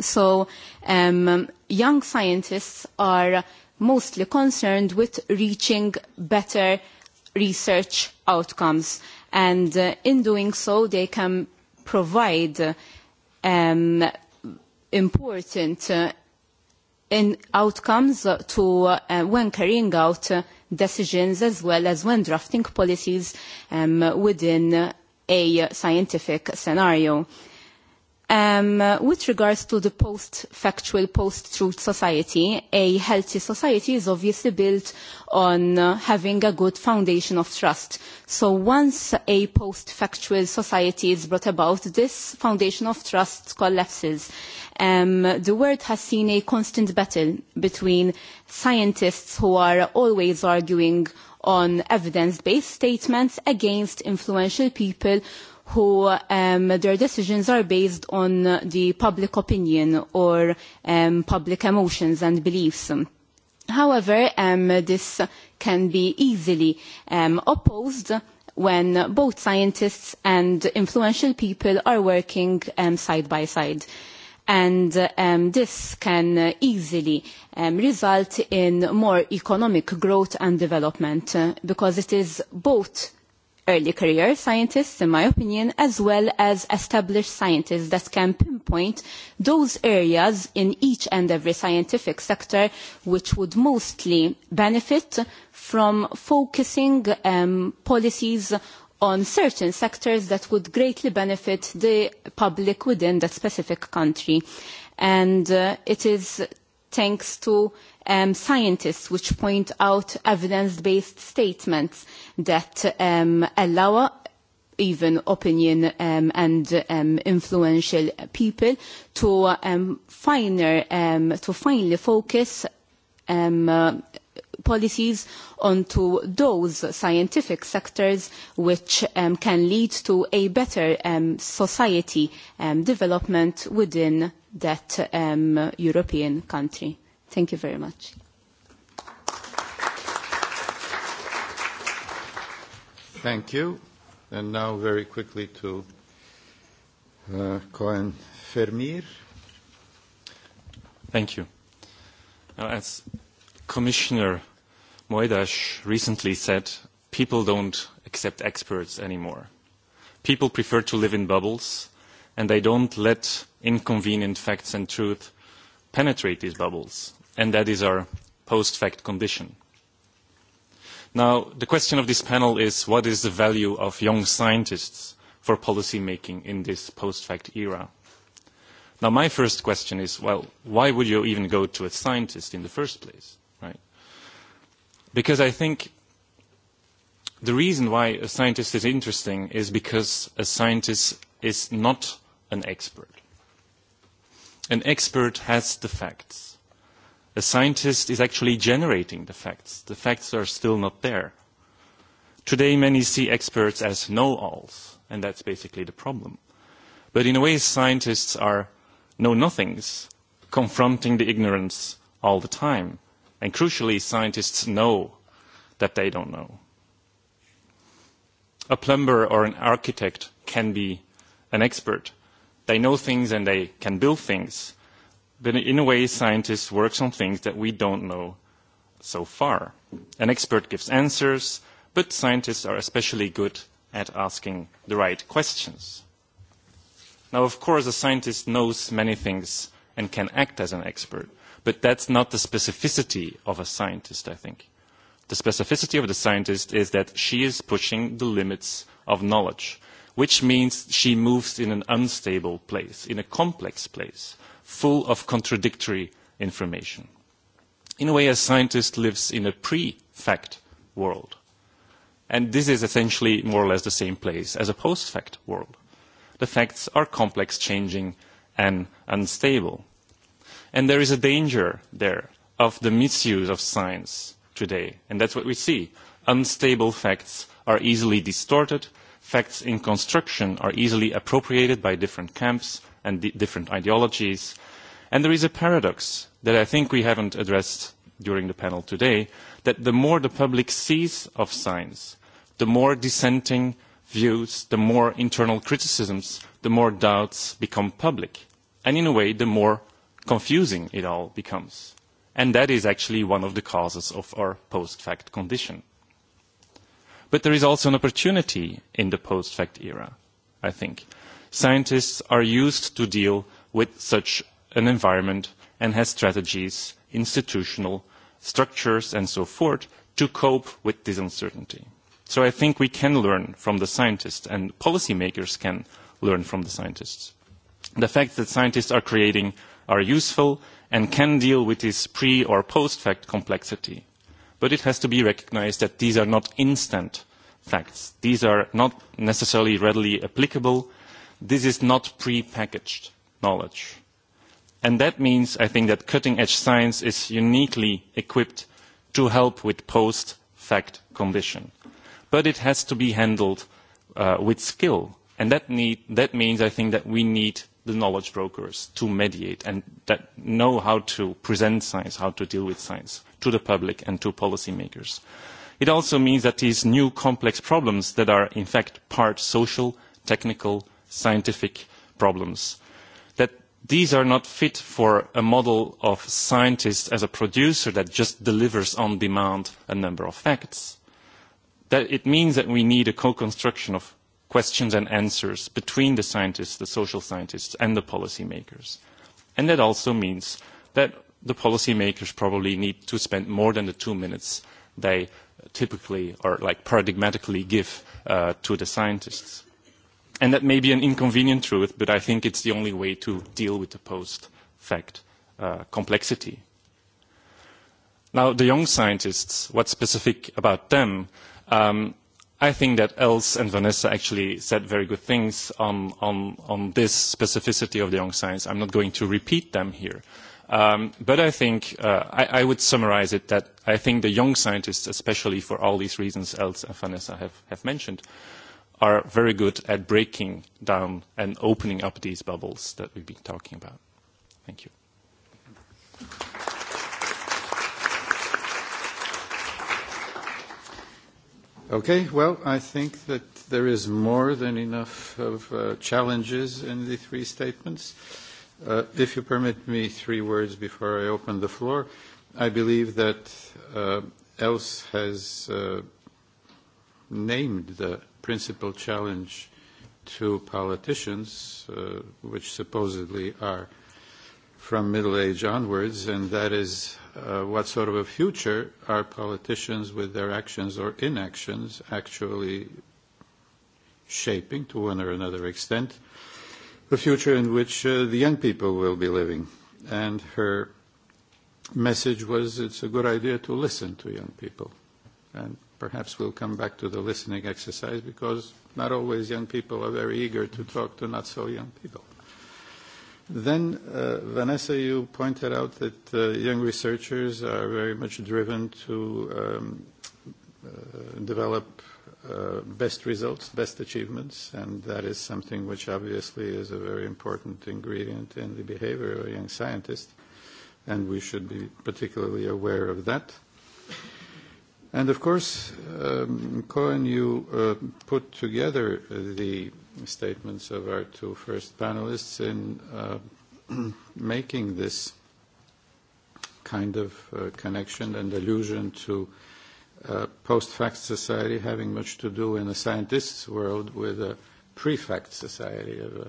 So um, young scientists are mostly concerned with reaching better research outcomes. And uh, in doing so, they can provide um, important uh, in outcomes to uh, when carrying out decisions as well as when drafting policies um, within a scientific scenario with regards to the post-factual, post-truth society, a healthy society is obviously built on having a good foundation of trust. So once a post-factual society is brought about, this foundation of trust collapses. the world has seen a constant battle between scientists who are always arguing on evidence-based statements against influential people who um, their decisions are based on the public opinion or um, public emotions and beliefs. However, um, this can be easily um, opposed when both scientists and influential people are working um, side by side. And um, this can easily um, result in more economic growth and development uh, because it is both early career scientists, in my opinion, as well as established scientists that can pinpoint those areas in each and every scientific sector which would mostly benefit from focusing policies on certain sectors that would greatly benefit the public within that specific country. And it is thanks to um, scientists which point out evidence-based statements that um, allow even opinion um, and um, influential people to um, finer, um, to finally focus um, uh, policies onto those scientific sectors which um, can lead to a better um, society um, development within that um, European country. Thank you very much. Thank you. And now very quickly to uh, Cohen Fermir. Thank you. Now, as Commissioner Moedas recently said, people don't accept experts anymore. People prefer to live in bubbles, and they don't let inconvenient facts and truth penetrate these bubbles and that is our post-fact condition. Now, the question of this panel is what is the value of young scientists for policy making in this post-fact era? Now, my first question is, well, why would you even go to a scientist in the first place, right? Because I think the reason why a scientist is interesting is because a scientist is not an expert. An expert has the facts A scientist is actually generating the facts. The facts are still not there. Today, many see experts as know-alls, and that's basically the problem. But in a way, scientists are know-nothings, confronting the ignorance all the time. And crucially, scientists know that they don't know. A plumber or an architect can be an expert. They know things and they can build things, But in a way, scientists work on things that we don't know so far. An expert gives answers, but scientists are especially good at asking the right questions. Now, of course, a scientist knows many things and can act as an expert, but that's not the specificity of a scientist, I think. The specificity of the scientist is that she is pushing the limits of knowledge, which means she moves in an unstable place, in a complex place full of contradictory information. In a way, a scientist lives in a pre-fact world. And this is essentially more or less the same place as a post-fact world. The facts are complex, changing, and unstable. And there is a danger there of the misuse of science today. And that's what we see. Unstable facts are easily distorted. Facts in construction are easily appropriated by different camps and di- different ideologies. And there is a paradox that I think we haven't addressed during the panel today, that the more the public sees of science, the more dissenting views, the more internal criticisms, the more doubts become public. And in a way, the more confusing it all becomes. And that is actually one of the causes of our post-fact condition. But there is also an opportunity in the post-fact era, I think. Scientists are used to deal with such an environment and have strategies, institutional structures and so forth to cope with this uncertainty. So I think we can learn from the scientists and policymakers can learn from the scientists. The facts that scientists are creating are useful and can deal with this pre or post fact complexity. But it has to be recognised that these are not instant facts. These are not necessarily readily applicable This is not pre-packaged knowledge. And that means, I think, that cutting-edge science is uniquely equipped to help with post-fact condition. But it has to be handled uh, with skill. And that, need, that means, I think, that we need the knowledge brokers to mediate and that know how to present science, how to deal with science to the public and to policymakers. It also means that these new complex problems that are in fact part social, technical, scientific problems. That these are not fit for a model of scientists as a producer that just delivers on demand a number of facts. That it means that we need a co-construction of questions and answers between the scientists, the social scientists, and the policymakers. And that also means that the policymakers probably need to spend more than the two minutes they typically or like paradigmatically give to the scientists And that may be an inconvenient truth, but I think it's the only way to deal with the post-fact uh, complexity. Now, the young scientists, what's specific about them? Um, I think that Els and Vanessa actually said very good things on, on, on this specificity of the young science. I'm not going to repeat them here. Um, but I think uh, I, I would summarize it that I think the young scientists, especially for all these reasons Els and Vanessa have, have mentioned, uh, are very good at breaking down and opening up these bubbles that we've been talking about. Thank you. Okay, well, I think that there is more than enough of uh, challenges in the three statements. Uh, if you permit me three words before I open the floor, I believe that uh, ELSE has uh, named the principal challenge to politicians, uh, which supposedly are from middle age onwards, and that is uh, what sort of a future are politicians with their actions or inactions actually shaping to one or another extent the future in which uh, the young people will be living. And her message was it's a good idea to listen to young people. And Perhaps we'll come back to the listening exercise because not always young people are very eager to talk to not so young people. Then, uh, Vanessa, you pointed out that uh, young researchers are very much driven to um, uh, develop uh, best results, best achievements, and that is something which obviously is a very important ingredient in the behavior of a young scientist, and we should be particularly aware of that. And Of course, Cohen, you put together the statements of our two first panelists in making this kind of connection and allusion to post-fact society having much to do in a scientist's world with a pre-fact society of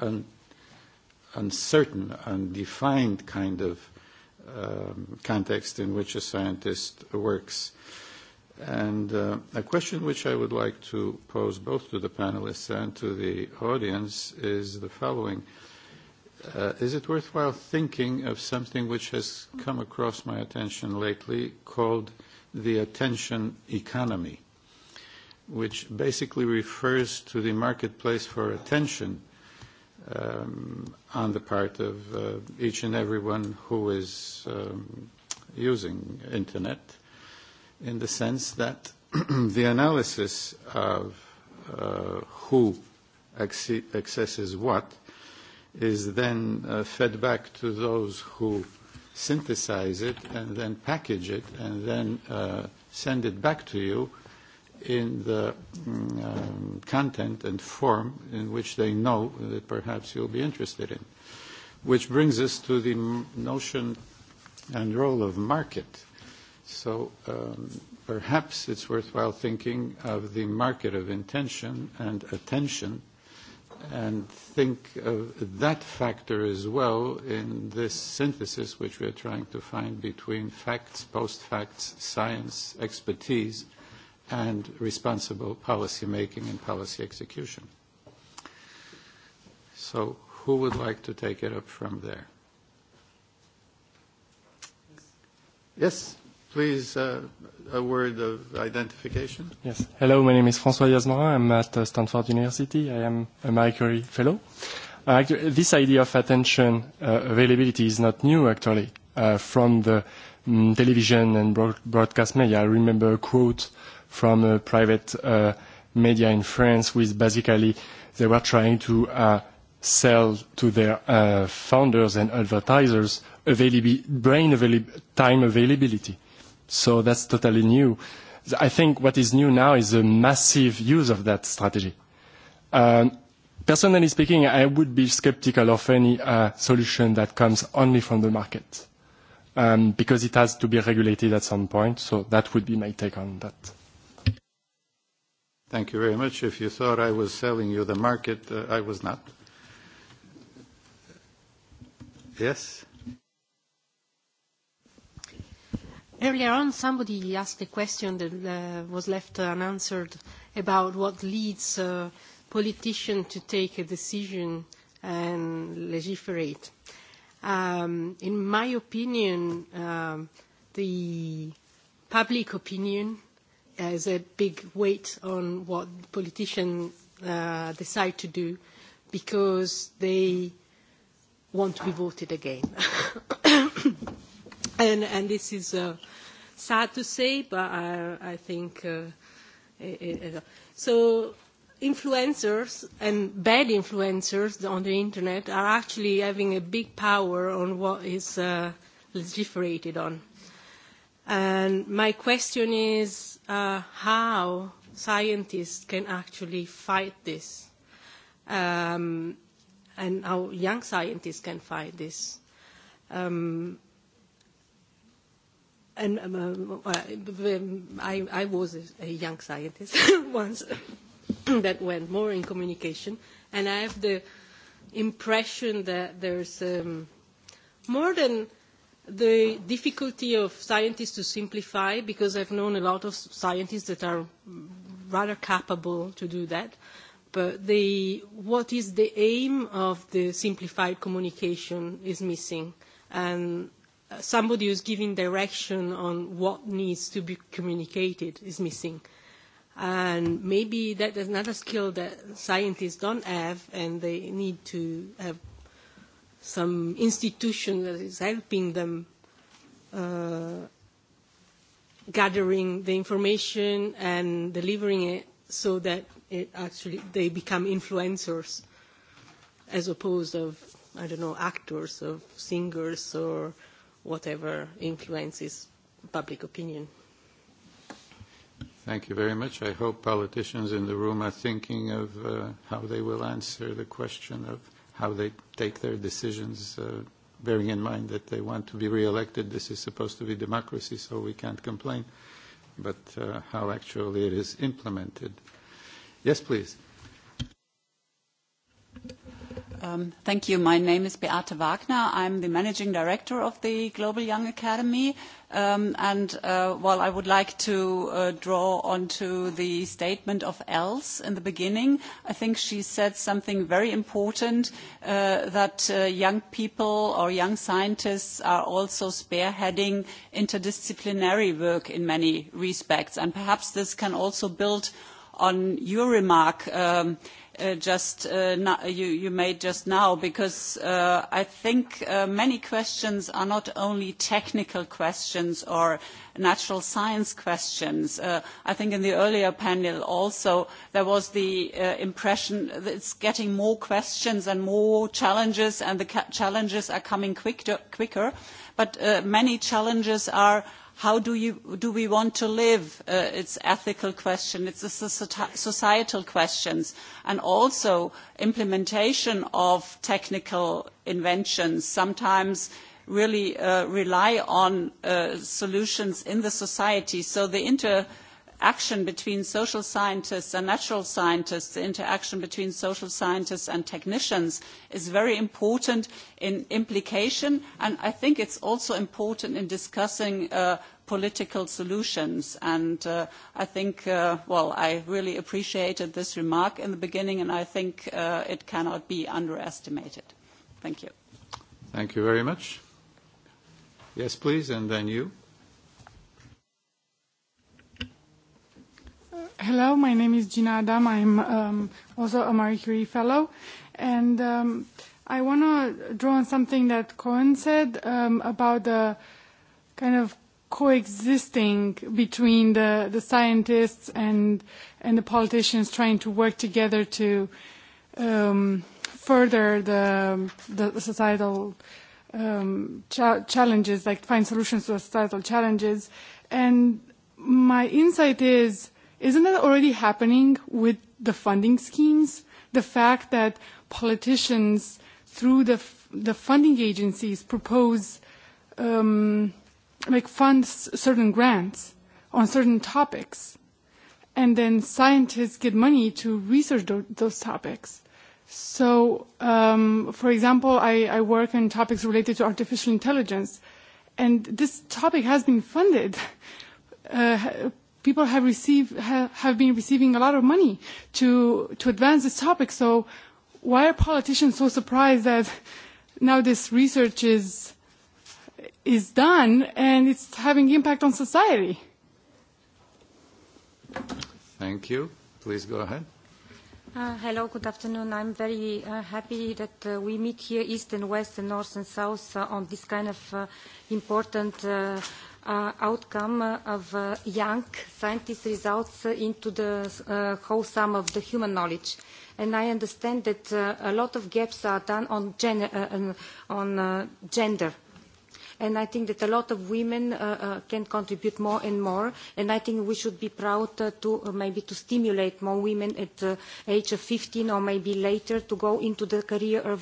an uncertain, undefined kind of context in which a scientist works. And uh, a question which I would like to pose both to the panelists and to the audience is the following. Uh, is it worthwhile thinking of something which has come across my attention lately called the attention economy, which basically refers to the marketplace for attention – um, on the part of uh, each and everyone who is um, using internet in the sense that the analysis of uh, who accesses what is then uh, fed back to those who synthesize it and then package it and then uh, send it back to you in the um, content and form in which they know that perhaps you'll be interested in. Which brings us to the notion and role of market. So um, perhaps it's worthwhile thinking of the market of intention and attention and think of that factor as well in this synthesis which we are trying to find between facts, post-facts, science, expertise, and responsible policy making and policy execution. So who would like to take it up from there? Yes, please, uh, a word of identification. Yes. Hello, my name is François Yasmarin. I'm at uh, Stanford University. I am a Marie Curie Fellow. Uh, this idea of attention uh, availability is not new, actually, uh, from the um, television and broad- broadcast media. I remember a quote uh, from a private uh, media in France, with basically they were trying to uh, sell to their uh, founders and advertisers availability, brain availability, time availability. So that's totally new. I think what is new now is a massive use of that strategy. Um, personally speaking, I would be skeptical of any uh, solution that comes only from the market um, because it has to be regulated at some point. So that would be my take on that. Thank you very much. If you thought I was selling you the market, uh, I was not. Yes? Earlier on, somebody asked a question that uh, was left unanswered about what leads a politician to take a decision and legiferate. Um, in my opinion, um, the public opinion has a big weight on what politicians uh, decide to do because they want to be voted again. and, and this is uh, sad to say, but I, I think. Uh, it, it, so, influencers and bad influencers on the internet are actually having a big power on what is uh, legislated on. And my question is uh, how scientists can actually fight this um, and how young scientists can fight this. Um, and um, I, I was a young scientist once that went more in communication, and I have the impression that there's um, more than the difficulty of scientists to simplify, because I've known a lot of scientists that are rather capable to do that, but the, what is the aim of the simplified communication is missing. And somebody who's giving direction on what needs to be communicated is missing. And maybe that is another skill that scientists don't have and they need to have some institution that is helping them uh, gathering the information and delivering it so that it actually they become influencers as opposed of I don't know actors of singers or whatever influences public opinion. Thank you very much. I hope politicians in the room are thinking of uh, how they will answer the question of how they take their decisions, uh, bearing in mind that they want to be re-elected. This is supposed to be democracy, so we can't complain, but uh, how actually it is implemented. Yes, please. Thank you. My name is Beate Wagner. I'm the Managing Director of the Global Young Academy. And while I would like to draw onto the statement of Els in the beginning, I think she said something very important, that young people or young scientists are also spearheading interdisciplinary work in many respects. And perhaps this can also build on your remark, just you made just now, because I think many questions are not only technical questions or natural science questions. I think in the earlier panel also, there was the impression that it's getting more questions and more challenges, and the challenges are coming quicker. But many challenges are how do, you, do we want to live? Uh, it's ethical question, it's a societal questions, and also implementation of technical inventions sometimes really uh, rely on uh, solutions in the society. So the inter action between social scientists and natural scientists, the interaction between social scientists and technicians is very important in implication, and I think it is also important in discussing political solutions. And I think, well, I really appreciated this remark in the beginning, and I think it cannot be underestimated. Thank you. Thank you very much. Yes, please, and then you. Hello, my name is Gina Adam. I'm um, also a Marie Curie Fellow. And um, I want to draw on something that Cohen said um, about the kind of coexisting between the, the scientists and, and the politicians trying to work together to um, further the, the societal um, cha- challenges, like find solutions to societal challenges. And my insight is Isn't that already happening with the funding schemes? The fact that politicians, through the, f the funding agencies, propose, um, like, fund certain grants on certain topics. And then scientists get money to research those topics. So, um, for example, I, I work on topics related to artificial intelligence. And this topic has been funded. Uh, people have, received, have, have been receiving a lot of money to, to advance this topic. So why are politicians so surprised that now this research is, is done and it's having impact on society? Thank you. Please go ahead. Hello, good afternoon. I'm very uh happy that uh we meet here, East and West and North and South, on this kind of uh important uh outcome of young scientists' results into the uh whole sum of the human knowledge. And I understand that a lot of gaps are done on, gen on gender and I think that a lot of women can contribute more and more, and I think we should be proud to maybe to stimulate more women at the age of fifteen or maybe later to go into the career of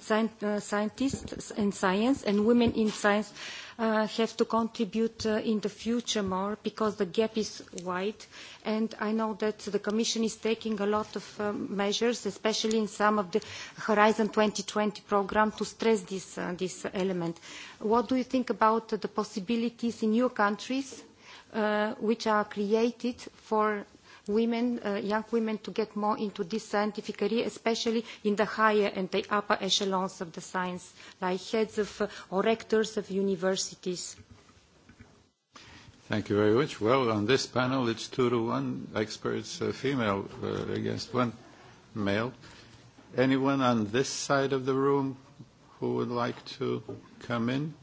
scientists and science, and women in science have to contribute in the future more because the gap is wide. And I know that the Commission is taking a lot of measures, especially in some of the Horizon twenty programme, to stress this element. What do you think about the possibilities in new countries which are created for women, uh, young women to get more into this scientific career, especially in the higher and the upper echelons of the science, like heads of uh, or rectors of universities. Thank you very much. Well, on this panel, it's two to one experts, uh, female uh, against one male. Anyone on this side of the room who would like to come in?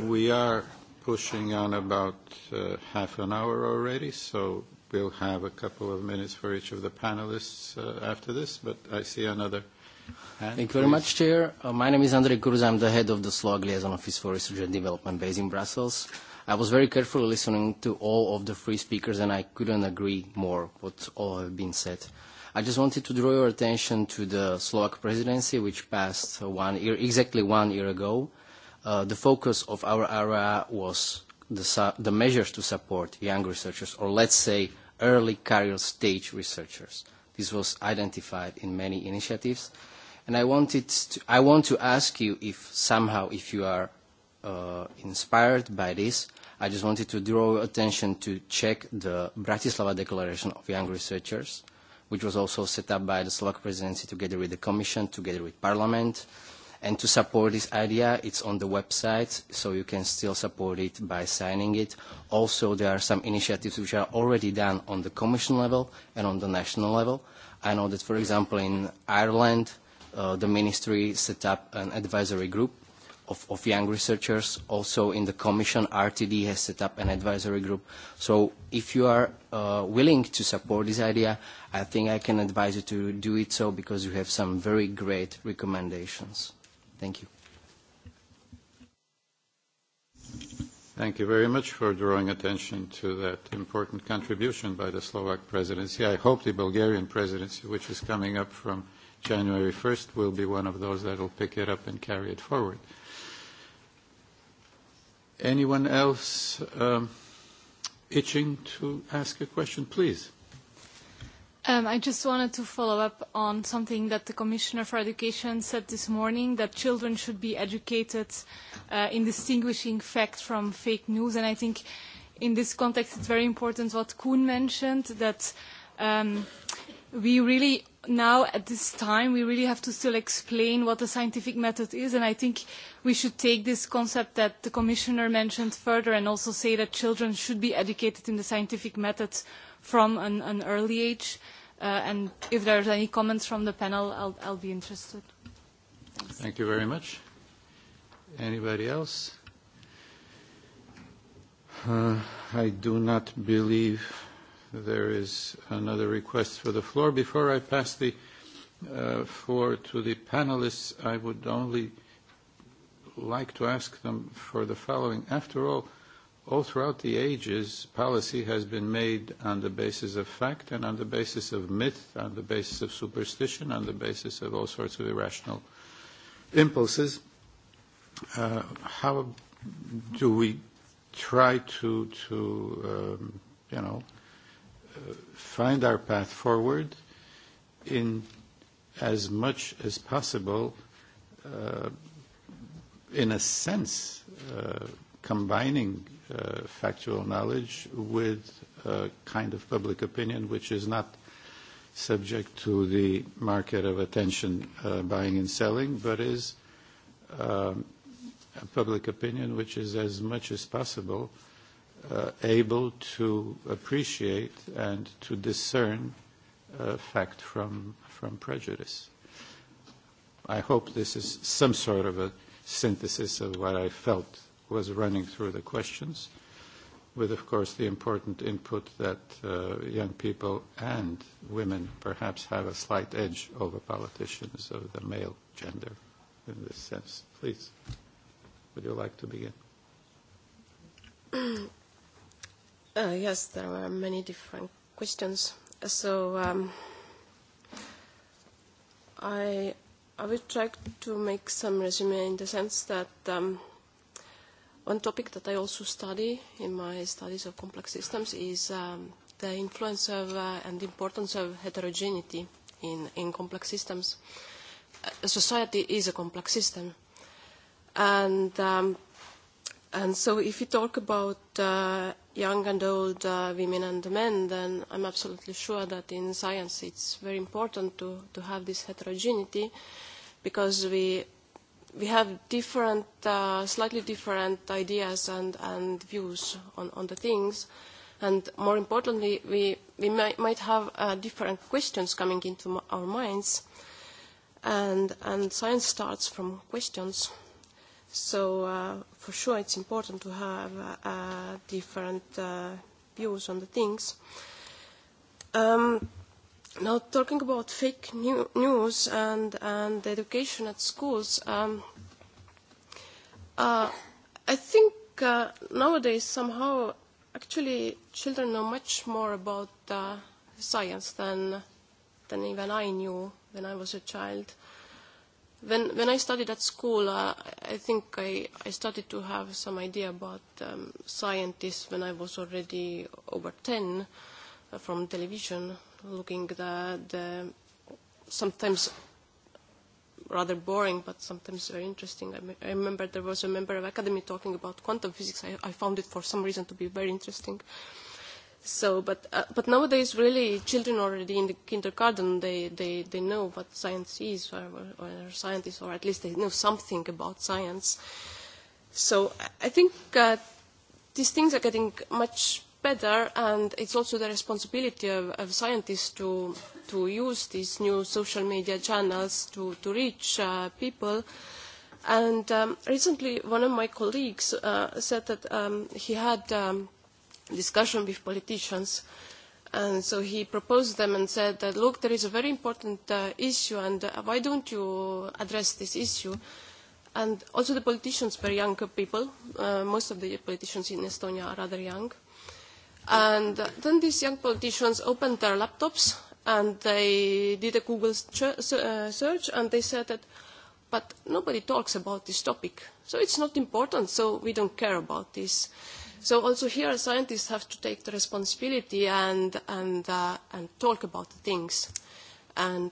We are pushing on about uh, half an hour already, so we'll have a couple of minutes for each of the panelists uh, after this, but I see another hand. Thank you very much, Chair. Uh, my name is Andrei Cruz. I'm the head of the SLOG Liaison Office for Research and Development based in Brussels. I was very carefully listening to all of the three speakers, and I couldn't agree more what all have been said. I just wanted to draw your attention to the Slovak presidency, which passed one year, exactly one year ago. Uh, the focus of our area was the, the measures to support young researchers, or let's say early career stage researchers. This was identified in many initiatives. And I, wanted to, I want to ask you if somehow, if you are uh, inspired by this, I just wanted to draw your attention to check the Bratislava Declaration of Young Researchers, which was also set up by the Slovak presidency together with the Commission, together with Parliament, uh, And to support this idea, it's on the website, so you can still support it by signing it. Also, there are some initiatives which are already done on the Commission level and on the national level. I know that, for example, in Ireland, uh, the ministry set up an advisory group of, of young researchers. Also in the Commission, RTD has set up an advisory group. So if you are uh, willing to support this idea, I think I can advise you to do it so because you have some very great recommendations. Thank you. Thank you very much for drawing attention to that important contribution by the Slovak presidency. I hope the Bulgarian presidency, which is coming up from January 1st, will be one of those that will pick it up and carry it forward. Anyone else um, itching to ask a question, please? Um, I just wanted to follow up on something that the Commissioner for Education said this morning, that children should be educated uh, in distinguishing fact from fake news. And I think in this context it's very important what Kuhn mentioned, that um, we really now at this time we really have to still explain what the scientific method is and i think we should take this concept that the commissioner mentioned further and also say that children should be educated in the scientific method from an, early age and if there's any comments from the panel, I'll, I'll be interested. Thank you very much. Anybody else? Uh, I do not believe there is another request for the floor. Before I pass the uh, floor to the panelists, I would only like to ask them for the following. After all, all throughout the ages, policy has been made on the basis of fact and on the basis of myth, on the basis of superstition, on the basis of all sorts of irrational impulses. Uh, how do we try to, to um, you know, uh, find our path forward in as much as possible, uh, in a sense, uh, combining uh, factual knowledge with a kind of public opinion which is not subject to the market of attention uh, buying and selling, but is um, a public opinion which is as much as possible uh, able to appreciate and to discern uh, fact from, from prejudice. I hope this is some sort of a synthesis of what I felt was running through the questions, with, of course, the important input that uh, young people and women perhaps have a slight edge over politicians of the male gender in this sense. Please, would you like to begin? Uh, yes, there were many different questions. So um, I, I would try to make some resume in the sense that um, – One topic that I also study in my studies of complex systems is um, the influence of uh, and importance of heterogeneity in, in complex systems. A society is a complex system. And, um, and so if you talk about uh, young and old uh, women and men, then I'm absolutely sure that in science it's very important to, to have this heterogeneity because we we have different, uh, slightly different ideas and, and views on, on the things. And more importantly, we, we might, might have uh, different questions coming into our minds. And, and science starts from questions. So uh, for sure it's important to have uh, different uh, views on the things. Um, Now, talking about fake new, news and, and education at schools, um, uh, I think uh, nowadays somehow actually children know much more about uh, science than, than even I knew when I was a child. When, when I studied at school, uh, I think I, I started to have some idea about um, scientists when I was already over 10 uh, from television looking the, the sometimes rather boring, but sometimes very interesting. I, I remember there was a member of academy talking about quantum physics. I, I found it for some reason to be very interesting. So, but uh, but nowadays, really, children already in the kindergarten they they, they know what science is, or, or, or scientists, or at least they know something about science. So I think uh, these things are getting much better, and it's also the responsibility of, of scientists to, to use these new social media channels to, to reach uh, people. And um, recently, one of my colleagues uh, said that um, he had um, discussion with politicians, and so he proposed them and said that, look, there is a very important uh, issue, and uh, why don't you address this issue? And also the politicians were young people. Uh, most of the politicians in Estonia are rather young. Uh, And then these young politicians opened their laptops and they did a Google search and they said that, but nobody talks about this topic. So it's not important, so we don't care about this. So also here scientists have to take the responsibility and, and, uh, and talk about the things. And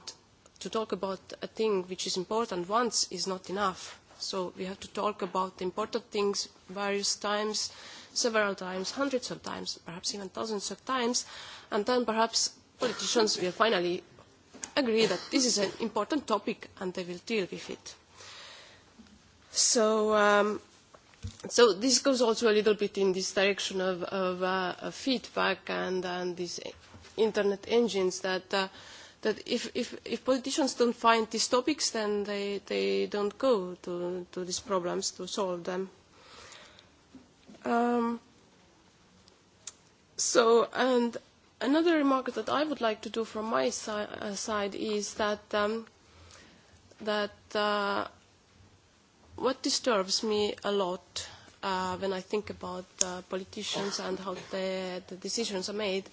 to talk about a thing which is important once is not enough. So we have to talk about the important things various times several times, hundreds of times, perhaps even thousands of times, and then perhaps politicians will finally agree that this is an important topic and they will deal with it. So, um, so this goes also a little bit in this direction of, of, uh, feedback and, and these internet engines that uh, that if, if, if politicians don't find these topics, then they, they don't go to, to these problems to solve them. Um, so, and another remark that I would like to do from my si uh, side is that um, that uh, what disturbs me a lot uh, when I think about uh, politicians and how the, the decisions are made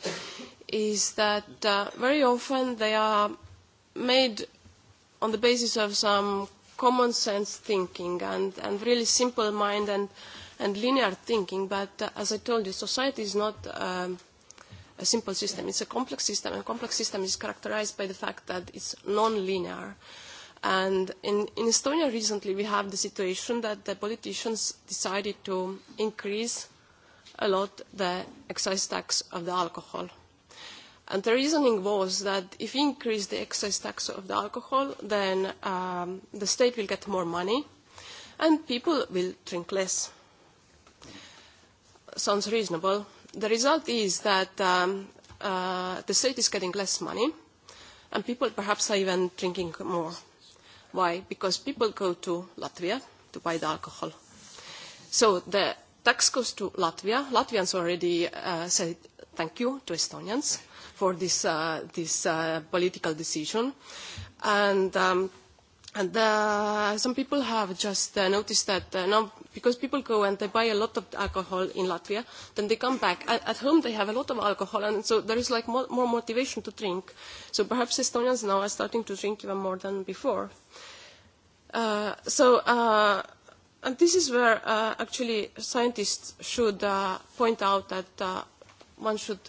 is that uh, very often they are made on the basis of some common sense thinking and, and really simple mind and uh, and linear thinking, but uh, as I told you, society is not um, a simple system. It's a complex system, and complex system is characterized by the fact that it's non-linear. And in, in Estonia recently, we have the situation that the politicians decided to increase a lot the excise tax of the alcohol. And the reasoning was that if we increase the excise tax of the alcohol, then um, the state will get more money and people will drink less sounds reasonable. The result is that the state is getting less money, and people perhaps are even drinking more. Why? Because people go to Latvia to buy the alcohol. So the tax goes to Latvia. Latvians already uh, said thank you to Estonians for this, uh, this uh, political decision. And um, And uh, some people have just uh, noticed that uh, now, because people go and they buy a lot of alcohol in Latvia, then they come back. At, at home, they have a lot of alcohol, and so there is like more, more motivation to drink. So perhaps Estonians now are starting to drink even more than before. Uh, so, uh, and this is where uh, actually scientists should uh, point out that uh, one should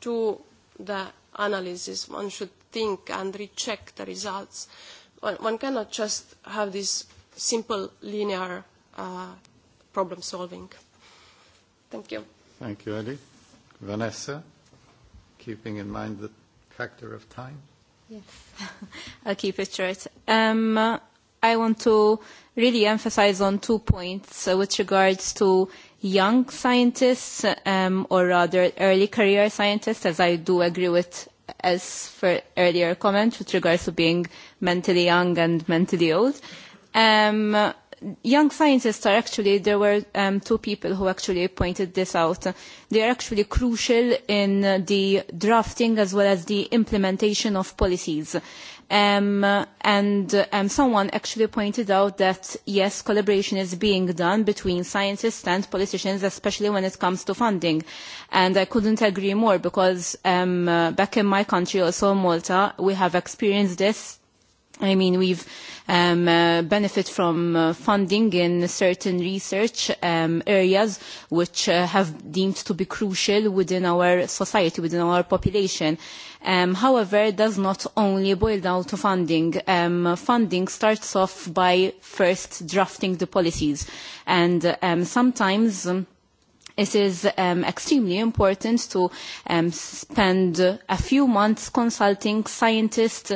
do the analysis, one should think and recheck the results one, one cannot just have this simple linear uh, problem solving. Thank you. Thank you, Eddie. Vanessa, keeping in mind the factor of time. Yes, I'll keep it short. Um, I want to really emphasize on two points uh, with regards to young scientists, um, or rather early career scientists, as I do agree with as for earlier comment with regards to being mentally young and mentally old. Um, young scientists are actually, there were um, two people who actually pointed this out. They are actually crucial in the drafting as well as the implementation of policies. Um, and um, someone actually pointed out that yes, collaboration is being done between scientists and politicians, especially when it comes to funding. And I couldn't agree more because um, uh, back in my country, also Malta, we have experienced this I mean, we've um, uh, benefit from uh, funding in certain research um, areas which uh, have deemed to be crucial within our society, within our population. Um, however, it does not only boil down to funding. Um, funding starts off by first drafting the policies. And um, sometimes... Um, it is um, extremely important to um, spend a few months consulting scientists,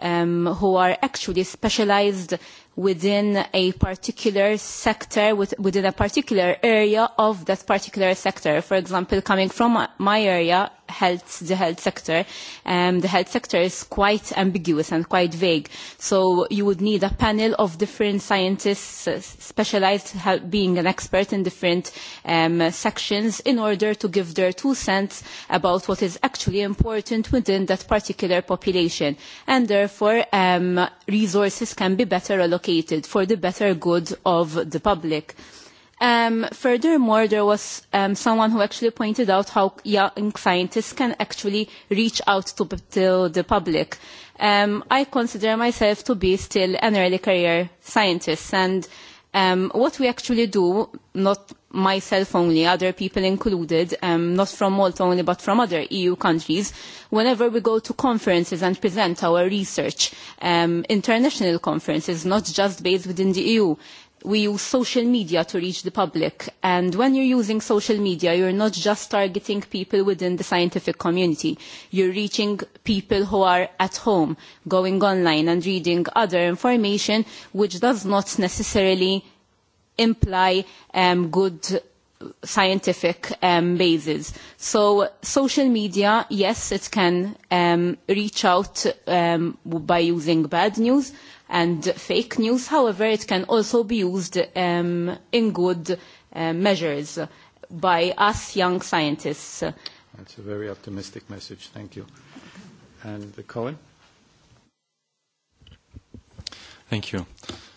um, who are actually specialized within a particular sector, with, within a particular area of that particular sector. For example, coming from my area, health, the health sector, um, the health sector is quite ambiguous and quite vague. So you would need a panel of different scientists specialized specialized being an expert in different um, sections in order to give their two cents about what is actually important within that particular population. And therefore, um, resources can be better allocated for the better good of the public. Um, furthermore, there was um, someone who actually pointed out how young scientists can actually reach out to, to the public. Um, I consider myself to be still an early career scientist, and um, what we actually do, not myself only, other people included, um, not from Malta only, but from other EU countries, whenever we go to conferences and present our research, um, international conferences, not just based within the EU, we use social media to reach the public. And when you're using social media, you're not just targeting people within the scientific community. You're reaching people who are at home, going online and reading other information, which does not necessarily imply um, good scientific um, basis. So social media, yes, it can um, reach out um, by using bad news, and fake news. However, it can also be used um, in good uh, measures by us young scientists. That's a very optimistic message. Thank you. And uh, Colin? Thank you.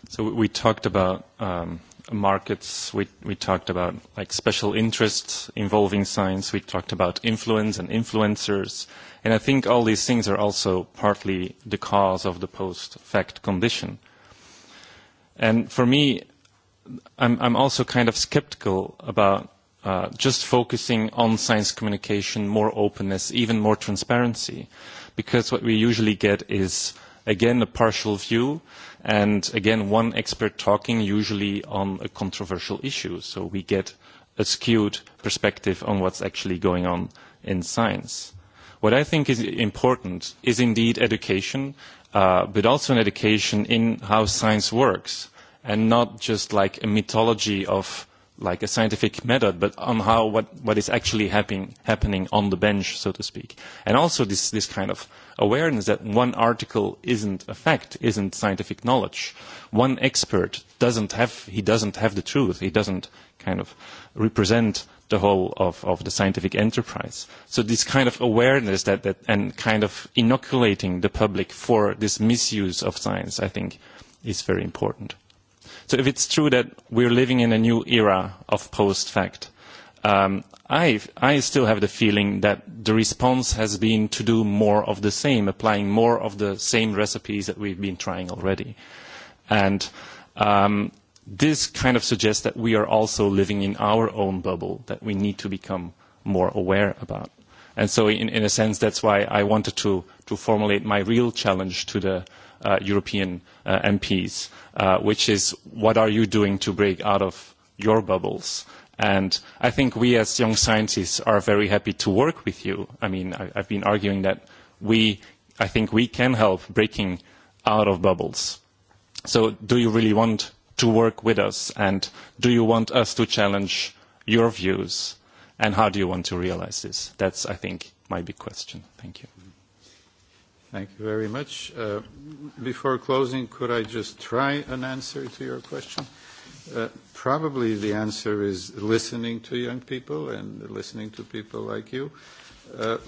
So we talked about um, markets we, we talked about like special interests involving science we talked about influence and influencers and i think all these things are also partly the cause of the post fact condition and for me i'm, I'm also kind of skeptical about uh, just focusing on science communication more openness even more transparency because what we usually get is again a partial view and again one expert talking usually on a controversial issue so we get a skewed perspective on what's actually going on in science what i think is important is indeed education but also an education in how science works and not just like a mythology of like a scientific method, but on how what, what is actually happening happening on the bench, so to speak. And also this this kind of awareness that one article isn't a fact, isn't scientific knowledge. One expert doesn't have he doesn't have the truth. He doesn't kind of represent the whole of, of the scientific enterprise. So this kind of awareness that, that and kind of inoculating the public for this misuse of science, I think, is very important. So if it's true that we're living in a new era of post-fact, um, I, I still have the feeling that the response has been to do more of the same, applying more of the same recipes that we've been trying already. And um, this kind of suggests that we are also living in our own bubble that we need to become more aware about. And so in, in a sense, that's why I wanted to, to formulate my real challenge to the, uh, European uh, MPs, uh, which is what are you doing to break out of your bubbles? And I think we as young scientists are very happy to work with you. I mean, I, I've been arguing that we, I think we can help breaking out of bubbles. So do you really want to work with us? And do you want us to challenge your views? And how do you want to realize this? That's, I think, my big question. Thank you. Thank you very much. Before closing, could I just try an answer to your question? Probably the answer is listening to young people and listening to people like you.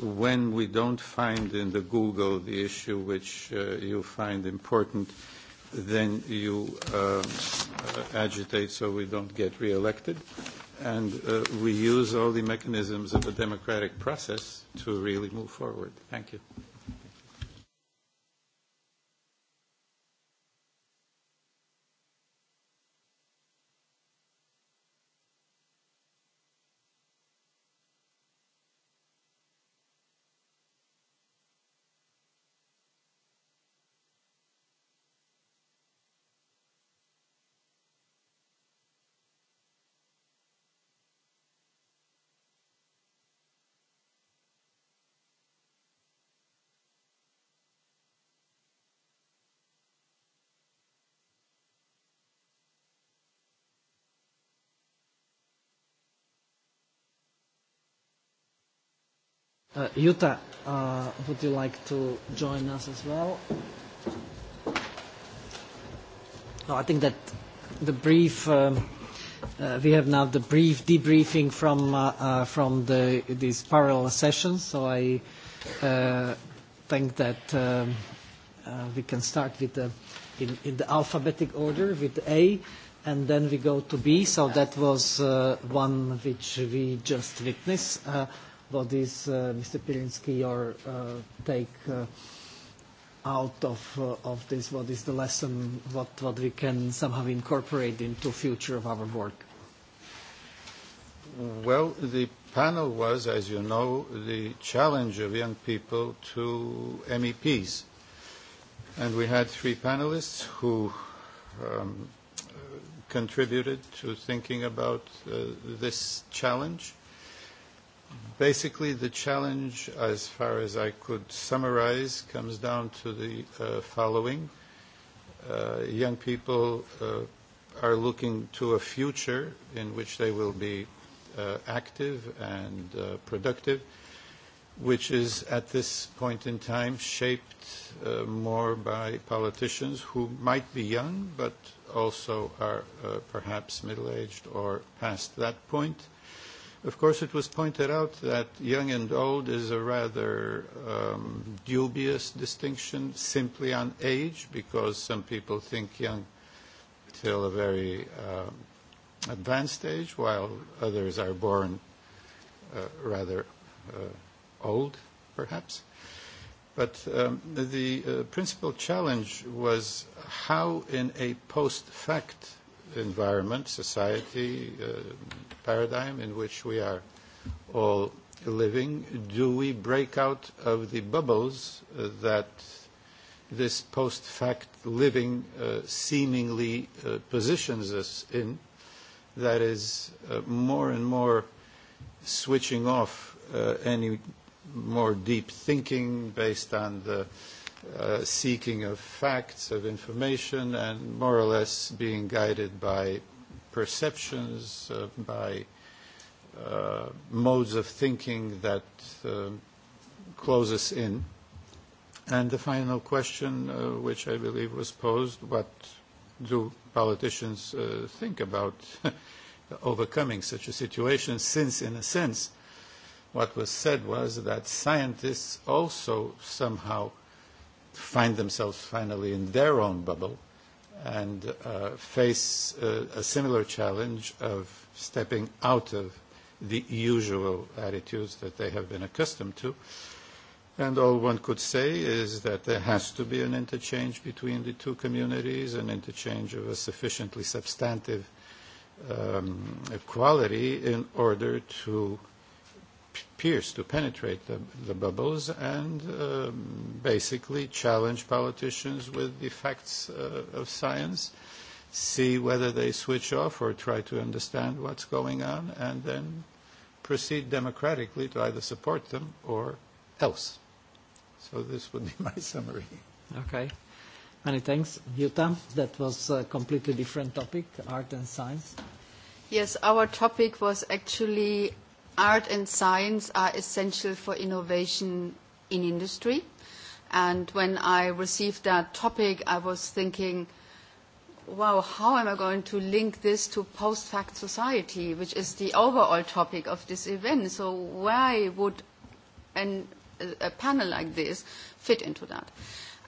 When we don't find in the Google the issue which you find important, then you agitate so we don't get reelected. And we use all the mechanisms of a democratic process to really move forward. Thank you. Uh, Yuta, uh, would you like to join us as well? No, I think that the brief, um, uh, we have now the brief debriefing from, uh, uh, from the, these parallel sessions, so I uh, think that um, uh, we can start with the, in, in the alphabetic order with A, and then we go to B, so that was uh, one which we just witnessed. Uh, what is, uh, Mr. Pirinsky, your uh, take uh, out of, uh, of this? What is the lesson, what, what we can somehow incorporate into future of our work? Well, the panel was, as you know, the challenge of young people to MEPs. And we had three panelists who um, contributed to thinking about uh, this challenge Basically, the challenge, as far as I could summarize, comes down to the uh, following. Uh, young people uh, are looking to a future in which they will be uh, active and uh, productive, which is at this point in time shaped uh, more by politicians who might be young but also are uh, perhaps middle-aged or past that point – Of course, it was pointed out that young and old is a rather um, dubious distinction simply on age, because some people think young till a very um, advanced age, while others are born uh, rather uh, old, perhaps. But um, the uh, principal challenge was how, in a post fact environment, society, uh, paradigm in which we are all living, do we break out of the bubbles uh, that this post-fact living uh, seemingly uh, positions us in, that is uh, more and more switching off uh, any more deep thinking based on the uh, seeking of facts, of information, and more or less being guided by perceptions, uh, by uh, modes of thinking that uh, close us in. And the final question, uh, which I believe was posed, what do politicians uh, think about overcoming such a situation, since, in a sense, what was said was that scientists also somehow find themselves finally in their own bubble and uh, face uh, a similar challenge of stepping out of the usual attitudes that they have been accustomed to. And all one could say is that there has to be an interchange between the two communities, an interchange of a sufficiently substantive um, quality in order to uh, pierce to penetrate the, the bubbles and um, basically challenge politicians with the facts uh, of science, see whether they switch off or try to understand what's going on, and then proceed democratically to either support them or else. So this would be my summary. Okay. Many thanks. Jutta, that was a completely different topic, art and science. Yes, our topic was actually art and science are essential for innovation in industry. And when I received that topic, I was thinking, wow, how am I going to link this to post-fact society, which is the overall topic of this event? So why would an, a panel like this fit into that? Uh,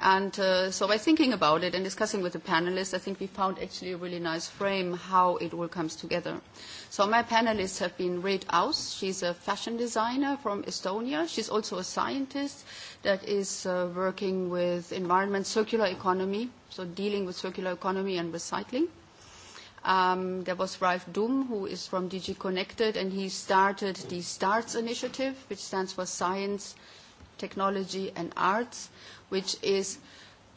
And uh, so by thinking about it and discussing with the panelists, I think we found actually a really nice frame how it all comes together. So my panelists have been Reid Aus. She's a fashion designer from Estonia. She's also a scientist that is uh, working with environment, circular economy, so dealing with circular economy and recycling. Um, there was Ralph Doom, who is from DG Connected, and he started the STARTS initiative, which stands for Science, Technology, and Arts, which is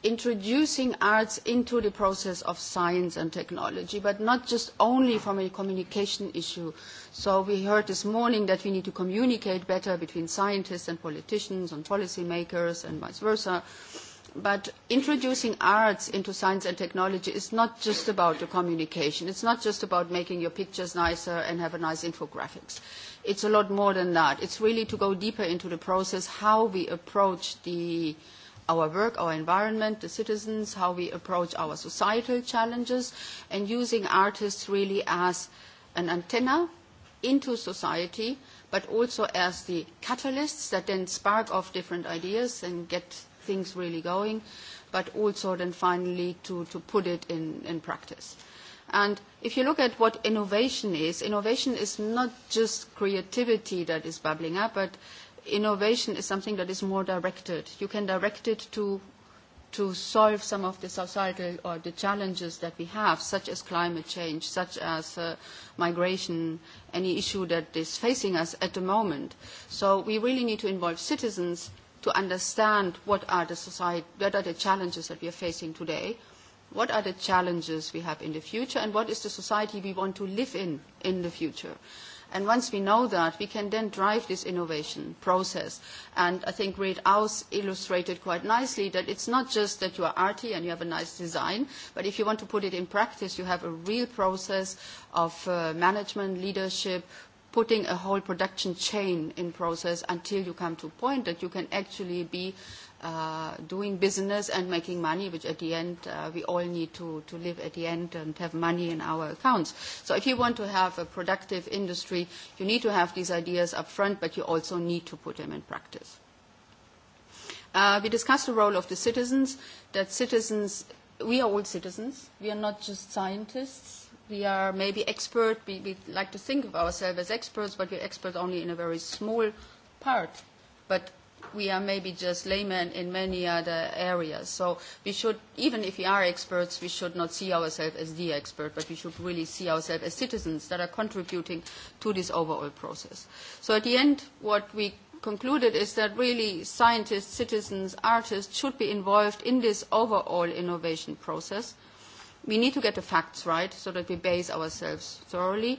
introducing arts into the process of science and technology, but not just only from a communication issue. So we heard this morning that we need to communicate better between scientists and politicians and policymakers and vice versa. But introducing arts into science and technology is not just about the communication. It's not just about making your pictures nicer and have a nice infographics. It's a lot more than that. It's really to go deeper into the process, how we approach the uh, our work, our environment, the citizens, how we approach our societal challenges, and using artists really as an antenna into society, but also as the catalysts that then spark off different ideas and get things really going, but also then finally to, to put it in, in practice. And if you look at what innovation is, innovation is not just creativity that is bubbling up, but innovation is something that is more directed. You can direct it to to solve some of the societal or the challenges that we have, such as climate change, such as uh, migration, any issue that is facing us at the moment. So we really need to involve citizens to understand what are the society, what are the challenges that we are facing today, what are the challenges we have in the future, and what is the society we want to live in in the future. And once we know that, we can then drive this innovation process. And I think Reid Aus illustrated quite nicely that it's not just that you are arty and you have a nice design, but if you want to put it in practice, you have a real process of management, leadership, putting a whole production chain in process until you come to a point that you can actually be uh, doing business and making money, which at the end uh, we all need to, to live at the end and have money in our accounts. So if you want to have a productive industry, you need to have these ideas up front, but you also need to put them in practice. Uh, we discussed the role of the citizens, that citizens, we are all citizens, we are not just scientists, we are maybe experts we, we like to think of ourselves as experts, but we're experts only in a very small part. But we are maybe just laymen in many other areas. So we should, even if we are experts, we should not see ourselves as the expert, but we should really see ourselves as citizens that are contributing to this overall process. So at the end, what we concluded is that really scientists, citizens, artists should be involved in this overall innovation process. We need to get the facts right so that we base ourselves thoroughly.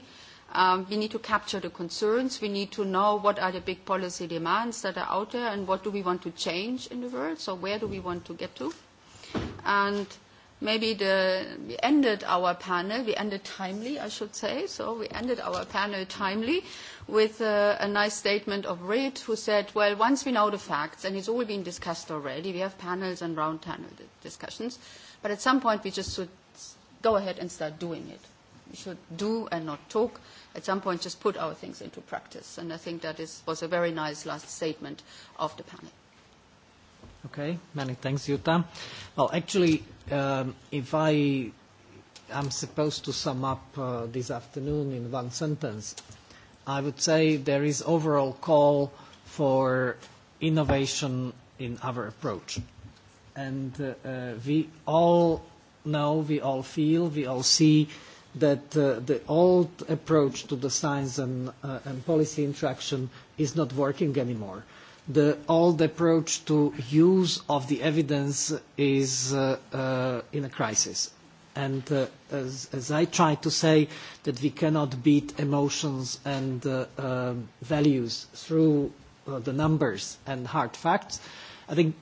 Um, we need to capture the concerns. We need to know what are the big policy demands that are out there and what do we want to change in the world. So where do we want to get to? And maybe the, we ended our panel, we ended timely, I should say. So we ended our panel timely with a, a nice statement of Reid who said, well, once we know the facts, and it's all been discussed already, we have panels and round panel discussions, but at some point we just should go ahead and start doing it should do and not talk. At some point, just put our things into practice. And I think that is, was a very nice last statement of the panel. Okay, many thanks, Jutta. Well, actually, um, if I am supposed to sum up uh, this afternoon in one sentence, I would say there is overall call for innovation in our approach. And uh, uh, we all know, we all feel, we all see that the old approach to the science and, policy interaction is not working anymore. The old approach to use of the evidence is in a crisis. And as, I try to say, that we cannot beat emotions and values through the numbers and hard facts, I think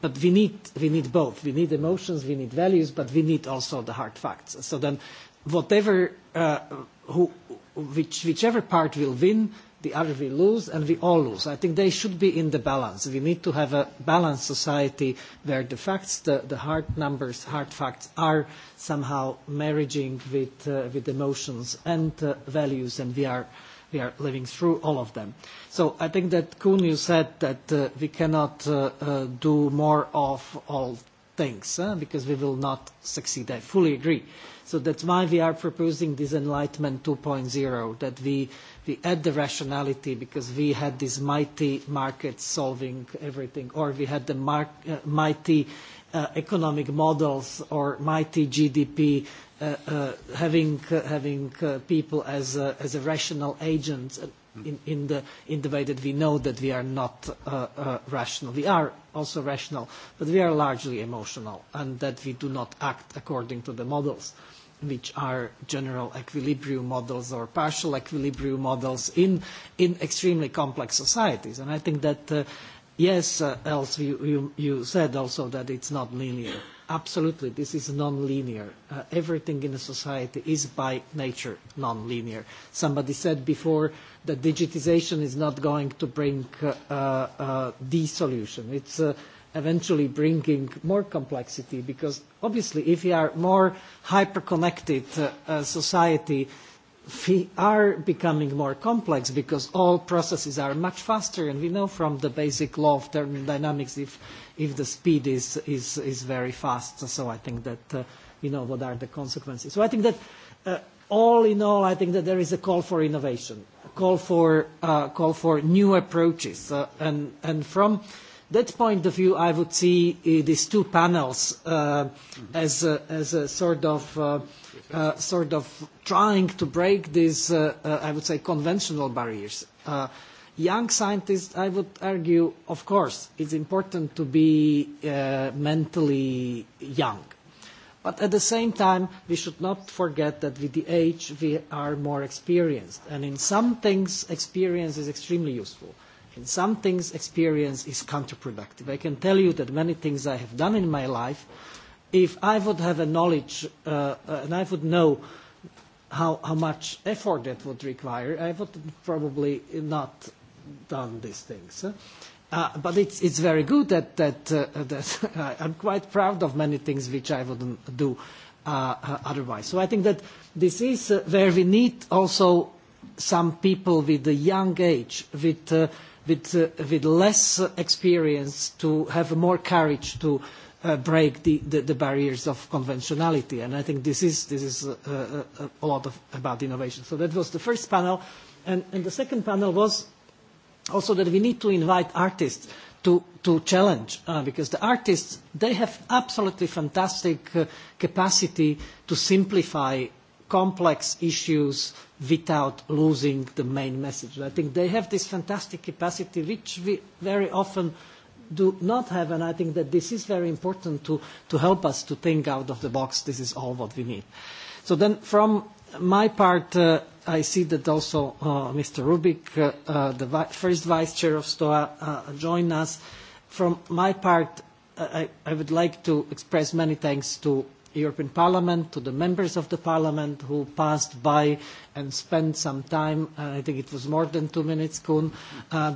but we need we need both. We need emotions, we need values, but we need also the hard facts. So then whatever, uh, who, which, whichever part will win, the other will lose, and we all lose. I think they should be in the balance. We need to have a balanced society where the facts, the, the hard numbers, hard facts are somehow marrying with, uh, with emotions and uh, values, and we are, we are living through all of them. So I think that Kuhn, you said that uh, we cannot uh, uh, do more of all things, huh? because we will not succeed. I fully agree. So that's why we are proposing this Enlightenment 2.0, that we, we add the rationality because we had this mighty market solving everything, or we had the mar- uh, mighty uh, economic models or mighty GDP uh, uh, having, uh, having uh, people as, uh, as a rational agents. And in, in, the, in the way that we know that we are not uh, uh, rational. We are also rational, but we are largely emotional, and that we do not act according to the models, which are general equilibrium models or partial equilibrium models in, in extremely complex societies. And I think that, uh, yes, uh, else you, you, you said also that it's not linear Absolutely, this is non-linear. Uh, everything in a society is by nature non-linear. Somebody said before that digitization is not going to bring uh, uh, the solution. It's uh, eventually bringing more complexity because obviously if we are more hyper-connected uh, uh, society, uh, are becoming more complex because all processes are much faster, and we know from the basic law of thermodynamics if, if the speed is, is, is very fast. So I think that uh, you know what are the consequences. So I think that uh, all in all, I think that there is a call for innovation, a call for, uh, call for new approaches, uh, and, and from uh, that point of view, I would see these two panels as, a, as a sort of sort of trying to break these, I would say, conventional barriers. young scientists, I would argue, of course, it's important to be mentally young. But at the same time, we should not forget that with the age, we are more experienced. And in some things, experience is extremely useful In some things, experience is counterproductive. I can tell you that many things I have done in my life, if I would have a knowledge uh, and I would know how, how much effort that would require, I would probably not done these things. Uh, but it's, it's very good that, that, uh, that I'm quite proud of many things which I wouldn't do uh, otherwise. So I think that this is uh, where we need also some people with a young age, with uh, with less experience to have more courage to break the barriers of conventionality. And I think this is this is a lot of about innovation. So that was the first panel. And the second panel was also that we need to invite artists to challenge, because the artists, they have absolutely fantastic capacity to simplify complex issues without losing the main message. I think they have this fantastic capacity which we very often do not have, and I think that this is very important to, to help us to think out of the box. This is all what we need. So then from my part, uh, I see that also uh, Mr. Rubik, uh, uh, the vi- first vice chair of STOA, uh, joined us. From my part, I, I would like to express many thanks to European Parliament, to the members of the Parliament who passed by and spent some time. I think it was more than two minutes, Kuhn.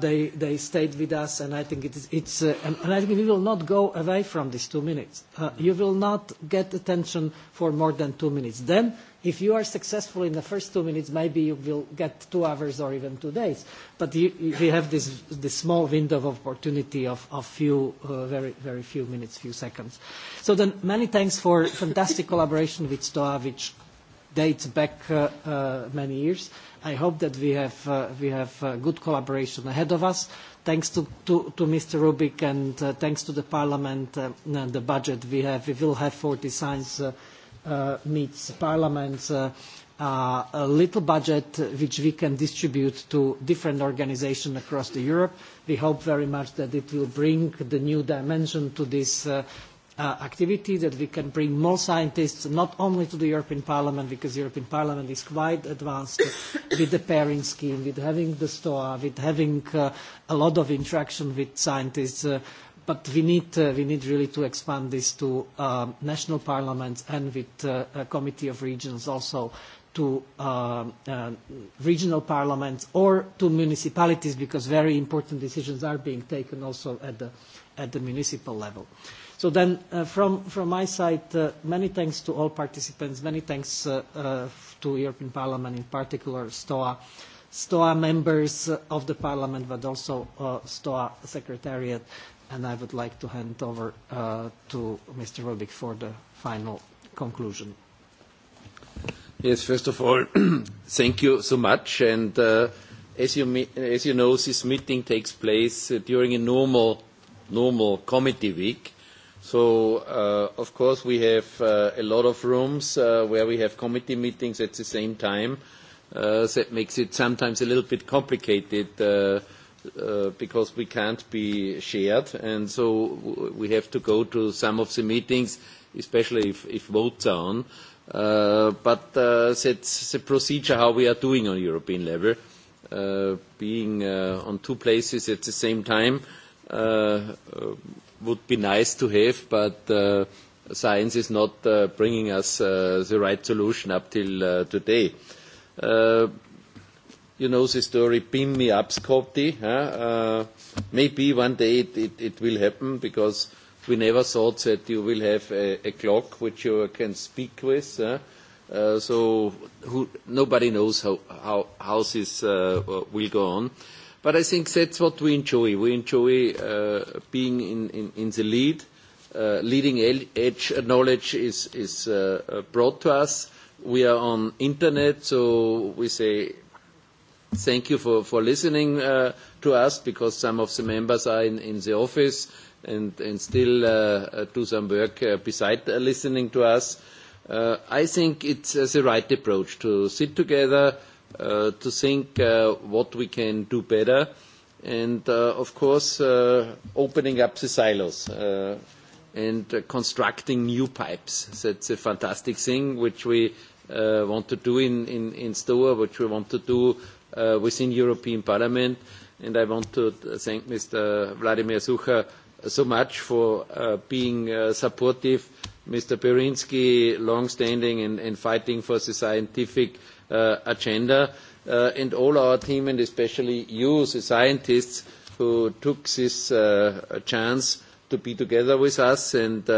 they, they stayed with us, and I think it is, it's, uh, and, and I think we will not go away from these two minutes. you will not get attention for more than two minutes. Then If you are successful in the first two minutes, maybe you will get two hours or even two days. But you, you have this, this small window of opportunity of, of few, uh, very, very few minutes, few seconds. So then many thanks for fantastic collaboration with STOA, which dates back uh, uh, many years. I hope that we have, uh, we have uh, good collaboration ahead of us thanks to to Mr. Rubik and thanks to the parliament and the budget we have, we will have 40 signs meets Parliament a little budget which we can distribute to different organisations across Europe. We hope very much that it will bring the new dimension to this activity, that we can bring more scientists, not only to the European Parliament, because the European Parliament is quite advanced with the pairing scheme, with having the STOA, with having a lot of interaction with scientists but we need uh, we need really to expand this to uh, national parliaments and with uh, a committee of regions also to uh, uh, regional parliaments or to municipalities because very important decisions are being taken also at the at the municipal level. So then, uh, from from my side, uh, many thanks to all participants. Many thanks uh, uh, to European Parliament, in particular STOA. STOA members of the Parliament, but also STOA Secretariat, and I would like to hand over uh, to Mr. Rubik for the final conclusion. Yes, first of all, thank you so much. And uh, as, you, as you know, this meeting takes place uh, during a normal, normal committee week. So, uh, of course, we have uh, a lot of rooms uh, where we have committee meetings at the same time. Uh, that makes it sometimes a little bit complicated uh, because we can't be shared. And so we have to go to some of the meetings, especially if, if votes are on. Uh, but uh, that's the procedure how we are doing on European level, uh, being uh, on two places at the same time uh, would be nice to have, but uh, science is not uh, bringing us uh, the right solution up till uh, today you know the story, beam me up, Scotty. Huh? Uh, maybe one day it, it, it will happen because we never thought that you will have a, a clock which you can speak with. Huh? Uh, so who, nobody knows how, how, how this uh, will go on. But I think that's what we enjoy. We enjoy uh, being in, in, in the lead. Uh, leading edge knowledge is, is uh, brought to us. We are on internet, so we say thank you for, for listening uh, to us because some of the members are in, in the office and, and still uh, do some work uh, beside uh, listening to us. Uh, I think it's uh, the right approach to sit together, uh, to think uh, what we can do better, and uh, of course uh, opening up the silos. Uh, and uh, constructing new pipes. That's a fantastic thing which we uh, want to do in, in, in Stoa, which we want to do within the European Parliament. And I want to thank Mr. Vladimir Sucha so much for being supportive. Mr. Perinsky, long-standing and fighting for the scientific agenda. and all our team, and especially you, the scientists, who took this chance to be together with us and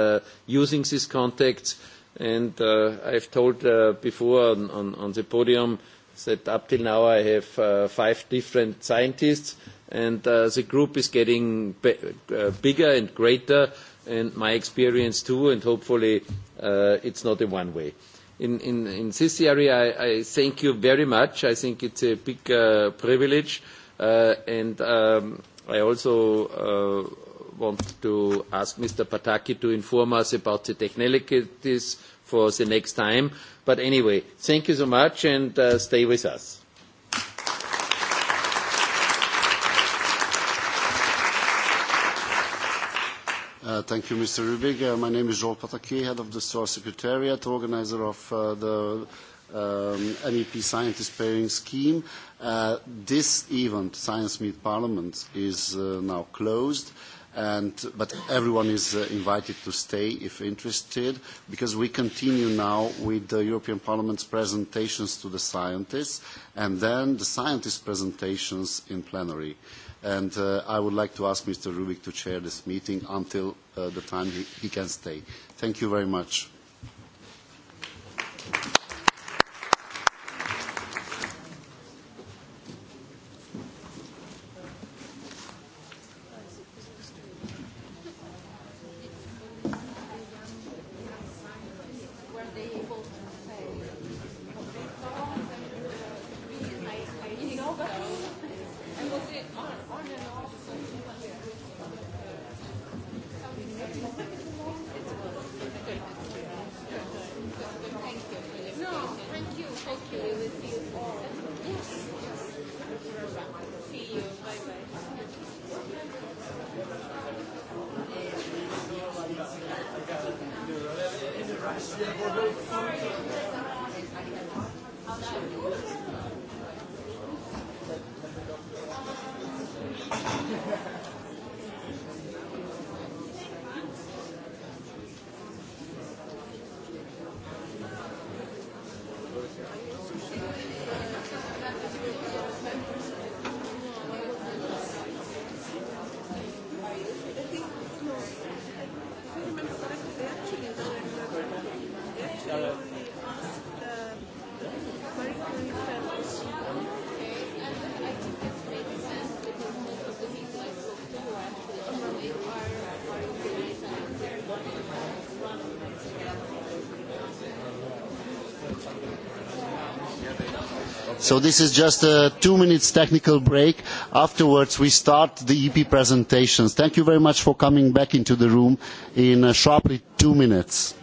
using these contacts. And uh, I've told before on, the podium that up till now I have uh, five different scientists, and uh, the group is getting b- uh, bigger and greater, and my experience too, and hopefully uh, it's not a one way. In, in, in this area, I, I thank you very much. I think it's a big uh, privilege, uh, and um, I also uh, want to ask Mr. Pataki to inform us about the technicalities for the next time. But anyway, thank you so much and stay with us. thank you, Mr. Rubig. my name is Joel Pataki, head of the STAR Secretariat, organizer of the MEP scientist pairing scheme. this event, Science Meet Parliament, is now closed and, but everyone is invited to stay if interested, because we continue now with the European Parliament's presentations to the scientists, and then the scientists' presentations in plenary. And I would like to ask Mr. Rubik to chair this meeting until the time he, he can stay. Thank you very much. So this is just a two minutes technical break. Afterwards, we start the EP presentations. Thank you very much for coming back into the room in uh, sharply two minutes.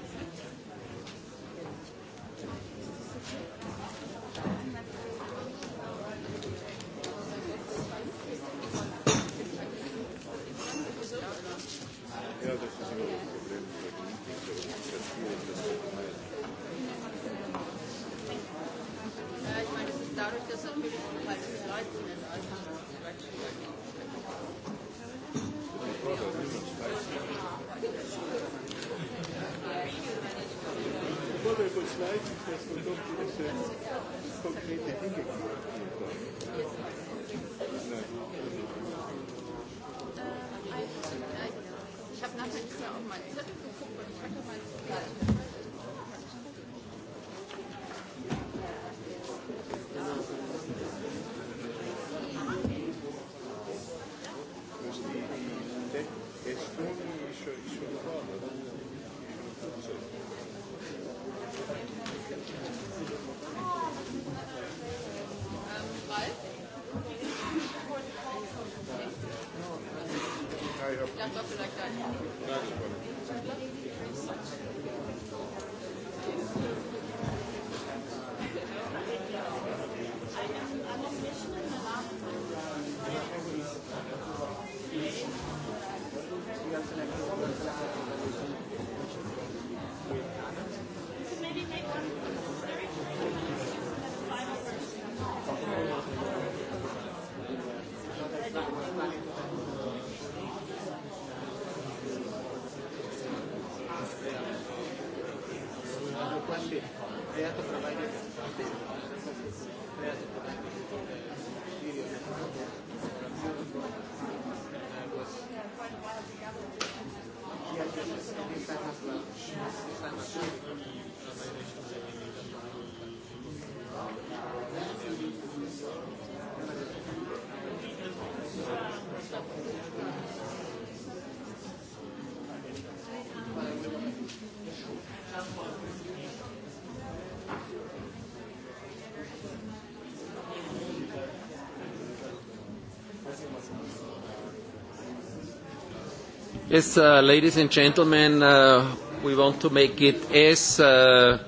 Yes, uh, ladies and gentlemen, uh, we want to make it as uh,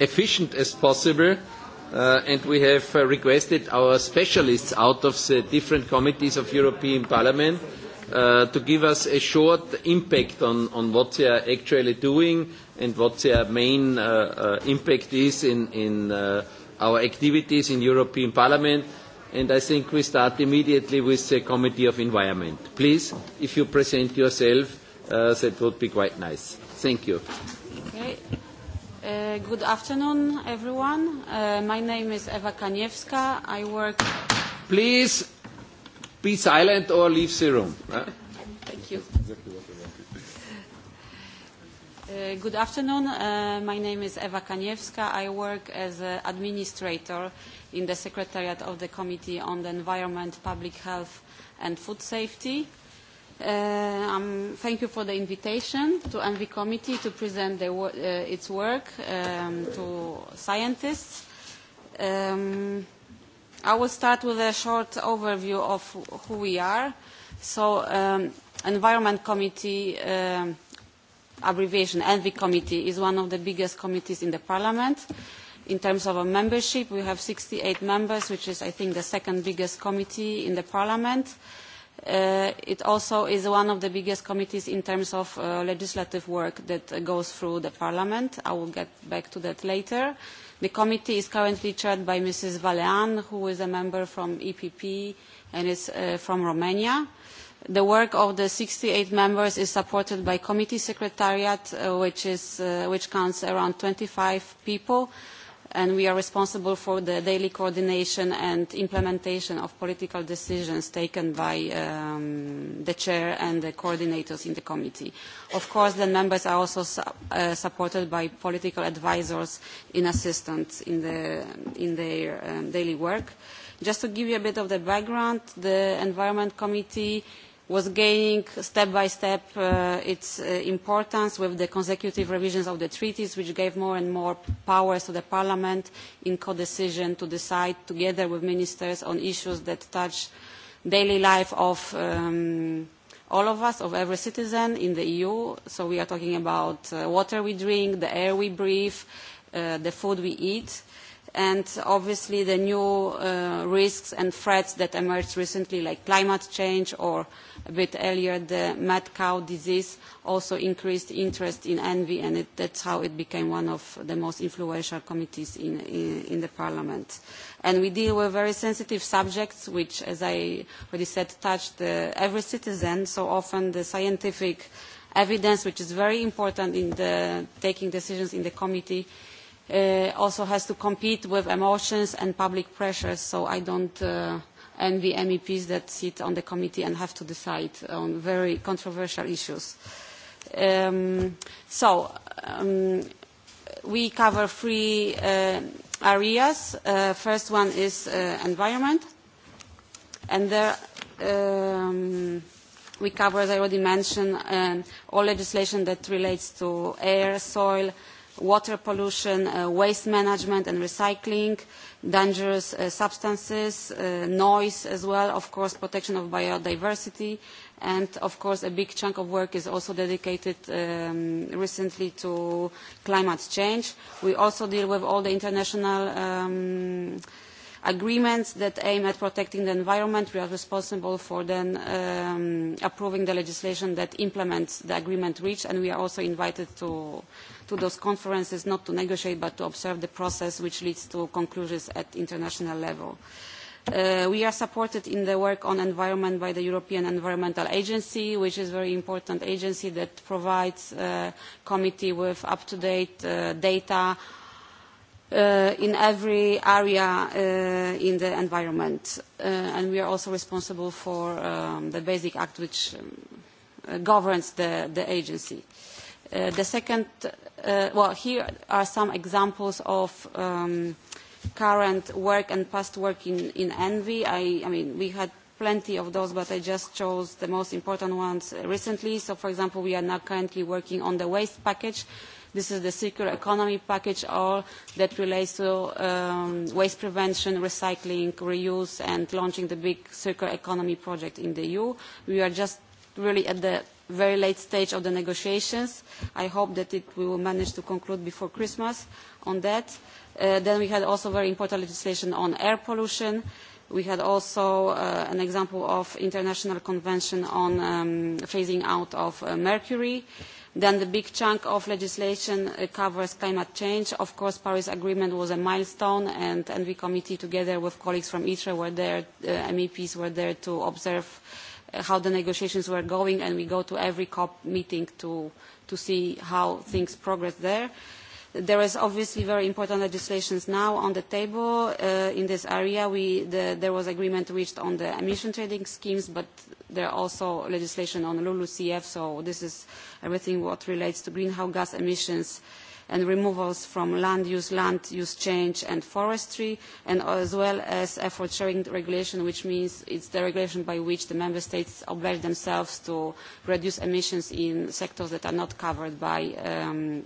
efficient as possible. Uh, and we have uh, requested our specialists out of the different committees of European Parliament uh, to give us a short impact on, on what they are actually doing and what their main uh, uh, impact is in, in uh, our activities in European Parliament and I think we start immediately with the Committee of Environment. Please, if you present yourself, uh, that would be quite nice. Thank you. Okay. Uh, good afternoon, everyone. Uh, my name is Eva Kaniewska. I work... Please be silent or leave the room. Thank you. Uh, good afternoon. Uh, my name is Eva Kaniewska. I work as an administrator in the Secretariat of the Committee on the Environment, Public Health and Food Safety. thank you for the invitation to ENVI Committee to present the, uh, its work um, to scientists. Um, I will start with a short overview of who we are. So, um, Environment Committee, um, abbreviation Envy Committee, is one of the biggest committees in the Parliament. In terms of our membership, we have sixty eight members, which is, I think, the second biggest committee in the parliament. it also is one of the biggest committees in terms of legislative work that goes through the parliament. I will get back to that later. The committee is currently chaired by Mrs. Valean, who is a member from EPP and is from Romania. The work of the sixty eight members is supported by committee secretariat, which, counts around twenty five people and we are responsible for the daily coordination and implementation of political decisions taken by the chair and the coordinators in the committee. Of course, the members are also supported by political advisors in assistance in, their daily work. Just to give you a bit of the background, the Environment Committee was gaining step by step its importance with the consecutive revisions of the treaties, which gave more and more powers to the Parliament in codecision to decide together with ministers on issues that touch daily life of all of us, of every citizen in the EU. So we are talking about the water we drink, the air we breathe, the food we eat and obviously the new risks and threats that emerged recently, like climate change or a bit earlier, the mad cow disease also increased interest in envy, and it, that's how it became one of the most influential committees in, in, in the parliament. And we deal with very sensitive subjects, which, as I already said, touched every citizen. So often the scientific evidence, which is very important in the taking decisions in the committee, uh, also has to compete with emotions and public pressures. So I don't... Uh, and the MEPs that sit on the committee and have to decide on very controversial issues. so we cover three areas. Uh, first one is uh, environment, and there um, we cover, as I already mentioned, um, all legislation that relates to air, soil, water pollution, uh, waste management and recycling, dangerous uh, substances, uh, noise as well, of course, protection of biodiversity, and of course a big chunk of work is also dedicated um, recently to climate change. We also deal with all the international um, agreements that aim at protecting the environment. We are responsible for then um, approving the legislation that implements the agreement reached, and we are also invited to to those conferences not to negotiate but to observe the process which leads to conclusions at international level. we are supported in the work on environment by the European Environmental Agency, which is a very important agency that provides the committee with up-to-date data in every area in the environment. and we are also responsible for the Basic Act, which governs the, agency the second, well, here are some examples of um current work and past work in, in Envy. I, I mean, we had plenty of those, but I just chose the most important ones recently. So, for example, we are now currently working on the waste package. This is the circular economy package, all that relates to um waste prevention, recycling, reuse, and launching the big circular economy project in the EU. We are just really at the very late stage of the negotiations. I hope that it, we will manage to conclude before Christmas on that. then we had also very important legislation on air pollution. We had also an example of international convention on phasing out of mercury. Then the big chunk of legislation covers climate change. Of course, Paris Agreement was a milestone, and the Committee, together with colleagues from ITRE, were there, MEPs were there to observe how the negotiations were going, and we go to every COP meeting to, to see how things progress there. There is obviously very important legislation now on the table in this area. there was agreement reached on the emission trading schemes, but there are also legislation on LULUCF, so this is everything what relates to greenhouse gas emissions uh, and removals from land use, land use change and forestry, and as well as effort sharing regulation, which means it's the regulation by which the member states oblige themselves to reduce emissions in sectors that are not covered by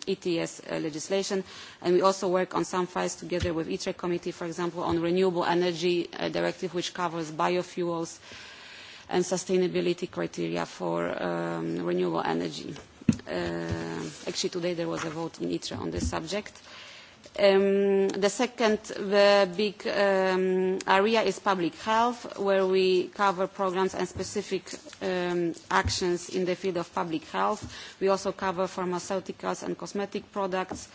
ETS legislation. And we also work on some files together with ITRE committee, for example, on renewable energy directive, which covers biofuels, and sustainability criteria for renewable energy actually today there was a vote in ITRE on this subject. the second big area is public health, where we cover programmes and specific actions in the field of public health. We also cover pharmaceuticals and cosmetic products,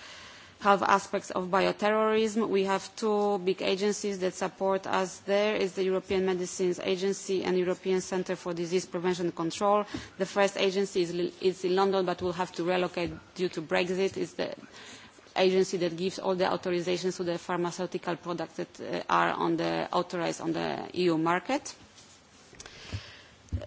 have aspects of bioterrorism. We have two big agencies that support us there. It's the European Medicines Agency and European Centre for Disease Prevention and Control. The first agency is, is in London, but will have to relocate due to Brexit. It's the agency that gives all the authorisations to the pharmaceutical products that are on the, authorized on the EU market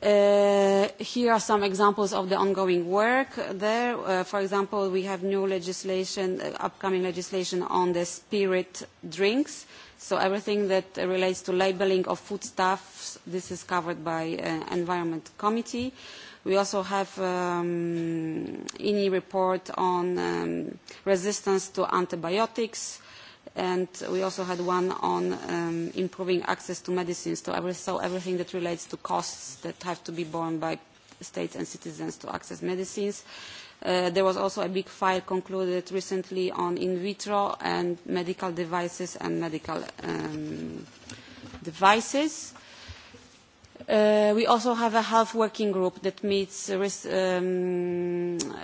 Here are some examples of the ongoing work there. For example, we have new legislation, upcoming legislation on the spirit drinks. So everything that relates to labeling of foodstuffs, this is covered by Environment Committee. We also have um, INI report on resistance to antibiotics, and we also had one on improving access to medicines, so everything that relates to costs that have to be borne by states and citizens to access medicines. There was also a big file concluded recently on in vitro and medical devices and medical devices we also have a health working group that meets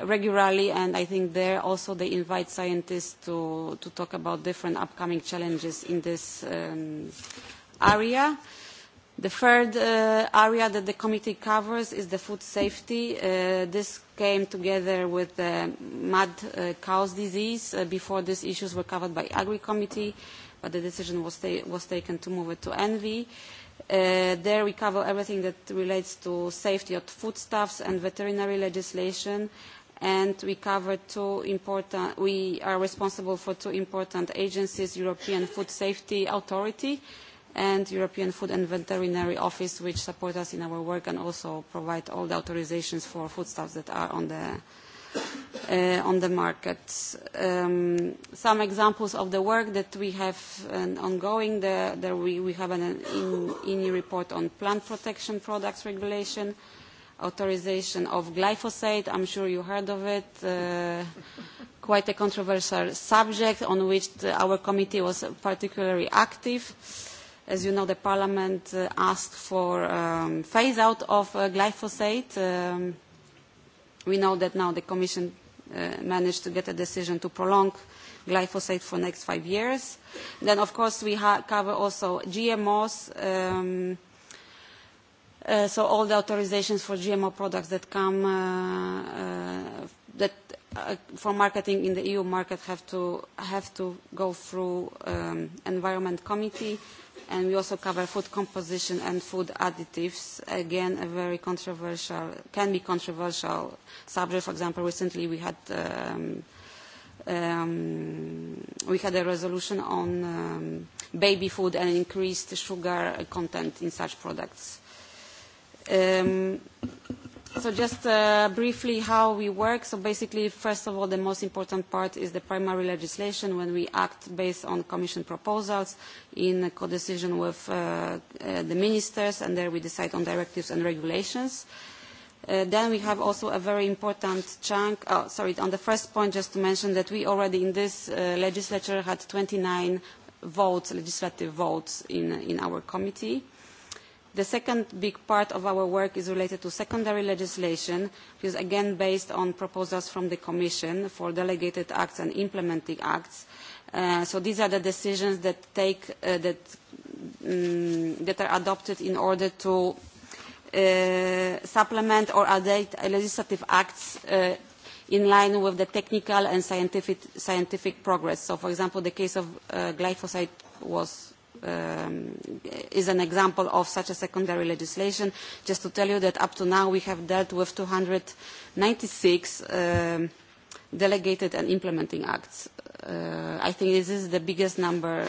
regularly, and I think there also they invite scientists to, to talk about different upcoming challenges in this area. The third area that the committee covers is the food safety. this came together with the mad cow's disease. before these issues were covered by Agri Committee, but the decision was, taken to move it to ENVI there we cover everything that relates to safety of foodstuffs and veterinary legislation and we cover two important we are responsible for two important agencies european food safety authority and european food and veterinary office which support us in our work and also provide all the authorisations for foodstuffs that are on the on the market. some examples of the work that we have ongoing, the, the we, we have an INI report on plant protection products regulation, authorization of glyphosate. I'm sure you heard of it. Uh, quite a controversial subject on which the, our committee was particularly active. As you know, the Parliament uh, asked for um, phase out of uh, glyphosate. Um, We know that now the Commission uh managed to get a decision to prolong glyphosate for the next five years. Then, of course, we ha cover also GMOs, so all the authorizations for GMO products that come uh uh that uh for marketing in the EU market have to have to go through um, Environment Committee And we also cover food composition and food additives. Again, a very controversial, can be controversial subject. For example, recently we had um, um, we had a resolution on um, baby food and increased sugar content in such products. Um, So just uh, briefly how we work. So basically, first of all, the most important part is the primary legislation when we act based on Commission proposals in co-decision with uh, uh, the ministers, and there we decide on directives and regulations. Uh, then we have also a very important chunk, oh, sorry, on the first point just to mention that we already in this uh, legislature had 29 votes, legislative votes in, in our committee. Uh, The second big part of our work is related to secondary legislation, which is again based on proposals from the Commission for delegated acts and implementing acts. so these are the decisions that, take, that, that are adopted in order to supplement or update legislative acts in line with the technical and scientific, scientific progress. So, for example, the case of glyphosate was is an example of such a secondary legislation. Just to tell you that up to now we have dealt with two hundred ninety six delegated and implementing acts. I think this is the biggest number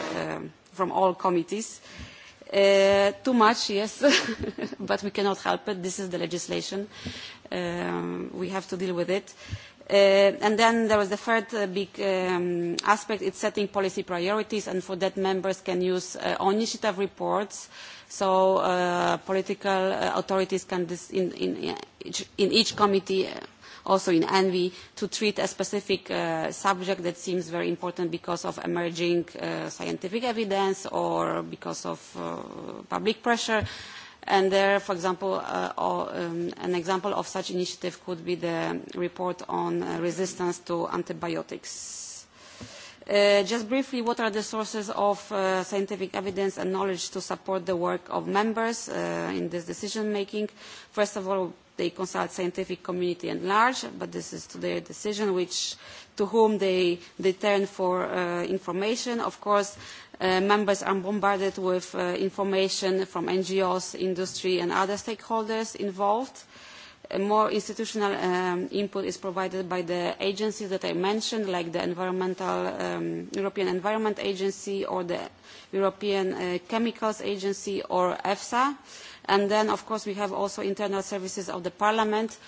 from all committees. too much, yes, but we cannot help it. This is the legislation. we have to deal with it and then there was the third big aspect, it's setting policy priorities, and for that members can use own initiative reports, so political authorities can, in, each, committee, also in ENVI, to treat a specific subject that seems very important because of emerging scientific evidence or because of public pressure, uh, And there, for example, uh, or, um, an example of such initiative could be the report on uh, resistance to antibiotics. Uh, just briefly, what are the sources of uh, scientific evidence and knowledge to support the work of members uh, in this decision-making? First of all, they consult scientific community at large, but this is to their decision, which to whom they, they turn for uh, information. Of course, members are bombarded with information from NGOs, industry and other stakeholders involved. More institutional input is provided by the agencies that I mentioned, like the Environmental European Environment Agency or the European Chemicals Agency or EFSA. And then, of course, we have also internal services of the Parliament,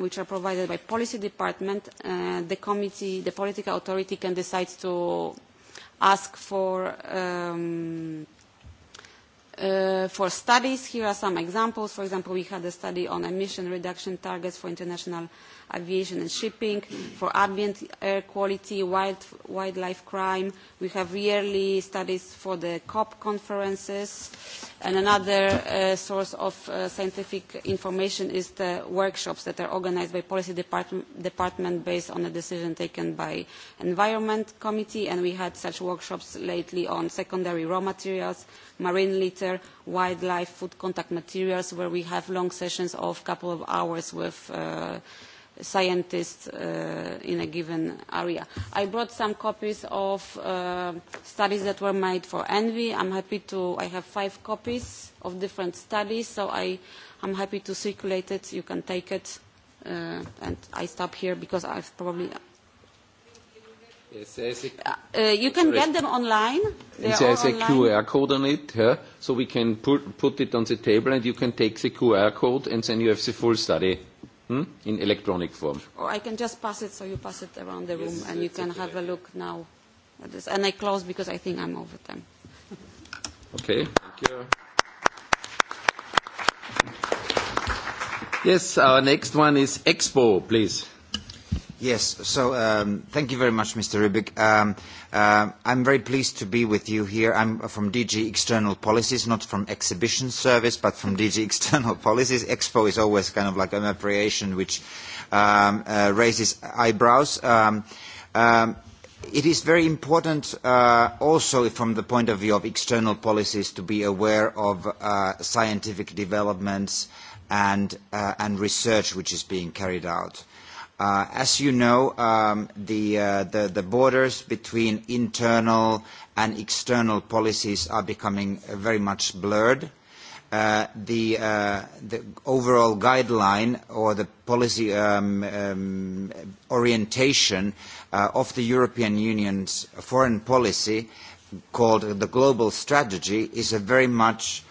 which are provided by policy department. the committee, the political authority can decide to ask for um, uh, for studies. Here are some examples. For example, we had a study on emission reduction targets for international aviation and shipping, for ambient air quality, wild, wildlife crime. We have yearly studies for the COP conferences. And another uh, source of uh, scientific information is the workshops that are organized by policy department, department based on a decision taken by Environment Committee. And we had such workshops lately on secondary raw materials, marine litter, wildlife, food contact materials, where we have long sessions of a couple of hours with uh, scientists uh, in a given area. I brought some copies of uh, studies that were made for Envy. I'm happy to, I have five copies of different studies, so I, I'm happy to circulate it. You can take it. Uh, and I stop here because I've probably... Yes, there's uh, you can get them online. There's a QR code on it, huh? so we can put, put it on the table and you can take the QR code and then you have the full study. Hmm? In electronic form. Or I can just pass it so you pass it around the room yes, and you can have a look now. At this. And I close because I think I'm over time. Okay, thank you. Yes, our next one is Expo, please. Yes. So, um, thank you very much, Mr. Rybak. Um, uh, I'm very pleased to be with you here. I'm from DG External Policies, not from Exhibition Service, but from DG External Policies. Expo is always kind of like an appropriation which um, uh, raises eyebrows. Um, um, it is very important uh, also from the point of view of external policies to be aware of uh, scientific developments and, uh, and research which is being carried out As you know, the borders between internal and external policies are becoming very much blurred. The overall guideline or the policy orientation of the European Union's foreign policy, called the Global Strategy, is very much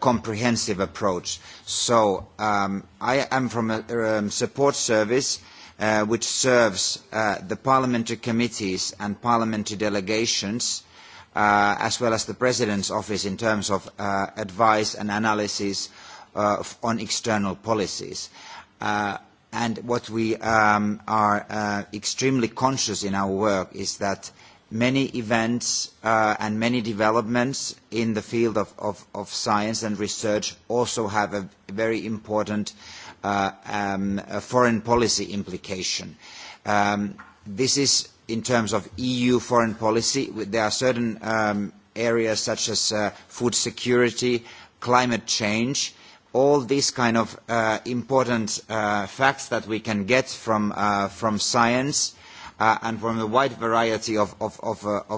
comprehensive approach. So I am from a support service which serves the parliamentary committees and parliamentary delegations as well as the President's office in terms of advice and analysis on external policies. and what we are extremely conscious in our work is that many events and many developments in the field of, science and research also have a very important foreign policy implication. this is in terms of EU foreign policy. There are certain areas such as food security, climate change, all these kind of important facts that we can get from, science and from the wide variety of,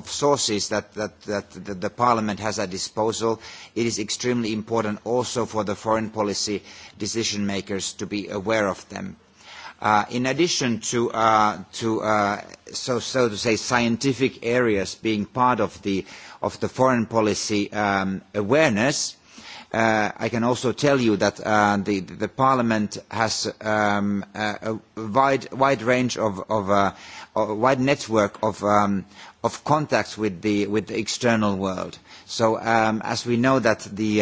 sources that, the Parliament has at disposal, it is extremely important also for the foreign policy decision makers to be aware of them. in addition to, so, to say, scientific areas being part of the, foreign policy awareness, I can also tell you that the, Parliament has a, wide, range of, a wide network of, contacts with the, with the external world. So as we know that the,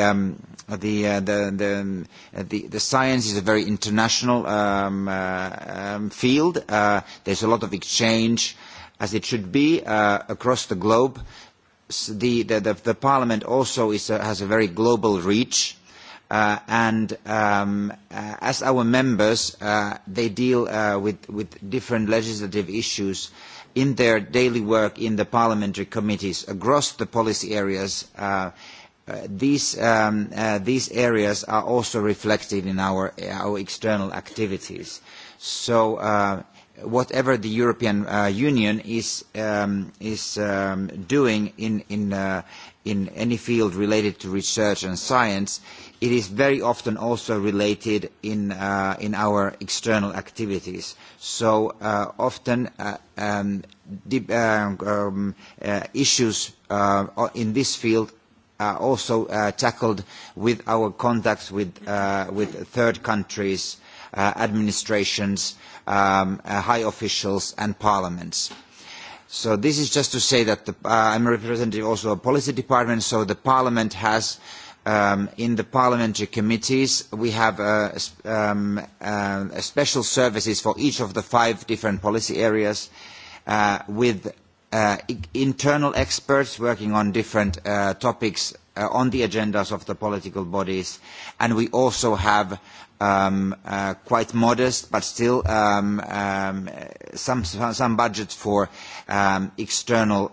the, the, the, science is a very international field, There is a lot of exchange, as it should be, across the globe the, the, the, the Parliament also is a, has a very global reach. Uh, and um, uh, as our members, uh, they deal uh, with, with different legislative issues in their daily work in the parliamentary committees across the policy areas. Uh, these, um, uh, these areas are also reflected in our, our external activities. So uh, whatever the European Union is, doing in, any field related to research and science, it is very often also related in, our external activities. So often issues in this field are also tackled with our contacts with, third countries, administrations, high officials and parliaments. So this is just to say that I am a representative also of policy department, so the parliament has in the parliamentary committees, we have special services for each of the five different policy areas with internal experts working on different topics on the agendas of the political bodies. And we also have um, quite modest, but still some, some budget for external,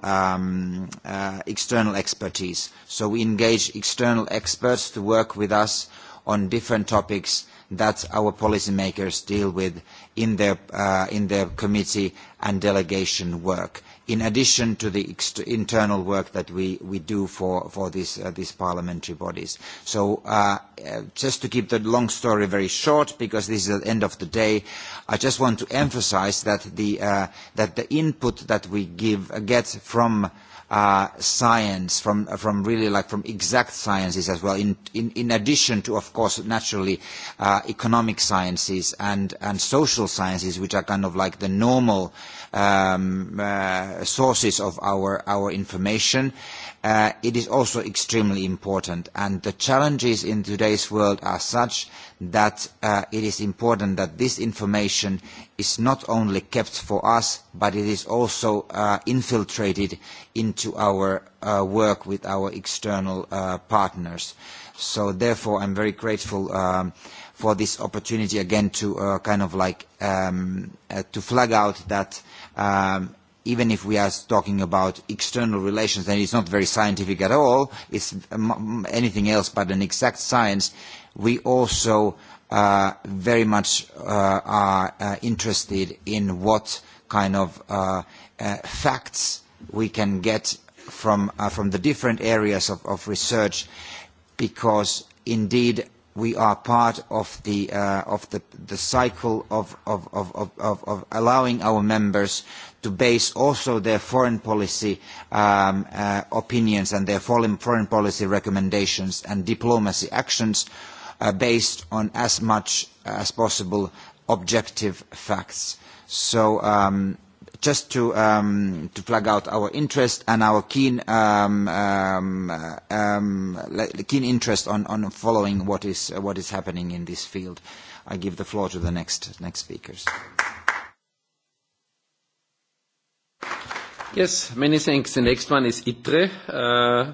expertise. So we engage external experts to work with us on different topics that our policymakers deal with in their committee and delegation work in addition to the internal work that we, we do for, for these, uh, these parliamentary bodies. So uh, just to keep the long story very short, because this is the end of the day, I just want to emphasize that the, uh, that the input that we give, get from uh, science, from, from really like from exact sciences as well, in, in, in addition to, of course, naturally uh, economic sciences and, and social sciences, which are kind of like the normal um, uh, sources of our, our information. Uh, it is also extremely important, and the challenges in today's world are such that it is important that this information is not only kept for us, but it is also infiltrated into our work with our external partners. So therefore, I am very grateful for this opportunity again to kind of like to flag out that even if we are talking about external relations, and it's not very scientific at all, it's anything else but an exact science, we also very much are interested in what kind of facts we can get from, the different areas of, research because indeed we are part of the, cycle of, allowing our members to base also their foreign policy opinions and their foreign policy recommendations and diplomacy actions based on as much as possible objective facts. So um, just to, um, to flag out our interest and our keen, um, um, um, keen interest on, on following what is, what is happening in this field. I give the floor to the next, next speakers. Yes, many thanks. The next one is ITRE. Uh,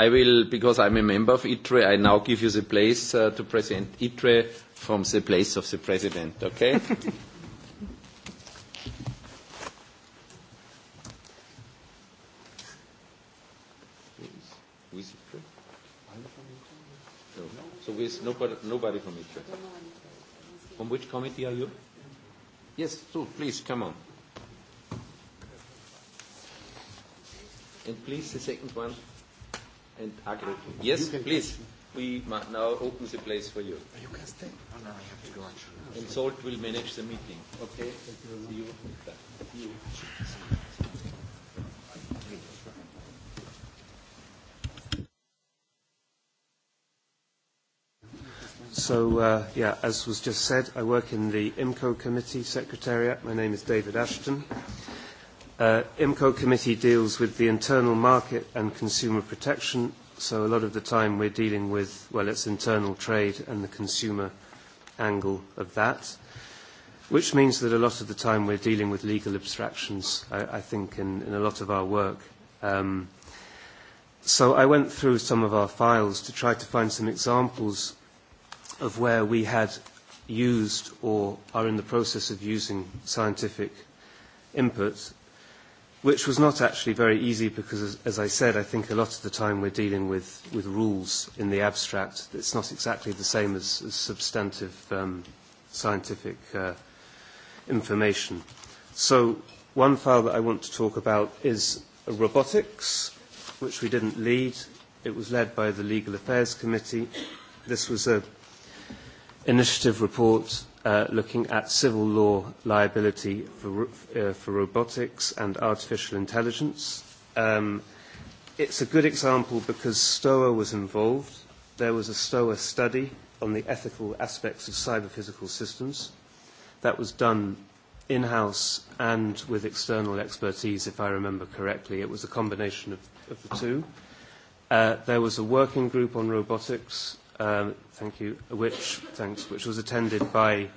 I will, because I'm a member of ITRE, I now give you the place uh, to present ITRE from the place of the president, okay? So with nobody, nobody from ITRE. From which committee are you? Yes, so please, come on. And please, the second one and Agri. Yes, please. We might now open the place for you. You can stay. Oh, no, I have to go actually. And Salt will manage the meeting. Okay. Thank you. See you. So, uh, yeah, as was just said, I work in the IMCO committee secretariat. My name is David Ashton. The IMCO committee deals with the internal market and consumer protection, so a lot of the time we're dealing with, well, it's internal trade and the consumer angle of that, which means that a lot of the time we're dealing with legal abstractions, I, I think, in, in a lot of our work. Um, so I went through some of our files to try to find some examples of where we had used or are in the process of using scientific input which was not actually very easy because, as, as I said, I think a lot of the time we're dealing with, with rules in the abstract. It's not exactly the same as, as substantive um, scientific uh, information. So one file that I want to talk about is robotics, which we didn't lead. It was led by the Legal Affairs Committee. This was an initiative report looking at civil law liability for, robotics and artificial intelligence. it's a good example because STOA was involved. There was a STOA study on the ethical aspects of cyber physical systems. That was done in-house and with external expertise, if I remember correctly. It was a combination of, of the two. there was a working group on robotics um, thank you, which, thanks, which was attended by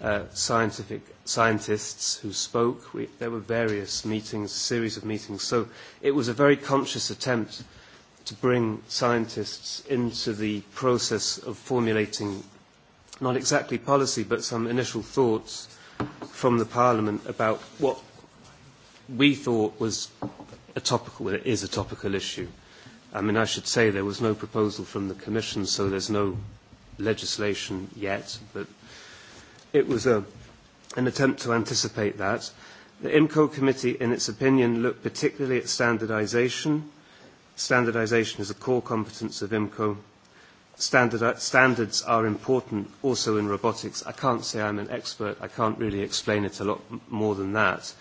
uh, scientific scientists who spoke. We, there were various meetings, a series of meetings. So it was a very conscious attempt to bring scientists into the process of formulating not exactly policy, but some initial thoughts from the Parliament about what we thought was a topical, well, it is a topical issue I mean, I should say there was no proposal from the Commission, so there's no legislation yet, but it was a, an attempt to anticipate that. The IMCO committee, in its opinion, looked particularly at standardisation. Standardisation is a core competence of IMCO. Standard, standards are important also in robotics. I can't say I'm an expert. I can't really explain it a lot more than that.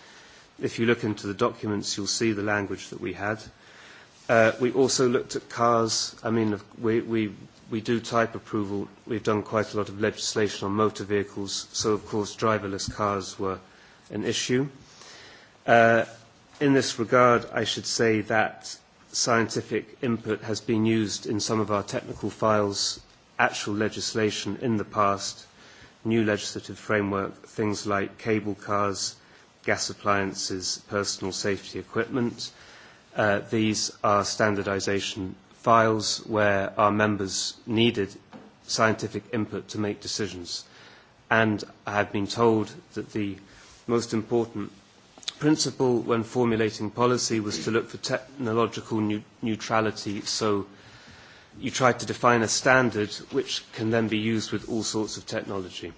If you look into the documents, you'll see the language that we had. Uh, we also looked at cars. I mean, we, we, we do type approval. We've done quite a lot of legislation on motor vehicles, so of course driverless cars were an issue. Uh, in this regard, I should say that scientific input has been used in some of our technical files, actual legislation in the past, new legislative framework, things like cable cars, gas appliances, personal safety equipment, uh, these are standardization files where our members needed scientific input to make decisions. And I have been told that the most important principle when formulating policy was to look for technological ne- neutrality, so you try to define a standard which can then be used with all sorts of technology.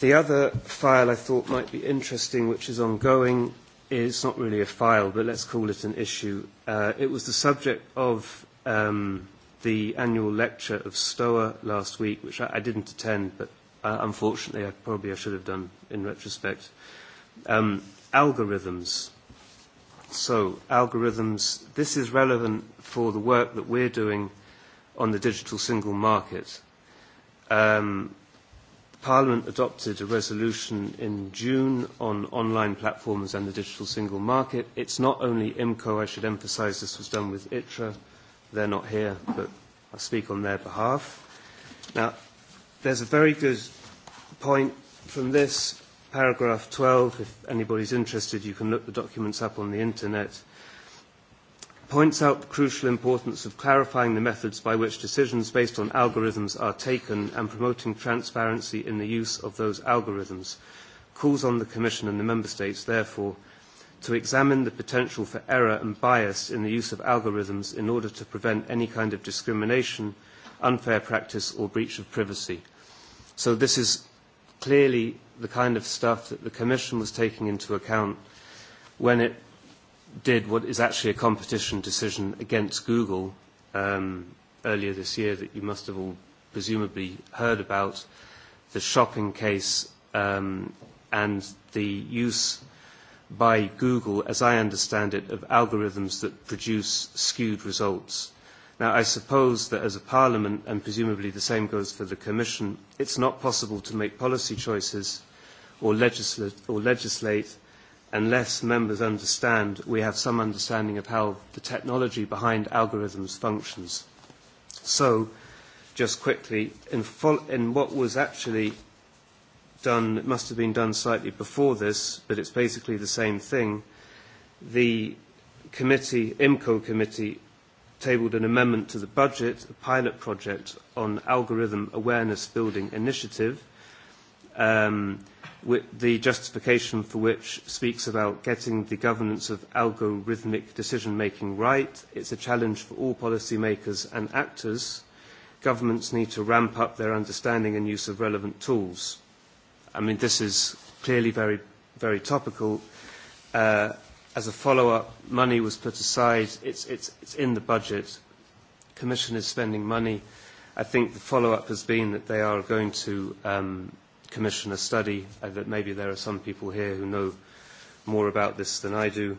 The other file I thought might be interesting, which is ongoing, it's not really a file, but let's call it an issue. Uh, it was the subject of um, the annual lecture of STOA last week, which I, I didn't attend, but uh, unfortunately I probably I should have done in retrospect. Um, algorithms. So algorithms, this is relevant for the work that we're doing on the digital single market. Um, Parliament adopted a resolution in June on online platforms and the digital single market. It's not only IMCO, I should emphasise this was done with ITRA. They're not here, but I speak on their behalf. Now, there's a very good point from this, paragraph 12. If anybody's interested, you can look the documents up on the internet points out the crucial importance of clarifying the methods by which decisions based on algorithms are taken and promoting transparency in the use of those algorithms, calls on the Commission and the Member States, therefore, to examine the potential for error and bias in the use of algorithms in order to prevent any kind of discrimination, unfair practice or breach of privacy. So this is clearly the kind of stuff that the Commission was taking into account when it did what is actually a competition decision against Google um, earlier this year that you must have all presumably heard about, the shopping case um, and the use by Google, as I understand it, of algorithms that produce skewed results. Now, I suppose that as a parliament, and presumably the same goes for the commission, it's not possible to make policy choices or legislate, or legislate unless members understand, we have some understanding of how the technology behind algorithms functions. So, just quickly, in, in what was actually done, it must have been done slightly before this, but it's basically the same thing. The committee, IMCO committee, tabled an amendment to the budget, a pilot project on algorithm awareness building initiative – um, the justification for which speaks about getting the governance of algorithmic decision-making right. It's a challenge for all policymakers and actors. Governments need to ramp up their understanding and use of relevant tools. I mean, this is clearly very, very topical. Uh, as a follow-up, money was put aside. It's, it's, it's in the budget. Commission is spending money. I think the follow-up has been that they are going to um, – commission a study uh, that maybe there are some people here who know more about this than I do.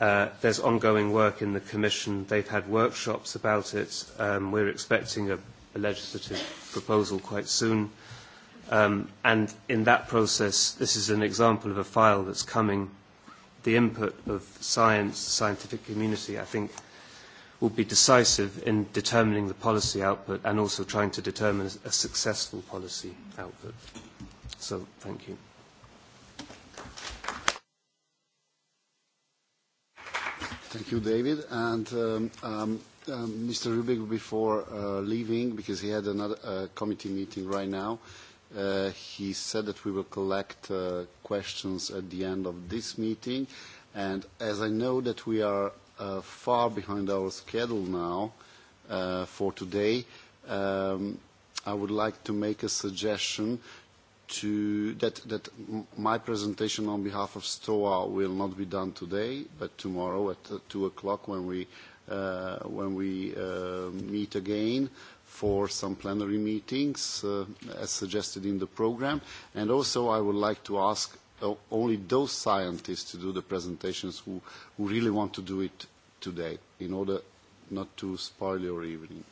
Uh, there's ongoing work in the commission. They've had workshops about it. Um, we're expecting a, a legislative proposal quite soon. Um, and in that process, this is an example of a file that's coming. The input of science, the scientific community, I think, will be decisive in determining the policy output and also trying to determine a successful policy output. So thank you. Thank you, David. And um, um, Mr. Rubik, before uh, leaving, because he had another uh, committee meeting right now, uh, he said that we will collect uh, questions at the end of this meeting. And as I know that we are uh, far behind our schedule now uh, for today. Um, I would like to make a suggestion to that, that my presentation on behalf of STOA will not be done today, but tomorrow at 2 o'clock when we, uh, when we uh, meet again for some plenary meetings, uh, as suggested in the program. And also I would like to ask only those scientists to do the presentations who, who really want to do it today in order not to spoil your evening.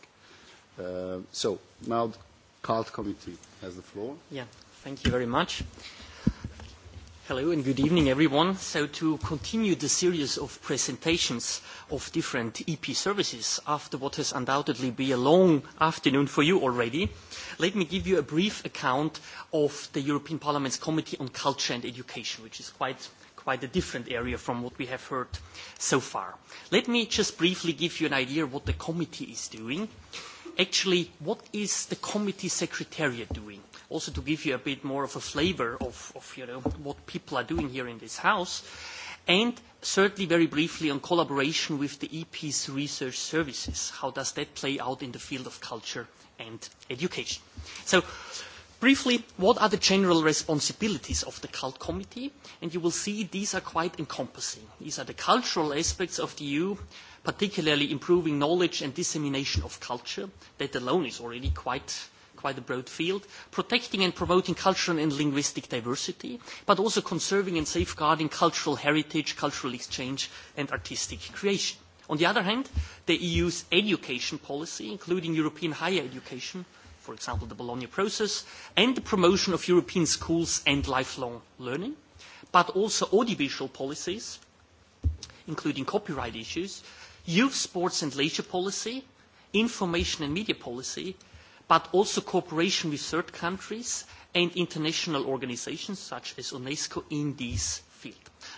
Uh, so now the CALT committee has the floor. Yeah, thank you very much. Hello and good evening, everyone. So to continue the series of presentations of different EP services after what has undoubtedly been a long afternoon for you already, let me give you a brief account of the European Parliament's Committee on Culture and Education, which is quite quite a different area from what we have heard so far. Let me just briefly give you an idea of what the committee is doing. Actually, what is the committee secretariat doing? also to give you a bit more of a flavor of, of you know, what people are doing here in this house. And certainly very briefly on collaboration with the EP's research services. How does that play out in the field of culture and education? So briefly, what are the general responsibilities of the CULT Committee? And you will see these are quite encompassing. These are the cultural aspects of the EU, particularly improving knowledge and dissemination of culture. That alone is already quite quite a broad field, protecting and promoting cultural and linguistic diversity, but also conserving and safeguarding cultural heritage, cultural exchange, and artistic creation. On the other hand, the EU's education policy, including European higher education, for example, the Bologna process, and the promotion of European schools and lifelong learning, but also audiovisual policies, including copyright issues, youth sports and leisure policy, information and media policy, but also cooperation with third countries and international organisations such as UNESCO in this field.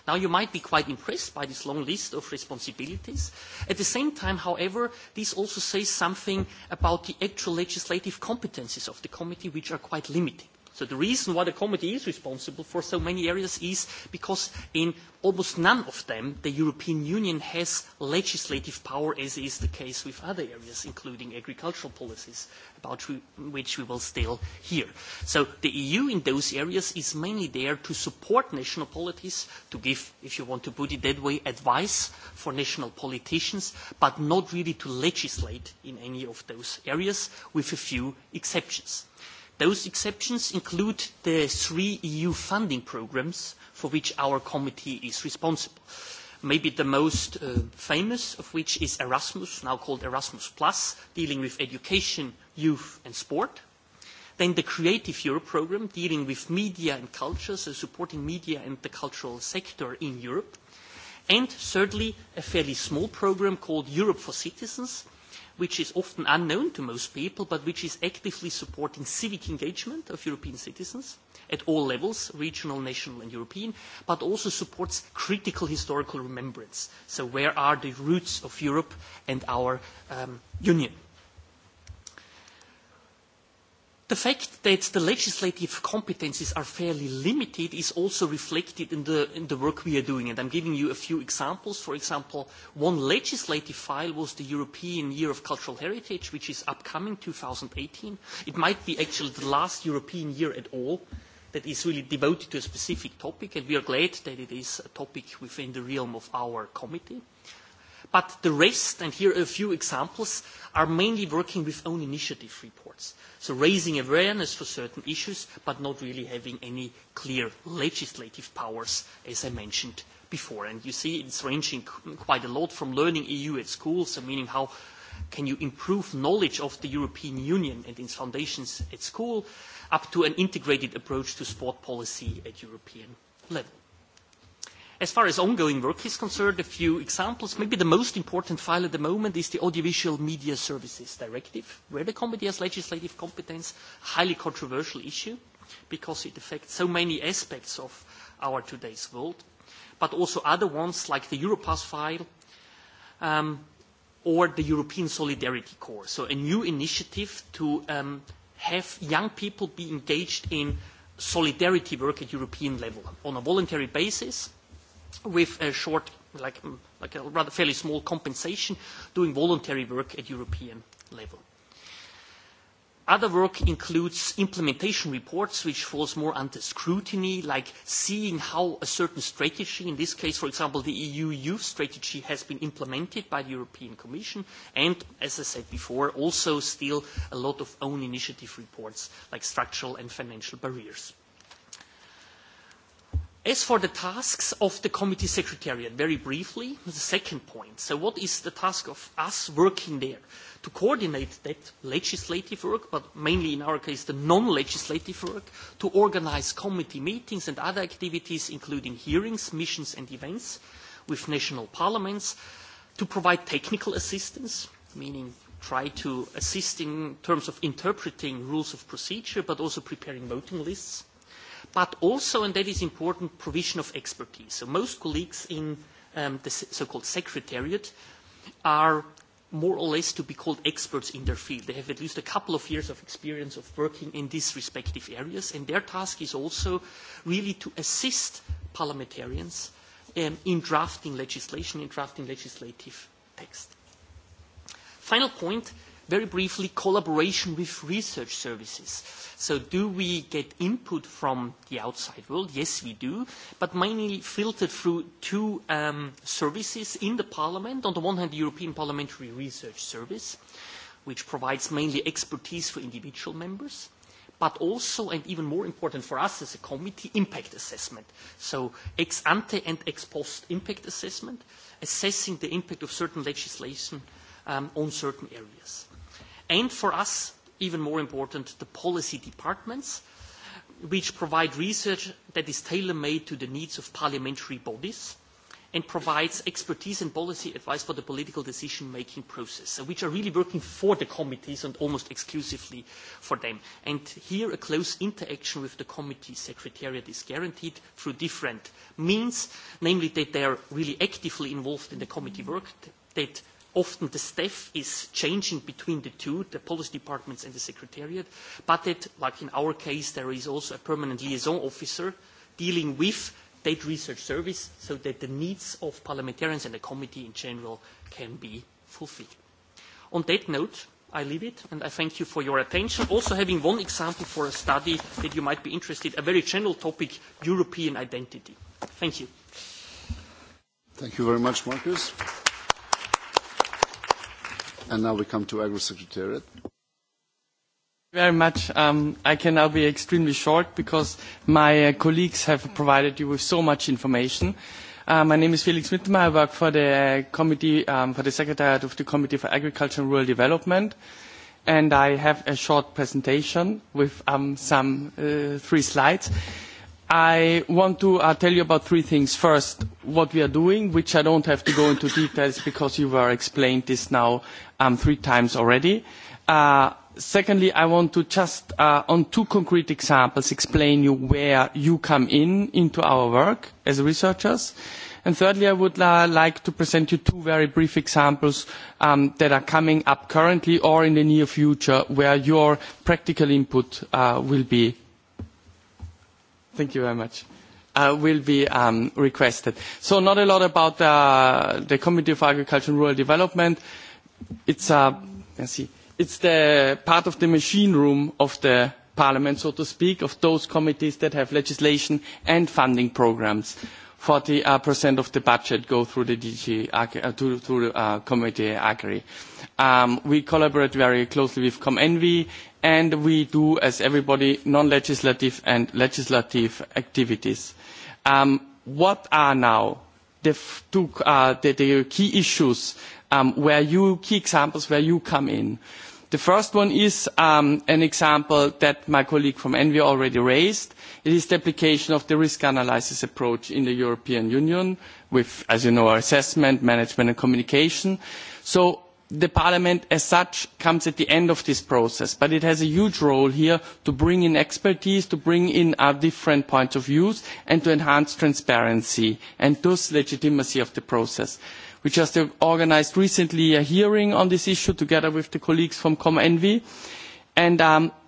Now, you might be quite impressed by this long list of responsibilities. At the same time, however, this also says something about the actual legislative competences of the committee, which are quite limited. So the reason why the committee is responsible for so many areas is because in almost none of them the European Union has legislative power as is the case with other areas including agricultural policies about which we will still hear. So the EU in those areas is mainly there to support national polities, to give, if you want to put it that way, advice for national politicians, but not really to legislate in any of those areas with a few exceptions. Those exceptions include the three EU funding programmes for which our committee is responsible. Maybe the most famous of which is Erasmus, now called Erasmus dealing with education, youth and sport. Then the Creative Europe programme, dealing with media and culture, so supporting media and the cultural sector in Europe. And thirdly, a fairly small programme called Europe for Citizens, which is often unknown to most people, but which is actively supporting civic engagement of European citizens at all levels, regional, national and European, but also supports critical historical remembrance. So where are the roots of Europe and our Union? The fact that the legislative competences are fairly limited is also reflected in the, in the work we are doing. And I'm giving you a few examples. For example, one legislative file was the European Year of Cultural Heritage, which is upcoming 2018. It might be actually the last European year at all that is really devoted to a specific topic, and we are glad that it is a topic within the realm of our committee but the rest, and here are a few examples, are mainly working with own initiative reports. So raising awareness for certain issues, but not really having any clear legislative powers, as I mentioned before. And you see it's ranging quite a lot from learning EU at school, so meaning how can you improve knowledge of the European Union and its foundations at school, up to an integrated approach to sport policy at European level. As far as ongoing work is concerned, a few examples. Maybe the most important file at the moment is the Audiovisual Media Services Directive, where the Committee has legislative competence, highly controversial issue because it affects so many aspects of our today's world, but also other ones like the Europass file or the European Solidarity Corps. So a new initiative to have young people be engaged in solidarity work at European level on a voluntary basis – with a short, like, like a rather fairly small compensation, doing voluntary work at European level. Other work includes implementation reports, which falls more under scrutiny, like seeing how a certain strategy, in this case, for example, the EU youth strategy, has been implemented by the European Commission, and, as I said before, also still a lot of own initiative reports, like structural and financial barriers As for the tasks of the committee secretariat, very briefly, the second point. So what is the task of us working there? To coordinate that legislative work, but mainly in our case the non-legislative work, to organise committee meetings and other activities, including hearings, missions and events with national parliaments, to provide technical assistance, meaning try to assist in terms of interpreting rules of procedure, but also preparing voting lists, but also, and that is important, provision of expertise. So most colleagues in the so-called secretariat are more or less to be called experts in their field. They have at least a couple of years of experience of working in these respective areas, and their task is also really to assist parliamentarians in drafting legislation, in drafting legislative text. Final point, Very briefly, collaboration with research services. So do we get input from the outside world? Yes, we do, but mainly filtered through two um, services in the Parliament. On the one hand, the European Parliamentary Research Service, which provides mainly expertise for individual members but also, and even more important for us as a committee, impact assessment. So ex ante and ex post impact assessment, assessing the impact of certain legislation on certain areas and for us, even more important, the policy departments, which provide research that is tailor-made to the needs of parliamentary bodies and provides expertise and policy advice for the political decision-making process, which are really working for the committees and almost exclusively for them. And here a close interaction with the committee secretariat is guaranteed through different means, namely that they are really actively involved in the committee work, that often the staff is changing between the two, the policy departments and the secretariat, but that, like in our case, there is also a permanent liaison officer dealing with that research service so that the needs of parliamentarians and the committee in general can be fulfilled. On that note, I leave it, and I thank you for your attention. Also having one example for a study that you might be interested, a very general topic, European identity. Thank you. Thank you very much, Marcus now we come to Agro Secretariat. Very much. I can now be extremely short because my colleagues have provided you with so much information. my name is Felix Mittermeier. I work for the committee, for the Secretariat of the Committee for Agriculture and Rural Development and I have a short presentation with some three slides. I want to uh, tell you about three things. First, what we are doing, which I don't have to go into details because you were explained this now um, three times already. Uh, secondly, I want to just, uh, on two concrete examples, explain you where you come in into our work as researchers. And thirdly, I would uh, like to present you two very brief examples um, that are coming up currently or in the near future where your practical input uh, will be Thank you very much. Uh, will be um, requested. So not a lot about uh, the Committee of Agriculture and Rural Development. It's, uh, let's see, it's the part of the machine room of the Parliament, so to speak, of those committees that have legislation and funding programs. 40% of the budget go through the DG, Agri through, the Committee Agri. we collaborate very closely with COMENVI and we do, as everybody, non-legislative and legislative activities. what are now the, two, the, key issues where you, key examples where you come in? The first one is an example that my colleague from Envy already raised, It is the application of the risk analysis approach in the European Union with, as you know, our assessment, management and communication. So the parliament as such comes at the end of this process but it has a huge role here to bring in expertise to bring in our different points of view and to enhance transparency and thus legitimacy of the process. we just organised recently a hearing on this issue together with the colleagues from comenvi and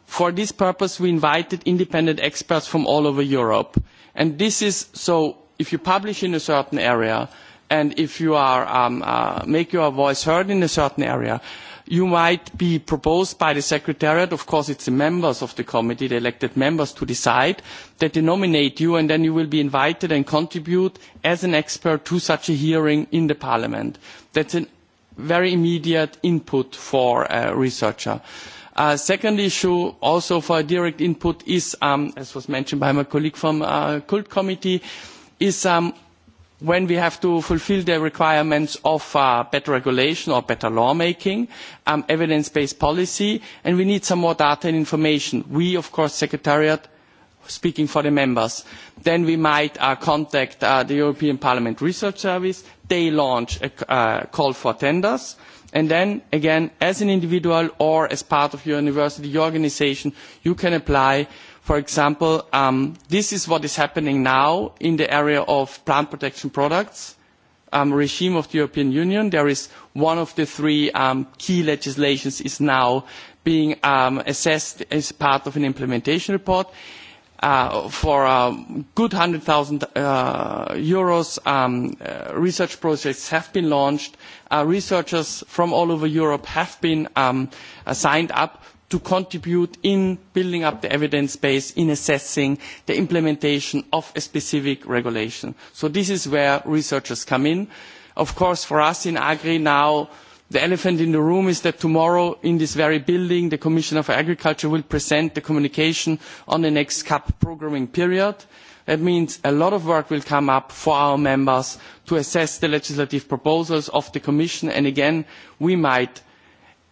For this purpose, we invited independent experts from all over Europe. And this is so if you publish in a certain area and if you are, um, uh, make your voice heard in a certain area, you might be proposed by the secretariat, of course it's the members of the committee, the elected members to decide, that they nominate you and then you will be invited and contribute as an expert to such a hearing in the parliament. That's a very immediate input for a researcher. The second issue also for direct input is, um, as was mentioned by my colleague from uh, Cult Committee, is um, when we have to fulfil the requirements of uh, better regulation or better lawmaking, um, evidence-based policy, and we need some more data and information. We, of course, Secretariat, speaking for the members. Then we might uh, contact uh, the European Parliament Research Service. They launch a uh, call for tenders and then again as an individual or as part of your university organisation you can apply for example this is what is happening now in the area of plant protection products regime of the european union there is one of the three key legislations is now being assessed as part of an implementation report for a good 100,000 uh, euros, um, uh, research projects have been launched. Uh, researchers from all over Europe have been um, uh, signed up to contribute in building up the evidence base in assessing the implementation of a specific regulation. So this is where researchers come in. Of course, for us in Agri now, The elephant in the room is that tomorrow in this very building, the Commissioner for Agriculture will present the communication on the next CAP programming period. That means a lot of work will come up for our members to assess the legislative proposals of the Commission. And again, we might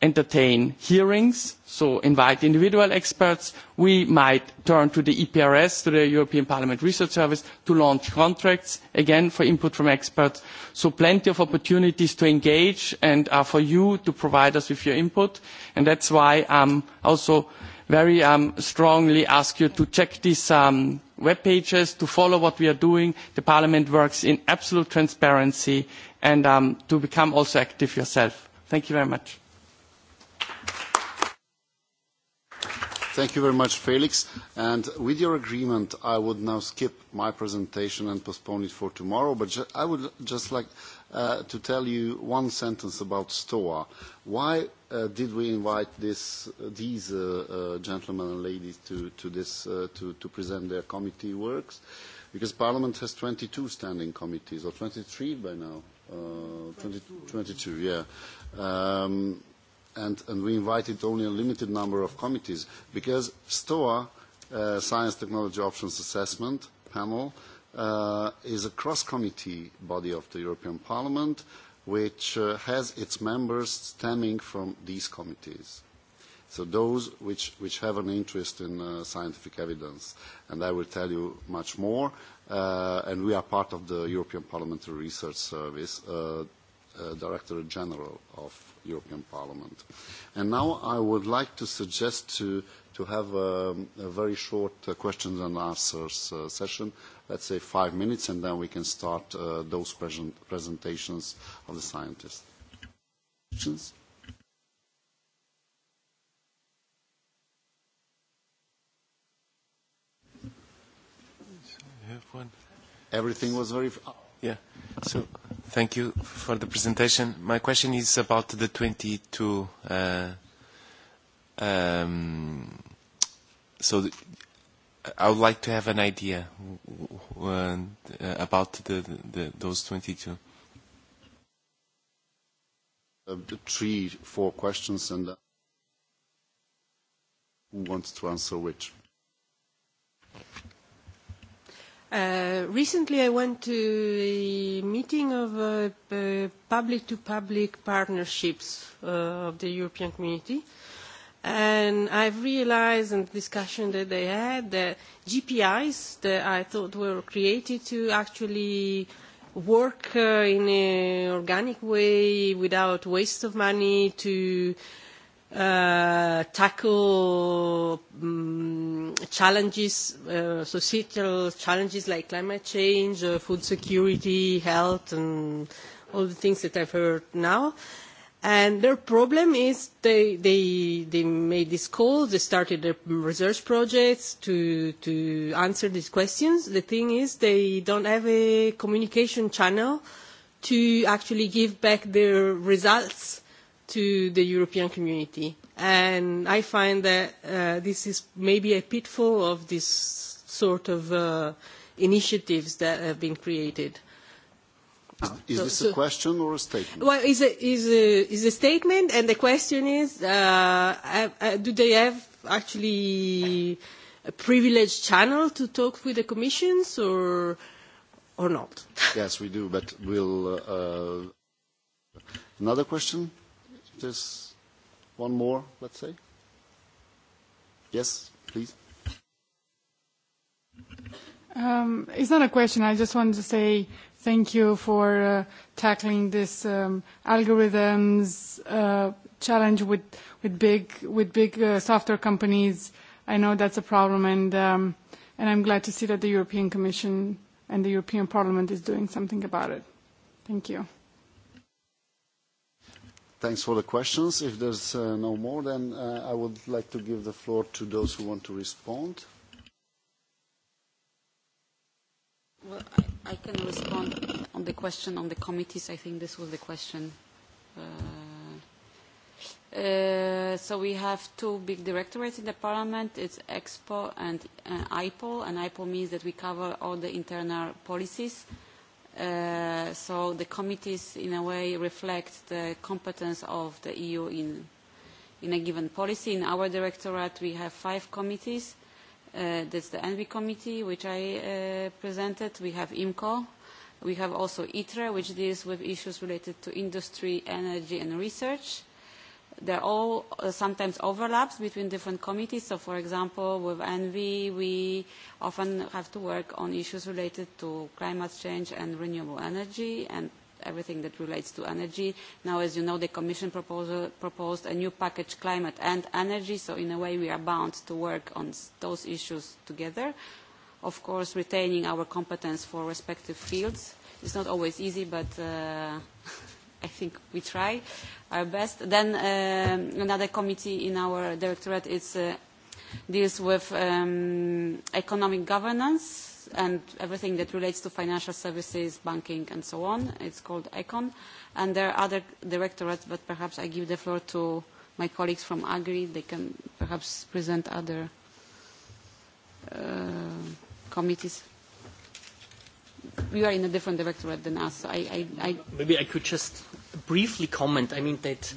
entertain hearings, so invite individual experts. We might turn to the EPRS, to the European Parliament Research Service, to launch contracts, again, for input from experts. So plenty of opportunities to engage and for you to provide us with your input. And that's why I also very strongly ask you to check these web pages, to follow what we are doing. The Parliament works in absolute transparency and to become also active yourself. Thank you very much. Thank you very much, Felix. And with your agreement, I would now skip my presentation and postpone it for tomorrow. But I would just like to tell you one sentence about STOA. Why did we invite these gentlemen and ladies to to this present their committee works? Because Parliament has twenty two standing committees, or twenty three by now. twenty two, yeah and, and we invited only a limited number of committees because STOA, uh, Science Technology Options Assessment Panel, uh, is a cross-committee body of the European Parliament which uh, has its members stemming from these committees. So those which, which have an interest in uh, scientific evidence. And I will tell you much more. Uh, and we are part of the European Parliamentary Research Service, uh, uh, Director General of European Parliament. And now I would like to suggest to, to have a, a very short uh, questions and answers uh, session, let's say five minutes, and then we can start uh, those present presentations of the scientists. Questions? Everything was very... Yeah. So Thank you for the presentation. My question is about the 22. So I would like to have an idea about those 22. Three, four questions, and who wants to answer which? Recently, I went to a meeting of public-to-public partnerships of the European Community, and I've realized in the discussion that they had that GPIs that I thought were created to actually work in an organic way without waste of money to tackle challenges, societal challenges like climate change, food security, health, and all the things that I've heard now. And their problem is they, they, they made this call, they started their research projects to, to answer these questions. The thing is they don't have a communication channel to actually give back their results to the European community. And I find that uh, this is maybe a pitfall of this sort of uh, initiatives that have been created. Is this a question or a statement? Well, it's a, it's a, it's a statement, and the question is, uh, do they have actually a privileged channel to talk with the commissions or, or not? Yes, we do, but we'll... Uh, another question? There's one more, let's say. Yes, please. Um, it's not a question. I just wanted to say thank you for uh, tackling this um, algorithms uh, challenge with with big with big uh, software companies. I know that's a problem, and um, and I'm glad to see that the European Commission and the European Parliament is doing something about it. Thank you. Thanks for the questions. If there's no more, then I would like to give the floor to those who want to respond. Well, I can respond on the question on the committees. I think this was the question. So we have two big directorates in the parliament. It's EXPO and IPOL, and IPOL means that we cover all the internal policies so the committees in a way reflect the competence of the EU in, in a given policy. In our directorate we have five committees. Uh, that's the ENVI committee which I uh, presented. We have IMCO. We have also ITRE which deals with issues related to industry, energy and research there are all uh, sometimes overlaps between different committees. So, for example, with ENVI, we often have to work on issues related to climate change and renewable energy and everything that relates to energy. Now, as you know, the Commission proposal, proposed a new package, climate and energy. So, in a way, we are bound to work on those issues together. Of course, retaining our competence for respective fields. It's not always easy, but... Uh, I think we try our best. Then uh, another committee in our directorate is, uh, deals with um, economic governance and everything that relates to financial services, banking, and so on. It's called ECON. And there are other directorates, but perhaps I give the floor to my colleagues from Agri. They can perhaps present other uh, committees you are in a different directorate than us. I, I, I Maybe I could just briefly comment. I mean that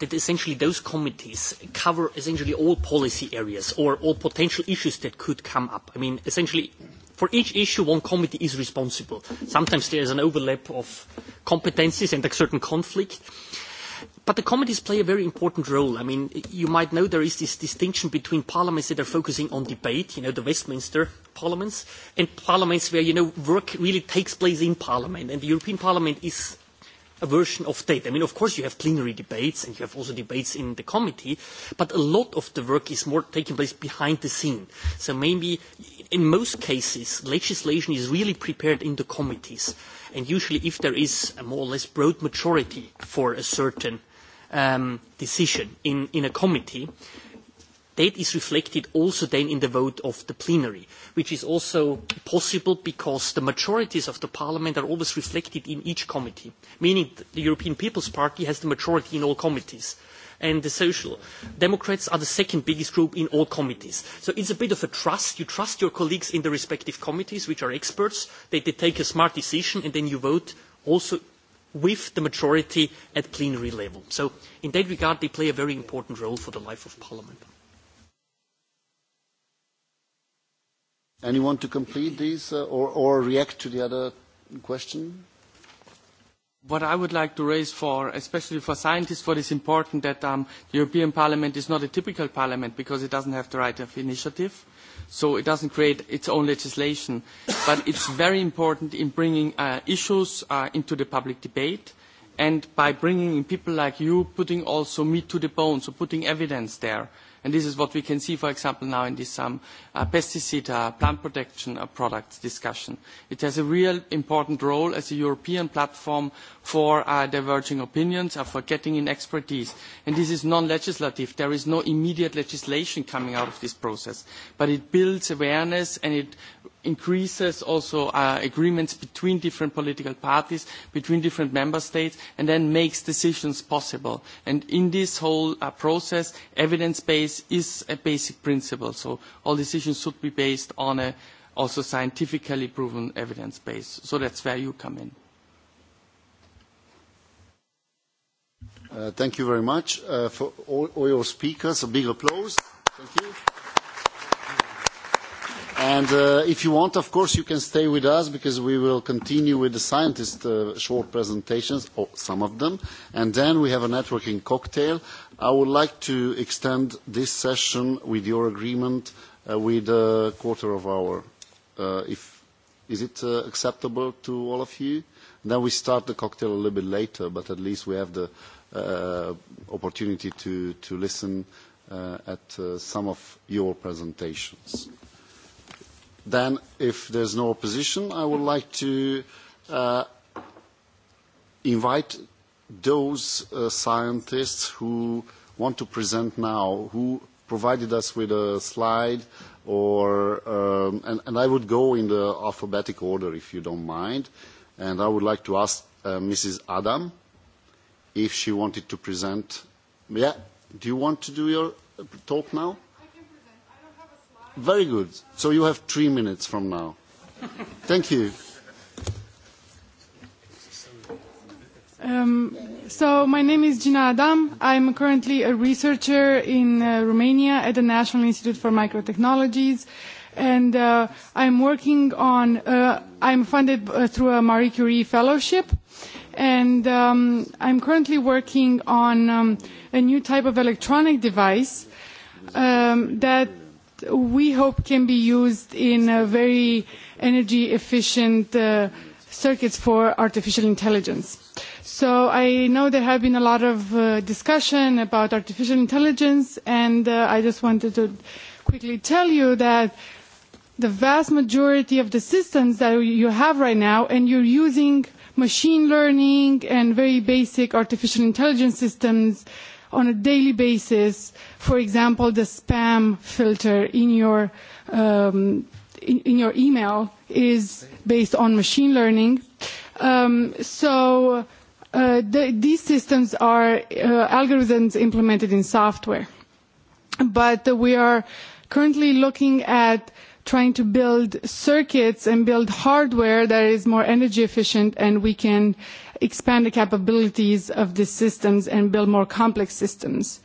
that essentially those committees cover essentially all policy areas or all potential issues that could come up. I mean, essentially, for each issue, one committee is responsible. Sometimes there is an overlap of competencies and a certain conflict But the committees play a very important role. I mean, you might know there is this distinction between parliaments that are focusing on debate, you know, the Westminster parliaments, and parliaments where, you know, work really takes place in parliament. And the European Parliament is a version of that. I mean, of course, you have plenary debates and you have also debates in the committee, but a lot of the work is more taking place behind the scene. So maybe in most cases, legislation is really prepared in the committees. And usually, if there is a more or less broad majority for a certain um, decision in, in a committee, that is reflected also then in the vote of the plenary, which is also possible because the majorities of the parliament are always reflected in each committee, meaning the European People's Party has the majority in all committees. And the Social Democrats are the second biggest group in all committees. So it's a bit of a trust. You trust your colleagues in the respective committees, which are experts, that they take a smart decision, and then you vote also with the majority at plenary level. So in that regard, they play a very important role for the life of Parliament. Anyone to complete these uh, or, or react to the other question? What I would like to raise for, especially for scientists, what is important that um, the European Parliament is not a typical parliament because it doesn't have the right of initiative so it doesn't create its own legislation. But it's very important in bringing uh, issues uh, into the public debate and by bringing in people like you, putting also meat to the bone, so putting evidence there this is what we can see, for example, now in this pesticide, plant protection product products discussion. It has a real important role as a European platform for diverging opinions and for getting in expertise. this is non-legislative. There is no immediate legislation coming out of this process. But it builds awareness and it increases also uh, agreements between different political parties, between different member states, and then makes decisions possible. And in this whole uh, process, evidence base is a basic principle. So all decisions should be based on a also scientifically proven evidence base. So that's where you come in. Uh, thank you very much uh, for all, all your speakers. A big applause. Thank you. And if you want, of course, you can stay with us because we will continue with the scientists' short presentations, or some of them, and then we have a networking cocktail. I would like to extend this session with your agreement with a quarter of hour. if, is it acceptable to all of you? Then we start the cocktail a little bit later, but at least we have the opportunity to, to listen at some of your presentations. Then, if there's no opposition, I would like to invite those scientists who want to present now, who provided us with a slide, or and, and I would go in the alphabetic order, if you don't mind. And I would like to ask Mrs. Adam if she wanted to present. Yeah, do you want to do your talk now? Very good. So you have three minutes from now. Thank you. Um, so my name is Gina Adam. I'm currently a researcher in uh, Romania at the National Institute for Microtechnologies, and uh, I'm working on. Uh, I'm funded uh, through a Marie Curie fellowship, and um, I'm currently working on um, a new type of electronic device um, that we hope can be used in a very energy efficient uh, circuits for artificial intelligence. So I know there have been a lot of uh, discussion about artificial intelligence, and uh, I just wanted to quickly tell you that the vast majority of the systems that you have right now, and you're using machine learning and very basic artificial intelligence systems uh, on a daily basis, for example, the spam filter in your, um, in, in your email is based on machine learning. Um, so uh, the, these systems are uh, algorithms implemented in software. But we are currently looking at trying to build circuits and build hardware that is more energy efficient and we can uh, expand the capabilities of these systems and build more complex systems.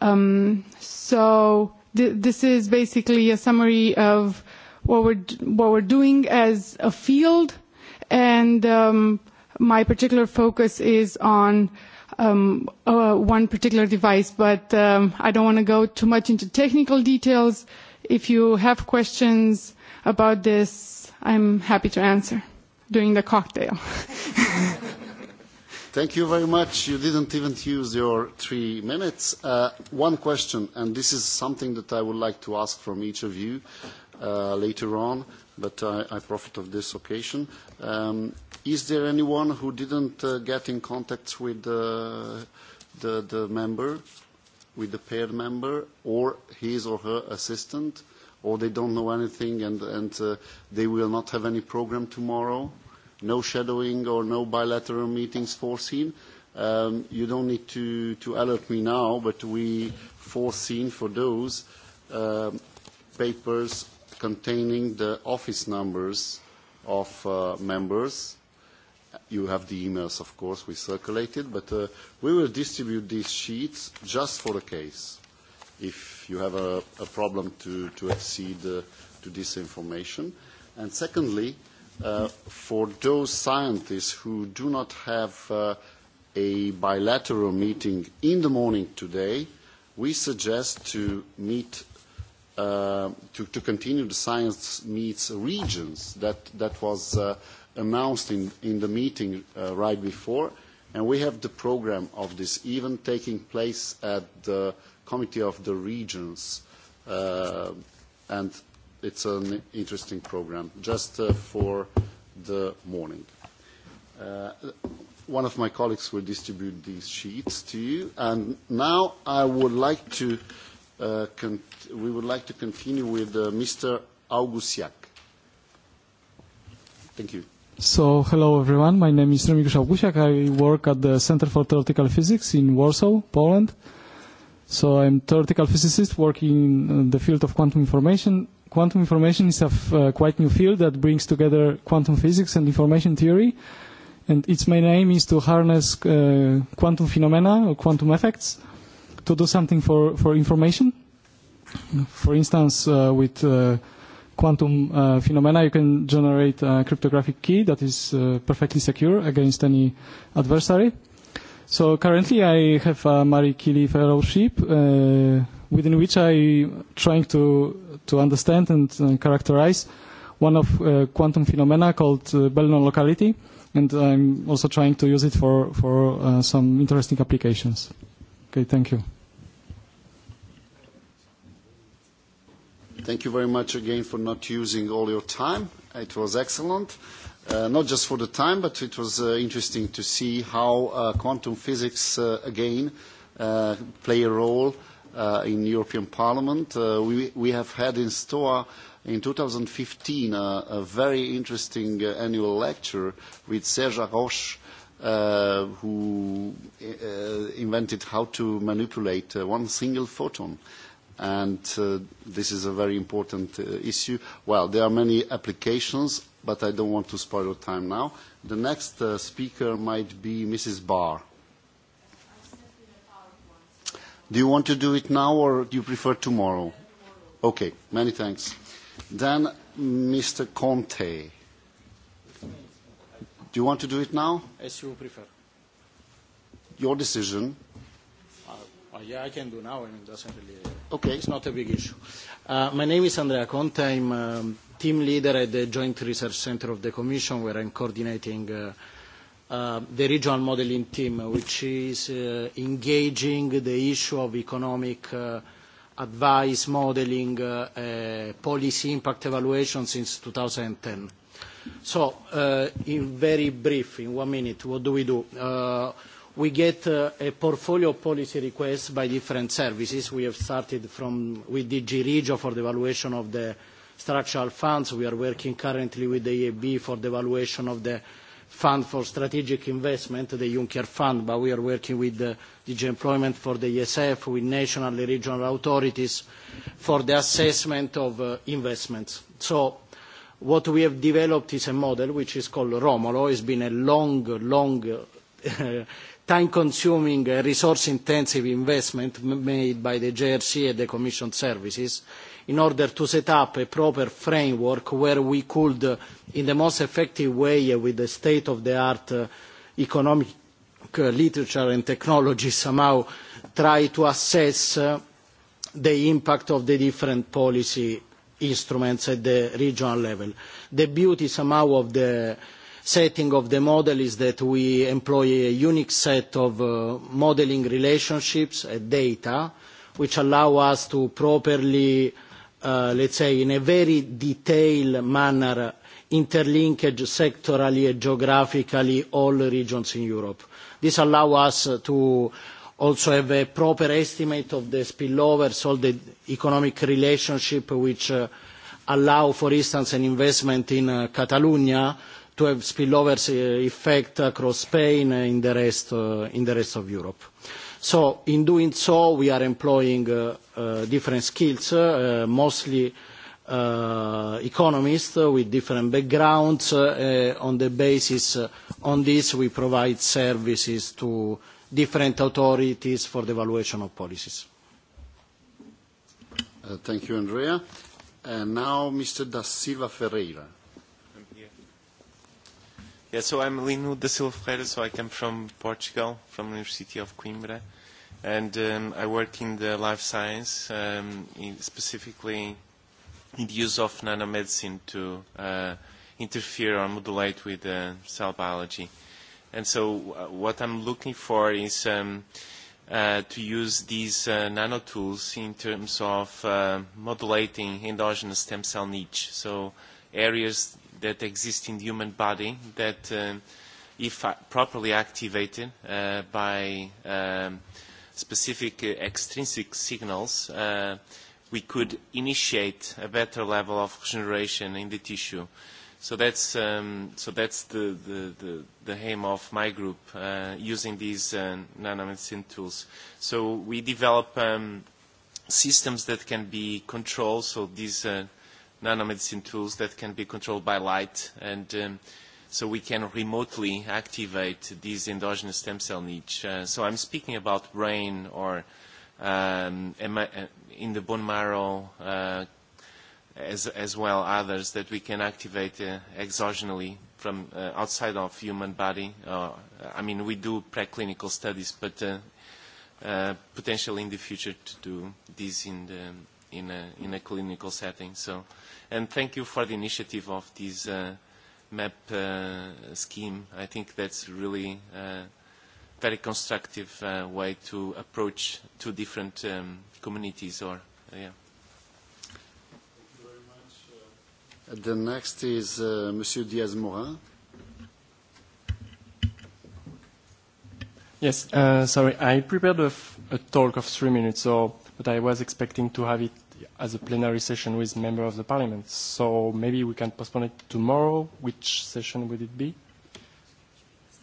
so th- this is basically a summary of what we're, what we're doing as a field, and um, my particular focus is on um, uh, one particular device, but um, I don't want to go too much into technical details. If you have questions about this, I'm happy to answer during the cocktail. Thank you very much. You didn't even use your three minutes. One question, and this is something that I would like to ask from each of you later on, but I profit of this occasion. Is there anyone who didn't get in contact with the member, with the paired member, or his or her assistant, or they don't know anything and they will not have any program tomorrow? no shadowing or no bilateral meetings foreseen. Um, you don't need to, to alert me now, but we foreseen for those uh, papers containing the office numbers of uh, members. You have the emails, of course, we circulated, but uh, we will distribute these sheets just for the case. If you have a, a problem to, to accede uh, to this information. And secondly, for those scientists who do not have a bilateral meeting in the morning today, we suggest to meet to, continue the science meets regions that, that was announced in, in the meeting right before. And we have the programme of this even taking place at the Committee of the Regions. and it's an interesting program, just for the morning. one of my colleagues will distribute these sheets to you. And now I would like to, we would like to continue with Mr. Augusiak. Thank you. So, hello everyone. My name is Remigiusz Augusiak. I work at the Center for Theoretical Physics in Warsaw, Poland. So I'm theoretical physicist working in the field of quantum information Quantum information is a f- uh, quite new field that brings together quantum physics and information theory, and its main aim is to harness uh, quantum phenomena or quantum effects to do something for, for information. For instance, uh, with uh, quantum uh, phenomena, you can generate a cryptographic key that is uh, perfectly secure against any adversary. So currently, I have a Marie Curie fellowship. Uh, within which I trying to to understand and uh, characterize one of uh, quantum phenomena called uh, Bell non-locality, and I'm also trying to use it for for uh, some interesting applications. Okay, thank you. Thank you very much again for not using all your time. It was excellent not just for the time, but it was interesting to see how quantum physics again play a role in European Parliament. we, have had in STOA in 2015 uh, a very interesting annual lecture with Serge Roche, who invented how to manipulate one single photon. And this is a very important issue. Well, there are many applications, but I don't want to spoil your time now. The next speaker might be Mrs. Barr. Do you want to do it now or do you prefer tomorrow? Okay, many thanks. Then Mr. Conte. Do you want to do it now? As you prefer. Your decision. Uh, yeah, I can do now. I mean, doesn't really. Okay. It's not a big issue. Uh, my name is Andrea Conte. I'm um, team leader at the Joint Research Center of the Commission, where I'm coordinating. Uh, the regional modelling team, which is engaging the issue of economic advice, modelling, policy impact evaluation since 2010. So, in very brief, in one minute, what do we do? We get a portfolio of policy requests by different services. We have started from with DG Regio for the evaluation of the structural funds. We are working currently with the EIB for the evaluation of the fund for strategic investment, the Juncker Fund, but we are working with the DG Employment for the ESF, with national and regional authorities for the assessment of investments. So what we have developed is a model which is called Romolo. It's been a long, long, time-consuming, resource-intensive investment made by the JRC and the Commission Services in order to set up a proper framework where we could, in the most effective way, with the state-of-the-art economic literature and technology, somehow try to assess the impact of the different policy instruments at the regional level. The beauty somehow of the setting of the model is that we employ a unique set of modelling relationships and data which allow us to properly let's say, in a very detailed manner, interlinkage sectorally and geographically all regions in Europe. This allows us to also have a proper estimate of the spillovers, all the economic relationship which allow, for instance, an investment in Catalonia to have spillover effect across Spain and in the rest of Europe. So in doing so, we are employing different skills, mostly economists with different backgrounds. on the basis on this, we provide services to different authorities for the evaluation of policies. thank you, Andrea. And now, Mr. Da Silva Ferreira. Yeah, so I'm Lino da Silva Ferreira, so I come from Portugal, from the University of Coimbra and um, I work in the life science, um, in specifically in the use of nanomedicine to uh, interfere or modulate with uh, cell biology. And so uh, what I'm looking for is um, uh, to use these uh, nanotools in terms of uh, modulating endogenous stem cell niche, so areas that exist in the human body that, uh, if properly activated uh, by um, specific extrinsic signals, we could initiate a better level of regeneration in the tissue. So that's, um, so that's the, the, the, the aim of my group, uh, using these uh, nanomedicine tools. So we develop um, systems that can be controlled, so these uh, nanomedicine tools that can be controlled by light and um, so we can remotely activate these endogenous stem cell niche. Uh, so I'm speaking about brain or um, in the bone marrow uh, as, as well others that we can activate uh, exogenally from uh, outside of human body. Uh, I mean, we do preclinical studies, but uh, uh, potentially in the future to do this in, the, in, a, in a clinical setting. So, and thank you for the initiative of these uh, map uh, scheme. I think that's really a very constructive uh, way to approach two different um, communities. Or yeah. The next is uh, Monsieur Diaz-Morin. Yes, uh, sorry, I prepared a, f a talk of three minutes, so, but I was expecting to have it as a plenary session with member of the parliament. So maybe we can postpone it tomorrow. Which session would it be?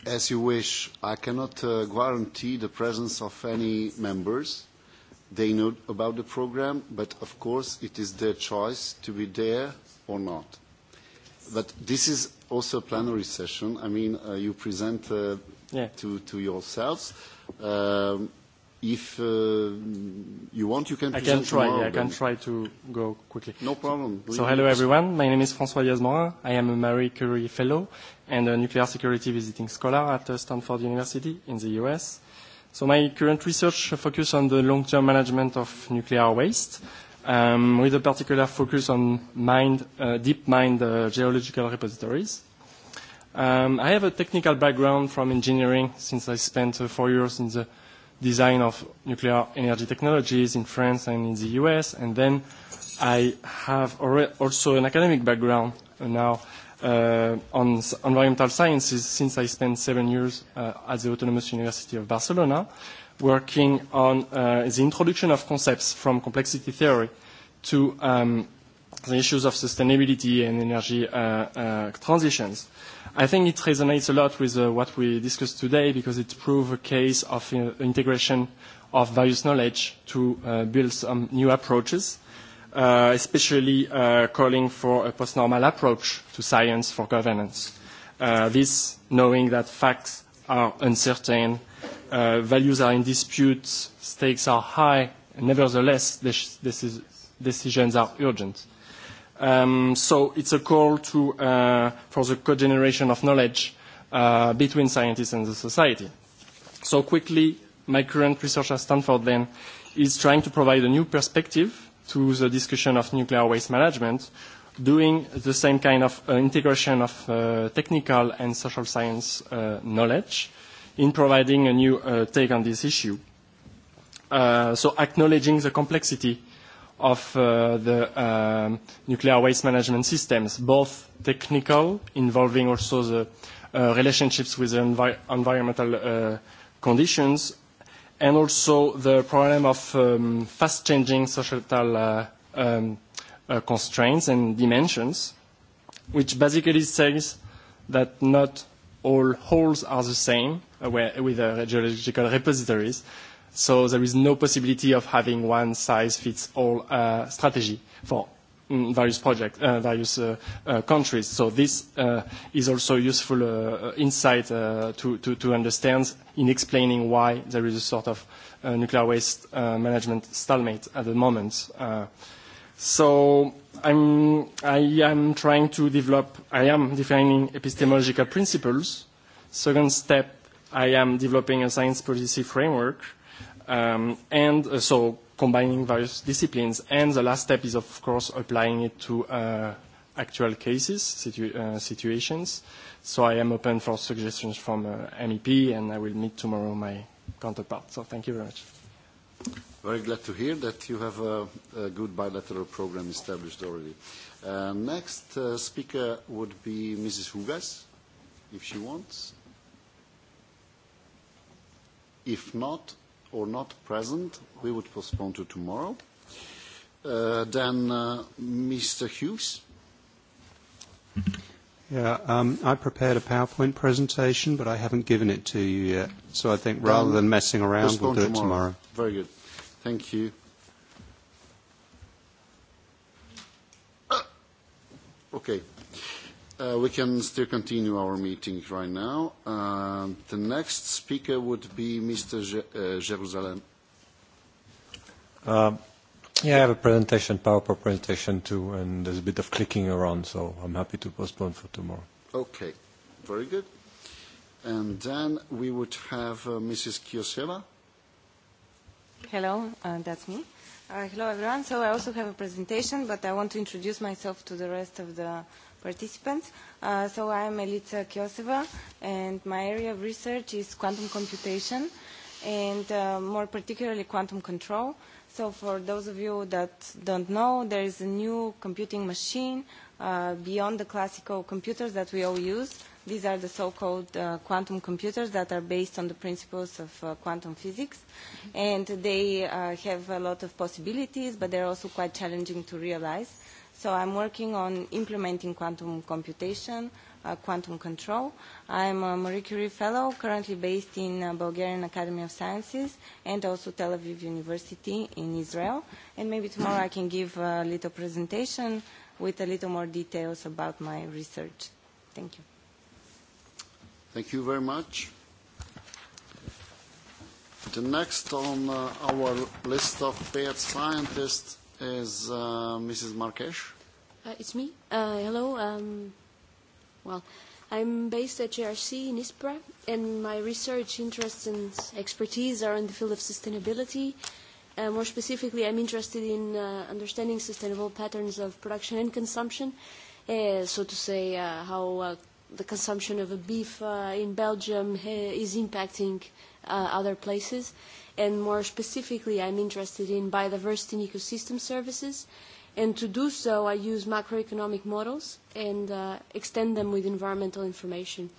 As you wish. I cannot uh, guarantee the presence of any members. They know about the program, but of course it is their choice to be there or not. But this is also a plenary session. I mean, uh, you present uh, yeah. to, to yourselves. Um, If uh, you want, you can present I can try. I can try to go quickly. No problem. So hello everyone. My name is François Yasmorin. I am a Marie Curie Fellow and a nuclear security visiting scholar at Stanford University in the US. So my current research focuses on the long-term management of nuclear waste, um, with a particular focus on mined, uh, deep mined uh, geological repositories. Um, I have a technical background from engineering since I spent uh, four years in the design of nuclear energy technologies in France and in the US. And then I have also an academic background now uh, on environmental sciences since I spent seven years uh, at the Autonomous University of Barcelona working on uh, the introduction of concepts from complexity theory to um, the issues of sustainability and energy uh, uh, transitions. I think it resonates a lot with uh, what we discussed today because it proves a case of uh, integration of various knowledge to uh, build some new approaches, uh, especially uh, calling for a post-normal approach to science for governance. Uh, this knowing that facts are uncertain, uh, values are in dispute, stakes are high, and nevertheless, this, this is, decisions are urgent. Uh, Um, so it's a call to, uh, for the co-generation of knowledge uh, between scientists and the society. So quickly, my current research at Stanford then is trying to provide a new perspective to the discussion of nuclear waste management, doing the same kind of uh, integration of uh, technical and social science uh, knowledge in providing a new uh, take on this issue. Uh, so acknowledging the complexity of uh, the uh, nuclear waste management systems, both technical, involving also the uh, relationships with the envi environmental uh, conditions, and also the problem of um, fast-changing societal uh, um, uh, constraints and dimensions, which basically says that not all holes are the same uh, with uh, geological repositories, So there is no possibility of having one size fits all uh, strategy for various projects, uh, various uh, uh, countries. So this uh, is also useful uh, insight uh, to, to, to understand in explaining why there is a sort of uh, nuclear waste uh, management stalemate at the moment. Uh, so I'm, I am trying to develop, I am defining epistemological principles. Second step, I am developing a science policy framework and so combining various disciplines. And the last step is, of course, applying it to uh, actual cases, situ uh, situations. So I am open for suggestions from uh, MEP, and I will meet tomorrow my counterpart. So thank you very much. Very glad to hear that you have a, a good bilateral program established already. Uh, next uh, speaker would be Mrs. Hugas, if she wants. If not, or not present, we would postpone to tomorrow. Then Mr. Hughes. Yeah, um, I prepared a PowerPoint presentation, but I haven't given it to you yet. So I think rather than messing around, we'll do it tomorrow. Very good. Thank you. Okay. We can still continue our meeting right now. The next speaker would be Mr. Jerusalem. Yeah, I have a presentation, PowerPoint presentation too, and there's a bit of clicking around, so I'm happy to postpone for tomorrow. Okay, very good. And then we would have Mrs. Kioseva. Hello, that's me. Hello, everyone. So I also have a presentation, but I want to introduce myself to the rest of the participants. Uh, so I am Elitsa Kioseva, and my area of research is quantum computation, and uh, more particularly quantum control. So for those of you that don't know, there is a new computing machine uh, beyond the classical computers that we all use. These are the so-called uh, quantum computers that are based on the principles of uh, quantum physics. And they uh, have a lot of possibilities, but they're also quite challenging to realize So I'm working on implementing quantum computation, uh, quantum control. I'm a Marie Curie Fellow, currently based in uh, Bulgarian Academy of Sciences and also Tel Aviv University in Israel. And maybe tomorrow I can give a little presentation with a little more details about my research. Thank you. Thank you very much. The next on uh, our list of paired scientists is uh, Mrs. Marques. Uh, it's me. Uh, hello. Um, well, I'm based at JRC in ISPRA, and my research interests and expertise are in the field of sustainability. Uh, more specifically, I'm interested in uh, understanding sustainable patterns of production and consumption, uh, so to say, uh, how uh, the consumption of a beef uh, in Belgium uh, is impacting uh, other places and more specifically I'm interested in biodiversity and ecosystem services. And to do so, I use macroeconomic models and uh, extend them with environmental information.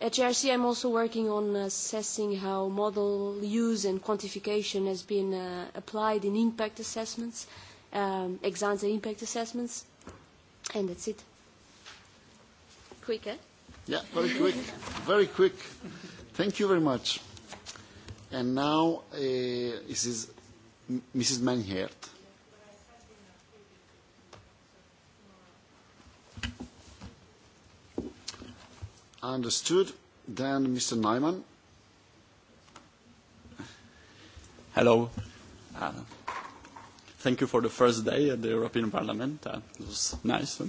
At GRC, I'm also working on assessing how model use and quantification has been uh, applied in impact assessments, um, ex ante impact assessments, and that's it. Quick, eh? Yeah, very quick. very quick. Thank you very much. And now uh, this is Mrs. Manhert. Understood. Then Mr. Neumann. Hello. Uh, thank you for the first day at the European Parliament. Uh, it was nice.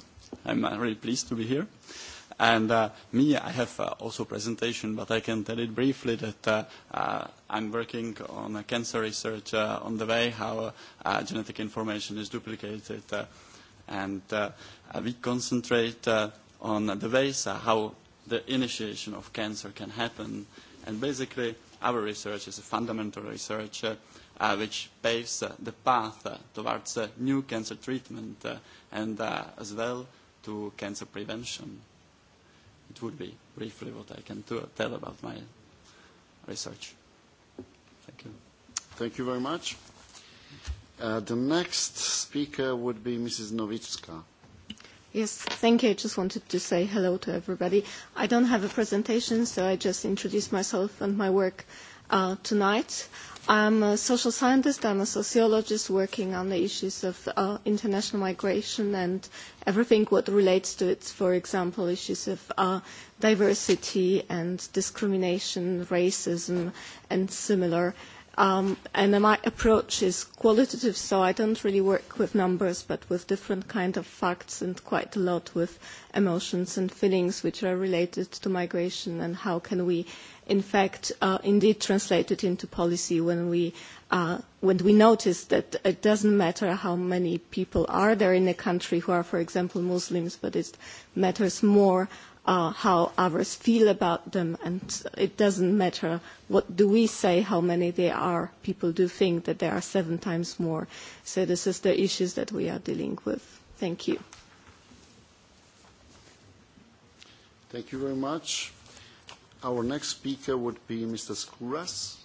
I'm uh, really pleased to be here. And uh, me, I have uh, also a presentation, but I can tell it briefly that uh, uh, I'm working on cancer research uh, on the way how uh, genetic information is duplicated. Uh, and uh, we concentrate uh, on the ways uh, how the initiation of cancer can happen. And basically, our research is a fundamental research uh, uh, which paves uh, the path uh, towards uh, new cancer treatment uh, and uh, as well to cancer prevention it would be briefly what I can tell about my research. Thank you. Thank you very much. Uh, the next speaker would be Mrs. Novitska. Yes, thank you. I just wanted to say hello to everybody. I don't have a presentation, so I just introduce myself and my work uh, tonight. I'm a social scientist. I'm a sociologist working on the issues of uh, international migration and everything what relates to it. For example, issues of uh, diversity and discrimination, racism, and similar Um, and my approach is qualitative, so I don't really work with numbers, but with different kind of facts and quite a lot with emotions and feelings which are related to migration and how can we, in fact, uh, indeed translate it into policy when we uh, when we notice that it doesn't matter how many people are there in a country who are, for example, Muslims, but it matters more uh, how others feel about them, and it doesn't matter what do we say, how many there are. People do think that there are seven times more. So this is the issues that we are dealing with. Thank you. Thank you very much. Our next speaker would be Mr. Skouras.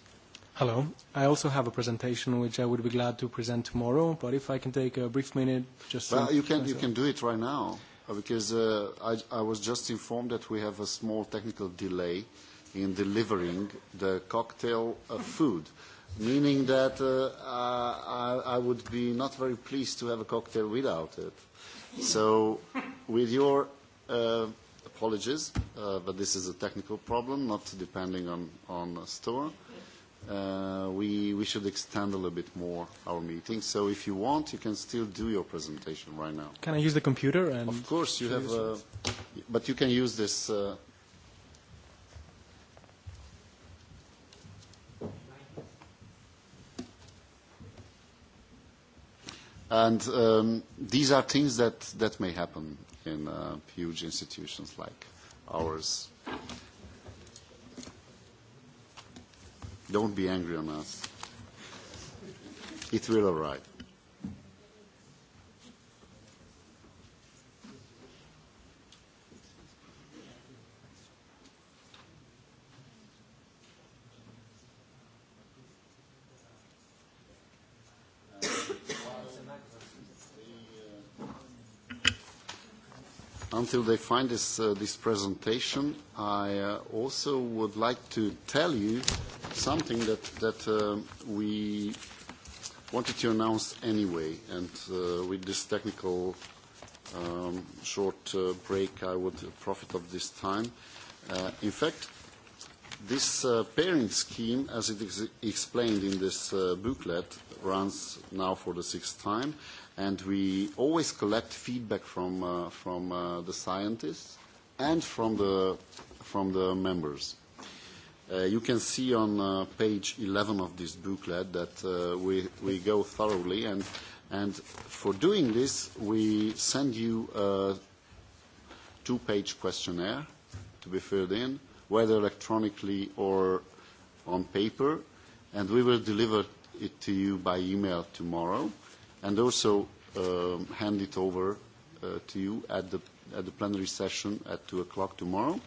Hello. I also have a presentation which I would be glad to present tomorrow, but if I can take a brief minute just to... Well, you can, you can do it right now because I, I was just informed that we have a small technical delay in delivering the cocktail of food, meaning that I, I would be not very pleased to have a cocktail without it. So, with your uh, apologies, uh, but this is a technical problem, not depending on, on a store we, we should extend a little bit more our meeting. So if you want, you can still do your presentation right now. Can I use the computer? And of course, you have. Uh, but you can use this. Uh, and um, these are things that, that may happen in uh, huge institutions like ours. Don't be angry on us. It will arrive. until they find this, uh, this presentation, I uh, also would like to tell you something that, that uh, we wanted to announce anyway. And uh, with this technical um, short uh, break, I would profit of this time. Uh, in fact, this uh, pairing scheme, as it is explained in this uh, booklet, runs now for the sixth time, and we always collect feedback from, uh, from uh, the scientists and from the, from the members. Uh, you can see on uh, page 11 of this booklet that uh, we, we go thoroughly, and, and for doing this, we send you a two-page questionnaire to be filled in, whether electronically or on paper, and we will deliver it to you by email tomorrow and also um, hand it over uh, to you at the, at the plenary session at 2 o'clock tomorrow.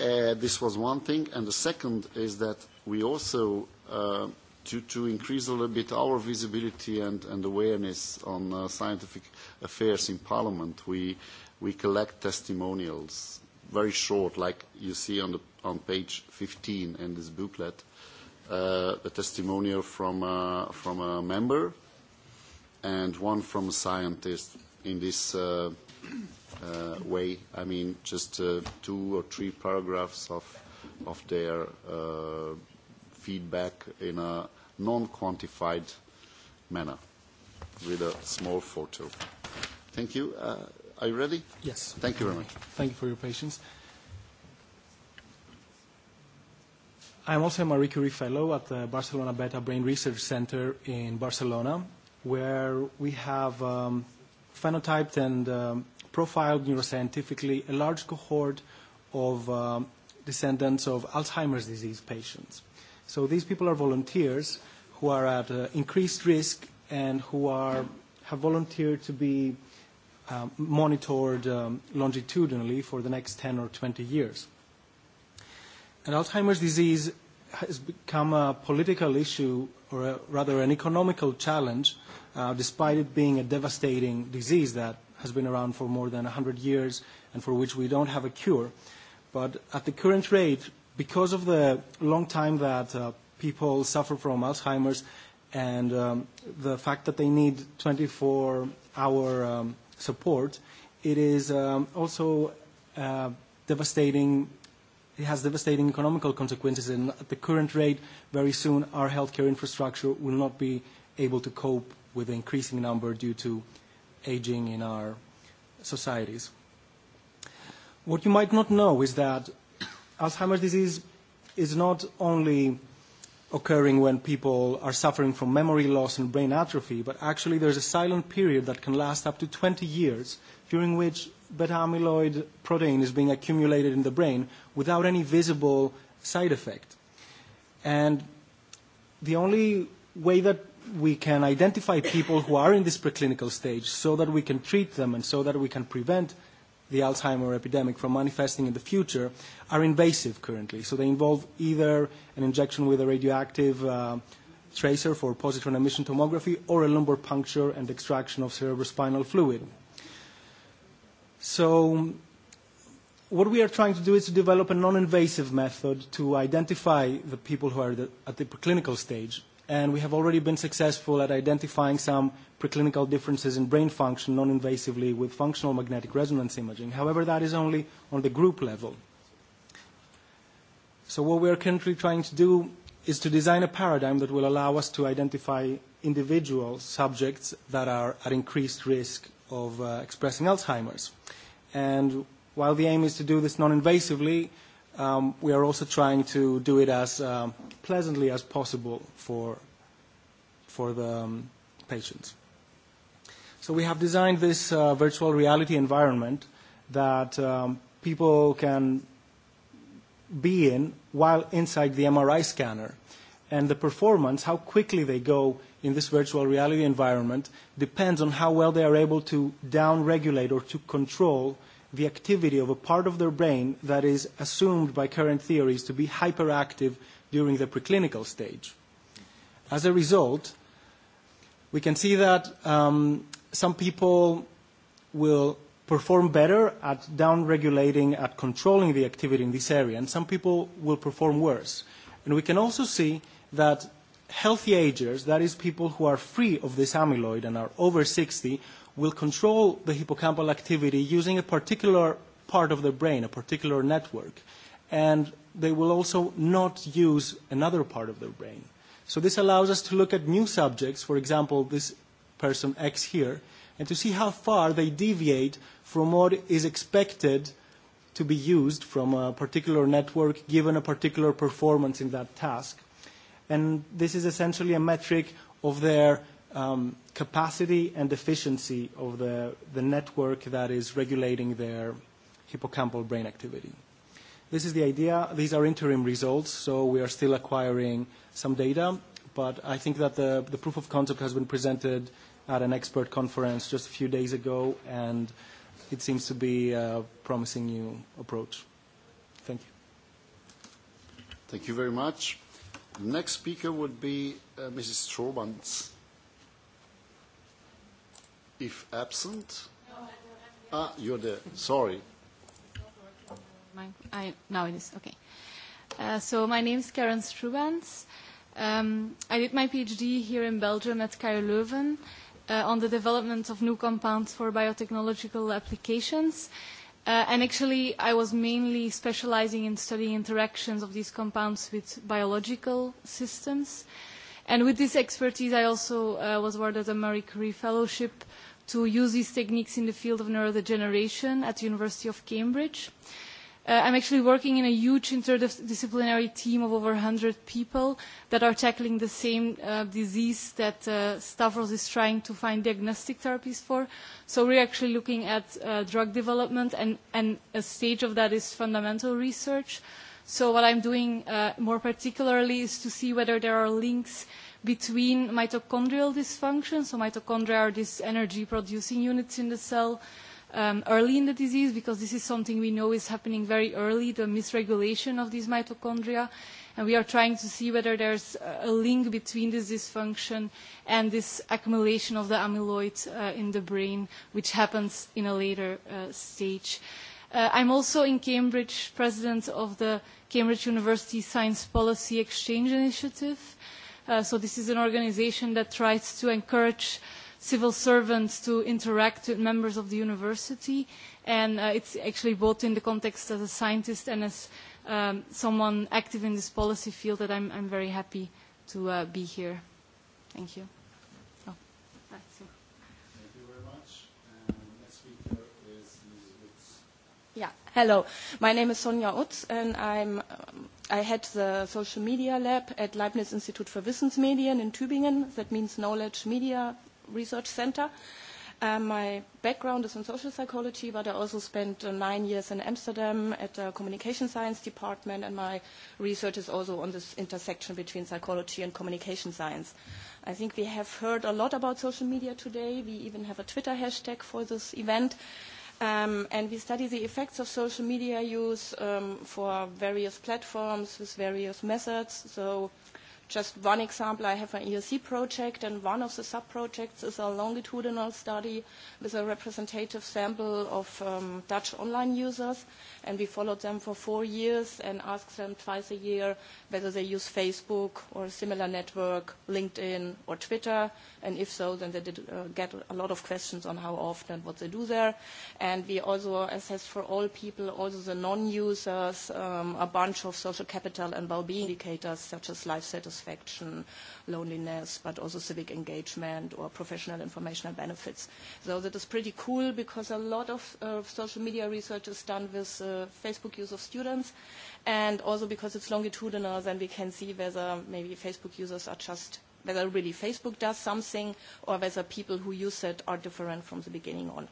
Uh, this was one thing. And the second is that we also, uh, to, to increase a little bit our visibility and, and awareness on uh, scientific affairs in Parliament, we, we collect testimonials, very short, like you see on, the, on page 15 in this booklet, uh, uh, a testimonial from a, from a member and one from a scientist in this uh, uh, way. I mean, just uh, two or three paragraphs of, of their uh, feedback in a non-quantified manner with a small photo. Thank you. Uh, are you ready? Yes. Thank you very much. Thank you for your patience. I'm also a Marie Curie Fellow at the Barcelona Beta Brain Research Center in Barcelona, where we have um, phenotyped and um, profiled neuroscientifically a large cohort of um, descendants of Alzheimer's disease patients. So these people are volunteers who are at uh, increased risk and who are, have volunteered to be um, monitored um, longitudinally for the next 10 or 20 years. And Alzheimer's disease has become a political issue, or a, rather an economical challenge, uh, despite it being a devastating disease that has been around for more than 100 years and for which we don't have a cure. But at the current rate, because of the long time that uh, people suffer from Alzheimer's and um, the fact that they need 24-hour um, support, it is um, also a devastating it has devastating economical consequences, and at the current rate, very soon our healthcare infrastructure will not be able to cope with the increasing number due to aging in our societies. What you might not know is that Alzheimer's disease is not only occurring when people are suffering from memory loss and brain atrophy, but actually there's a silent period that can last up to 20 years during which beta amyloid protein is being accumulated in the brain without any visible side effect. And the only way that we can identify people who are in this preclinical stage so that we can treat them and so that we can prevent the Alzheimer epidemic from manifesting in the future are invasive currently. So they involve either an injection with a radioactive uh, tracer for positron emission tomography or a lumbar puncture and extraction of cerebrospinal fluid. So what we are trying to do is to develop a non-invasive method to identify the people who are the, at the preclinical stage and we have already been successful at identifying some preclinical differences in brain function non-invasively with functional magnetic resonance imaging. However, that is only on the group level. So what we are currently trying to do is to design a paradigm that will allow us to identify individual subjects that are at increased risk of uh, expressing Alzheimer's. And while the aim is to do this non-invasively, um, we are also trying to do it as um, pleasantly as possible for, for the um, patients. So we have designed this uh, virtual reality environment that um, people can be in while inside the MRI scanner. And the performance, how quickly they go in this virtual reality environment, depends on how well they are able to down-regulate or to control the activity of a part of their brain that is assumed by current theories to be hyperactive during the preclinical stage. As a result, we can see that um, some people will perform better at down-regulating, at controlling the activity in this area, and some people will perform worse. And we can also see that healthy agers, that is people who are free of this amyloid and are over 60, will control the hippocampal activity using a particular part of the brain, a particular network, and they will also not use another part of their brain. So this allows us to look at new subjects, for example, this person X here, and to see how far they deviate from what is expected to be used from a particular network given a particular performance in that task. And this is essentially a metric of their um, capacity and efficiency of the, the network that is regulating their hippocampal brain activity. This is the idea. These are interim results, so we are still acquiring some data, but I think that the, the proof of concept has been presented at an expert conference just a few days ago, and it seems to be a promising new approach. Thank you. Thank you very much. Next speaker would be uh, Mrs. Strobans if absent. Ah, you're there. Sorry. I, now it is okay. Uh, so my name is Karen Strubans. Um, I did my PhD here in Belgium at KU Leuven uh, on the development of new compounds for biotechnological applications. Uh, and actually, I was mainly specializing in studying interactions of these compounds with biological systems. And with this expertise, I also uh, was awarded a Marie Curie Fellowship to use these techniques in the field of neurodegeneration at the University of Cambridge. Uh, I'm actually working in a huge interdisciplinary team of over 100 people that are tackling the same uh, disease that uh, Stavros is trying to find diagnostic therapies for. So we're actually looking at uh, drug development, and, and a stage of that is fundamental research. So what I'm doing uh, more particularly is to see whether there are links between mitochondrial dysfunction, so mitochondria are these energy-producing units in the cell, um, early in the disease, because this is something we know is happening very early, the misregulation of these mitochondria. And we are trying to see whether there's a link between this dysfunction and this accumulation of the amyloid uh, in the brain, which happens in a later uh, stage. Uh, I'm also in Cambridge, president of the Cambridge University Science Policy Exchange Initiative. Uh, so this is an organization that tries to encourage civil servants to interact with members of the university. And uh, it's actually both in the context as a scientist and as um, someone active in this policy field that I'm, I'm very happy to uh, be here. Thank you. Hello, my name is Sonja Utz and I'm, I head the social media lab at Leibniz Institute for Wissensmedien in Tübingen. That means Knowledge Media Research Center. Um, my background is in social psychology, but I also spent uh, nine years in Amsterdam at the communication science department, and my research is also on this intersection between psychology and communication science. I think we have heard a lot about social media today. We even have a Twitter hashtag for this event and we study the effects of social media use for various platforms with various methods. So just one example, I have an ERC project, and one of the sub-projects is a longitudinal study with a representative sample of Dutch online users, and we followed them for four years and asked them twice a year whether they use Facebook or a similar network, LinkedIn or Twitter. And if so, then they did uh, get a lot of questions on how often and what they do there. And we also assess for all people, also the non-users, um, a bunch of social capital and well-being indicators such as life satisfaction, loneliness, but also civic engagement or professional informational benefits. So that is pretty cool because a lot of uh, social media research is done with uh, Facebook use of students and also because it's longitudinal, then we can see whether maybe Facebook users are just whether really Facebook does something or whether people who use it are different from the beginning on.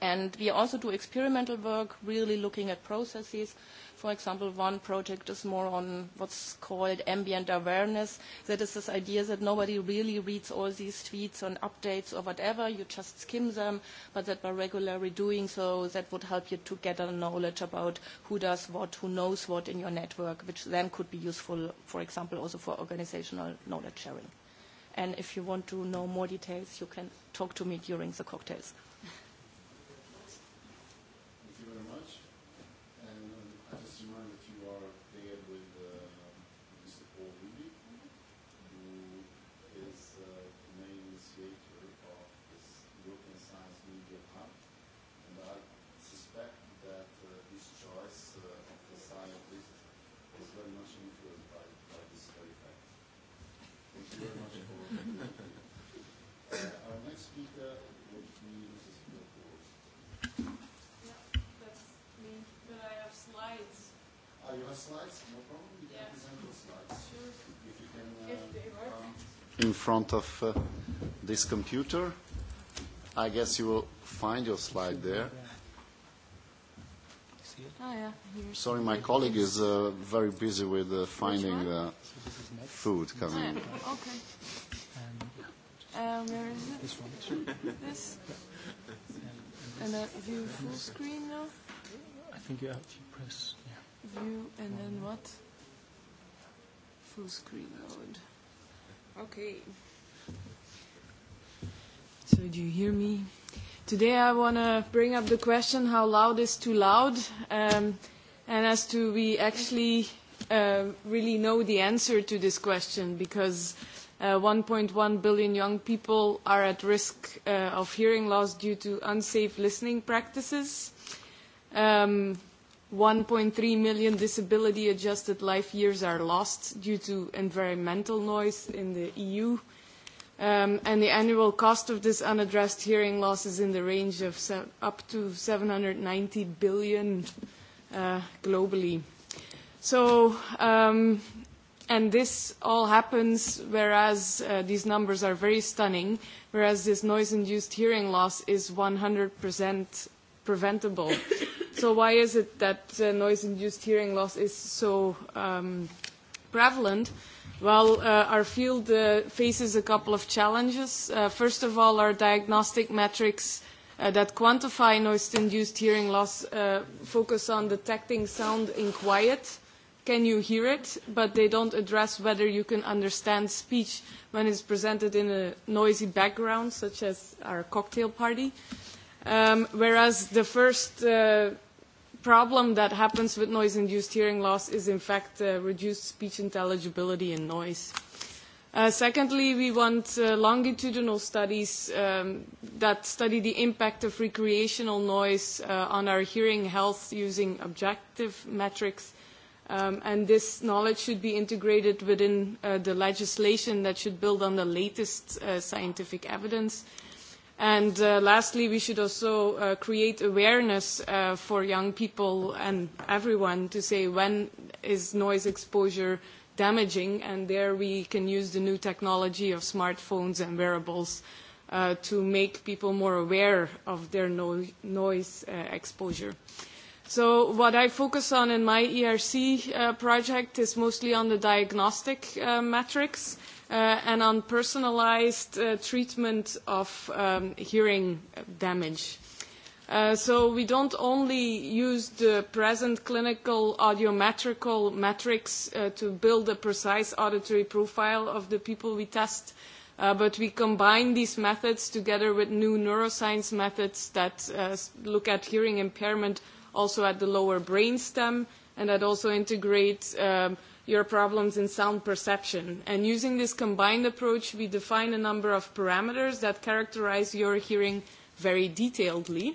And we also do experimental work, really looking at processes. For example, one project is more on what's called ambient awareness. That is this idea that nobody really reads all these tweets and updates or whatever. You just skim them, but that by regularly doing so, that would help you to get a knowledge about who does what, who knows what in your network, which then could be useful, for example, also for organizational knowledge sharing. And if you want to know more details, you can talk to me during the cocktails. Oh, you have slides? No problem. You can present your slides. Sure. If you can uh, if they work. come in front of uh, this computer, I guess you will find your slide there. Oh, yeah. Sorry, my colleague is uh, very busy with uh, finding uh, food coming. Okay. Uh, where is it? This one. this? And uh, view full screen now? I think you have to press, yeah. View and then what? Full screen mode. Okay. So do you hear me? Today I want to bring up the question how loud is too loud? Um, and as to we actually uh, really know the answer to this question because one one billion young people are at risk of hearing loss due to unsafe listening practices. One three million disability-adjusted life years are lost due to environmental noise in the EU. and the annual cost of this unaddressed hearing loss is in the range of up to seven hundred ninety billion globally. So And this all happens whereas uh, these numbers are very stunning, whereas this noise-induced hearing loss is 100% preventable. so why is it that uh, noise-induced hearing loss is so um, prevalent? Well, uh, our field uh, faces a couple of challenges. Uh, first of all, our diagnostic metrics uh, that quantify noise-induced hearing loss uh, focus on detecting sound in quiet, can you hear it, but they don't address whether you can understand speech when it's presented in a noisy background, such as our cocktail party. Um, whereas the first uh, problem that happens with noise-induced hearing loss is, in fact, uh, reduced speech intelligibility and noise. Uh, secondly, we want uh, longitudinal studies um, that study the impact of recreational noise uh, on our hearing health using objective metrics and this knowledge should be integrated within the legislation that should build on the latest scientific evidence. And lastly, we should also create awareness for young people and everyone to say when is noise exposure damaging, and there we can use the new technology of smartphones and wearables to make people more aware of their noise exposure. So what I focus on in my ERC project is mostly on the diagnostic metrics and on personalised treatment of hearing damage. so we don't only use the present clinical audiometrical metrics to build a precise auditory profile of the people we test, but we combine these methods together with new neuroscience methods that look at hearing impairment also at the lower brainstem, and that also integrates your problems in sound perception. And using this combined approach, we define a number of parameters that characterize your hearing very detailedly.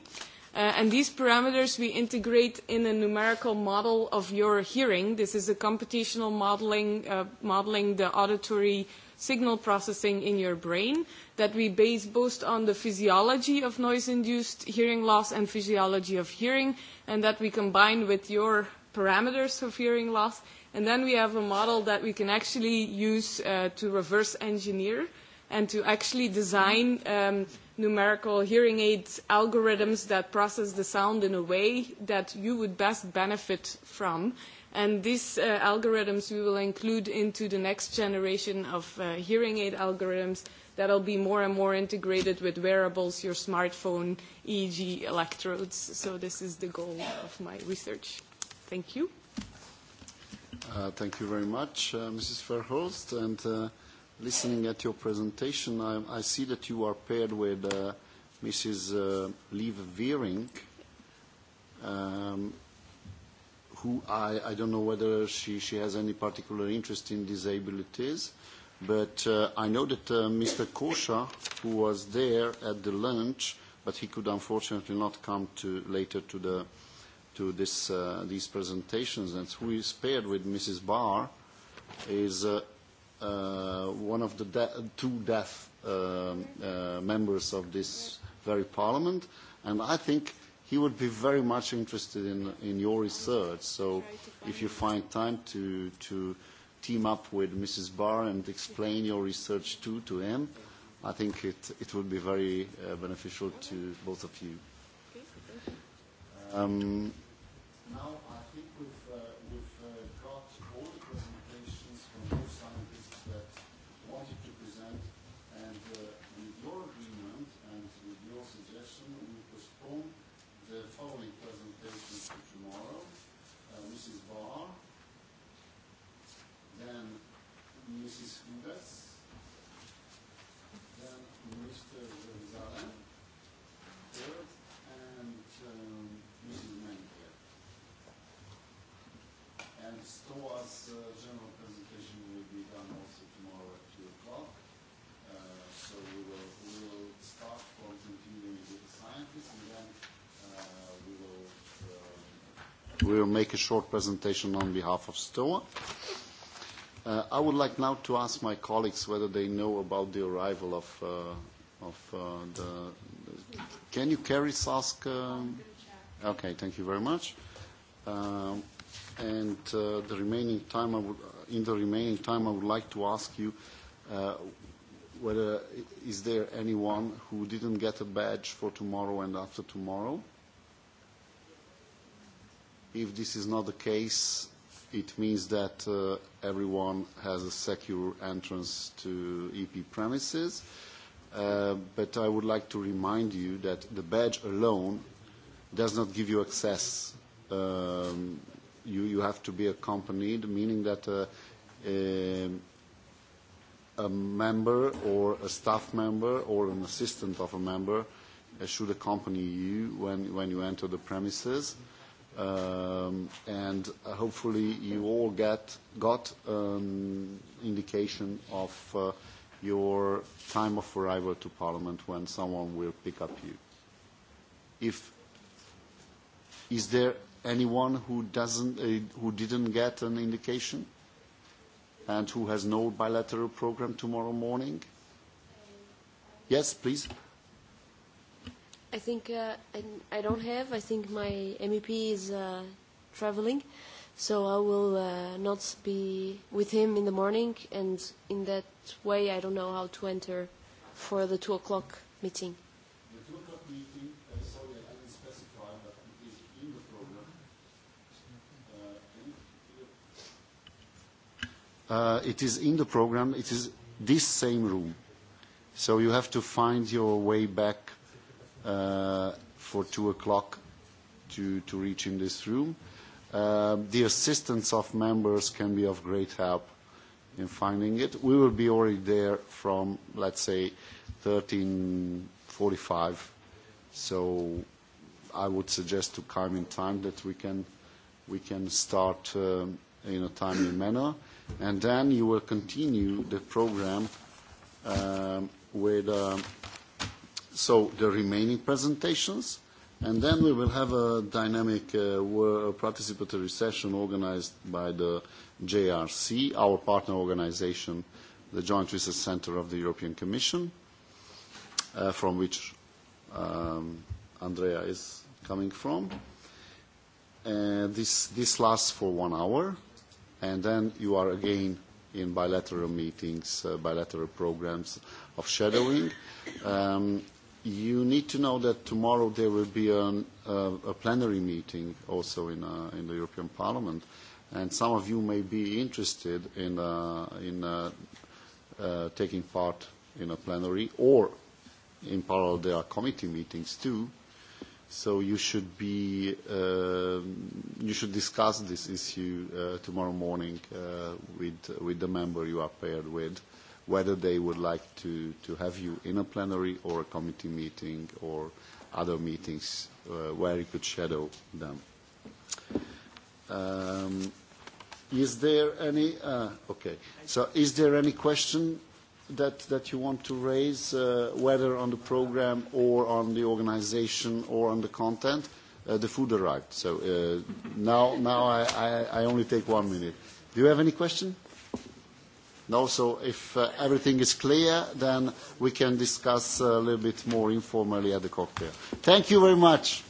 and these parameters we integrate in a numerical model of your hearing. This is a computational modeling, modeling the auditory signal processing in your brain that we base both on the physiology of noise-induced hearing loss and physiology of hearing, and that we combine with your parameters of hearing loss. And then we have a model that we can actually use uh, to reverse engineer and to actually design um, numerical hearing aid algorithms that process the sound in a way that you would best benefit from. And these uh, algorithms we will include into the next generation of uh, hearing aid algorithms that'll be more and more integrated with wearables, your smartphone, EEG electrodes. So this is the goal of my research. Thank you. Uh, thank you very much, uh, Mrs. Verhulst. And uh, listening at your presentation, I, I see that you are paired with uh, Mrs. Uh, Liv Veering, um, who I, I don't know whether she, she has any particular interest in disabilities. Uh, But uh, I know that uh, Mr. Kosha, who was there at the lunch, but he could unfortunately not come to later to the to this uh, these presentations, and who is paired with Mrs. Barr, is uh, uh, one of the de- two deaf uh, uh, members of this very parliament, and I think he would be very much interested in, in your research. So if you find time to, to team up with Mrs. Barr and explain your research too to him. I think it, it would be very uh, beneficial to both of you. Um, now We will make a short presentation on behalf of STOA. I would like now to ask my colleagues whether they know about the arrival of, uh, of uh, the... Can you carry Sask? Um, okay, thank you very much. Um, and uh, the remaining time, I would, in the remaining time, I would like to ask you uh, whether is there anyone who didn't get a badge for tomorrow and after tomorrow? If this is not the case, it means that uh, everyone has a secure entrance to EP premises. Uh, but I would like to remind you that the badge alone does not give you access. Um, you, you have to be accompanied, meaning that uh, a member or a staff member or an assistant of a member uh, should accompany you when, when you enter the premises. Mm -hmm and hopefully you all get got indication of your time of arrival to Parliament when someone will pick up you. If is there anyone who doesn't who didn't get an indication and who has no bilateral program tomorrow morning? Yes, please. I think uh, I don't have. I think my MEP is uh, traveling, so I will uh, not be with him in the morning, and in that way, I don't know how to enter for the two o'clock meeting. The two o'clock meeting, uh, sorry, I didn't specify, but it is in the Uh, it is in the program. It is this same room. So you have to find your way back uh, for two o'clock to, to reach in this room. Uh, the assistance of members can be of great help in finding it. We will be already there from, let's say, 13.45, so I would suggest to come in time that we can, we can start um, in a timely manner. And then you will continue the program um, with... Um, so the remaining presentations, and then we will have a dynamic uh, participatory session organized by the JRC, our partner organization, the Joint Research Center of the European Commission, uh, from which um, Andrea is coming from. And this, this lasts for one hour, and then you are again in bilateral meetings, uh, bilateral programs of shadowing. Um, You need to know that tomorrow there will be an, uh, a plenary meeting also in, uh, in the European Parliament, and some of you may be interested in, uh, in uh, uh, taking part in a plenary, or in parallel there are committee meetings too. So you should be uh, you should discuss this issue uh, tomorrow morning uh, with with the member you are paired with whether they would like to, to have you in a plenary or a committee meeting or other meetings uh, where you could shadow them. Um, is there any, uh, okay, so is there any question that, that you want to raise, uh, whether on the program or on the organization or on the content? Uh, the food arrived, so uh, now, now I, I, I only take one minute. Do you have any question? No, so if uh, everything is clear, then we can discuss a little bit more informally at the cocktail. Thank you very much.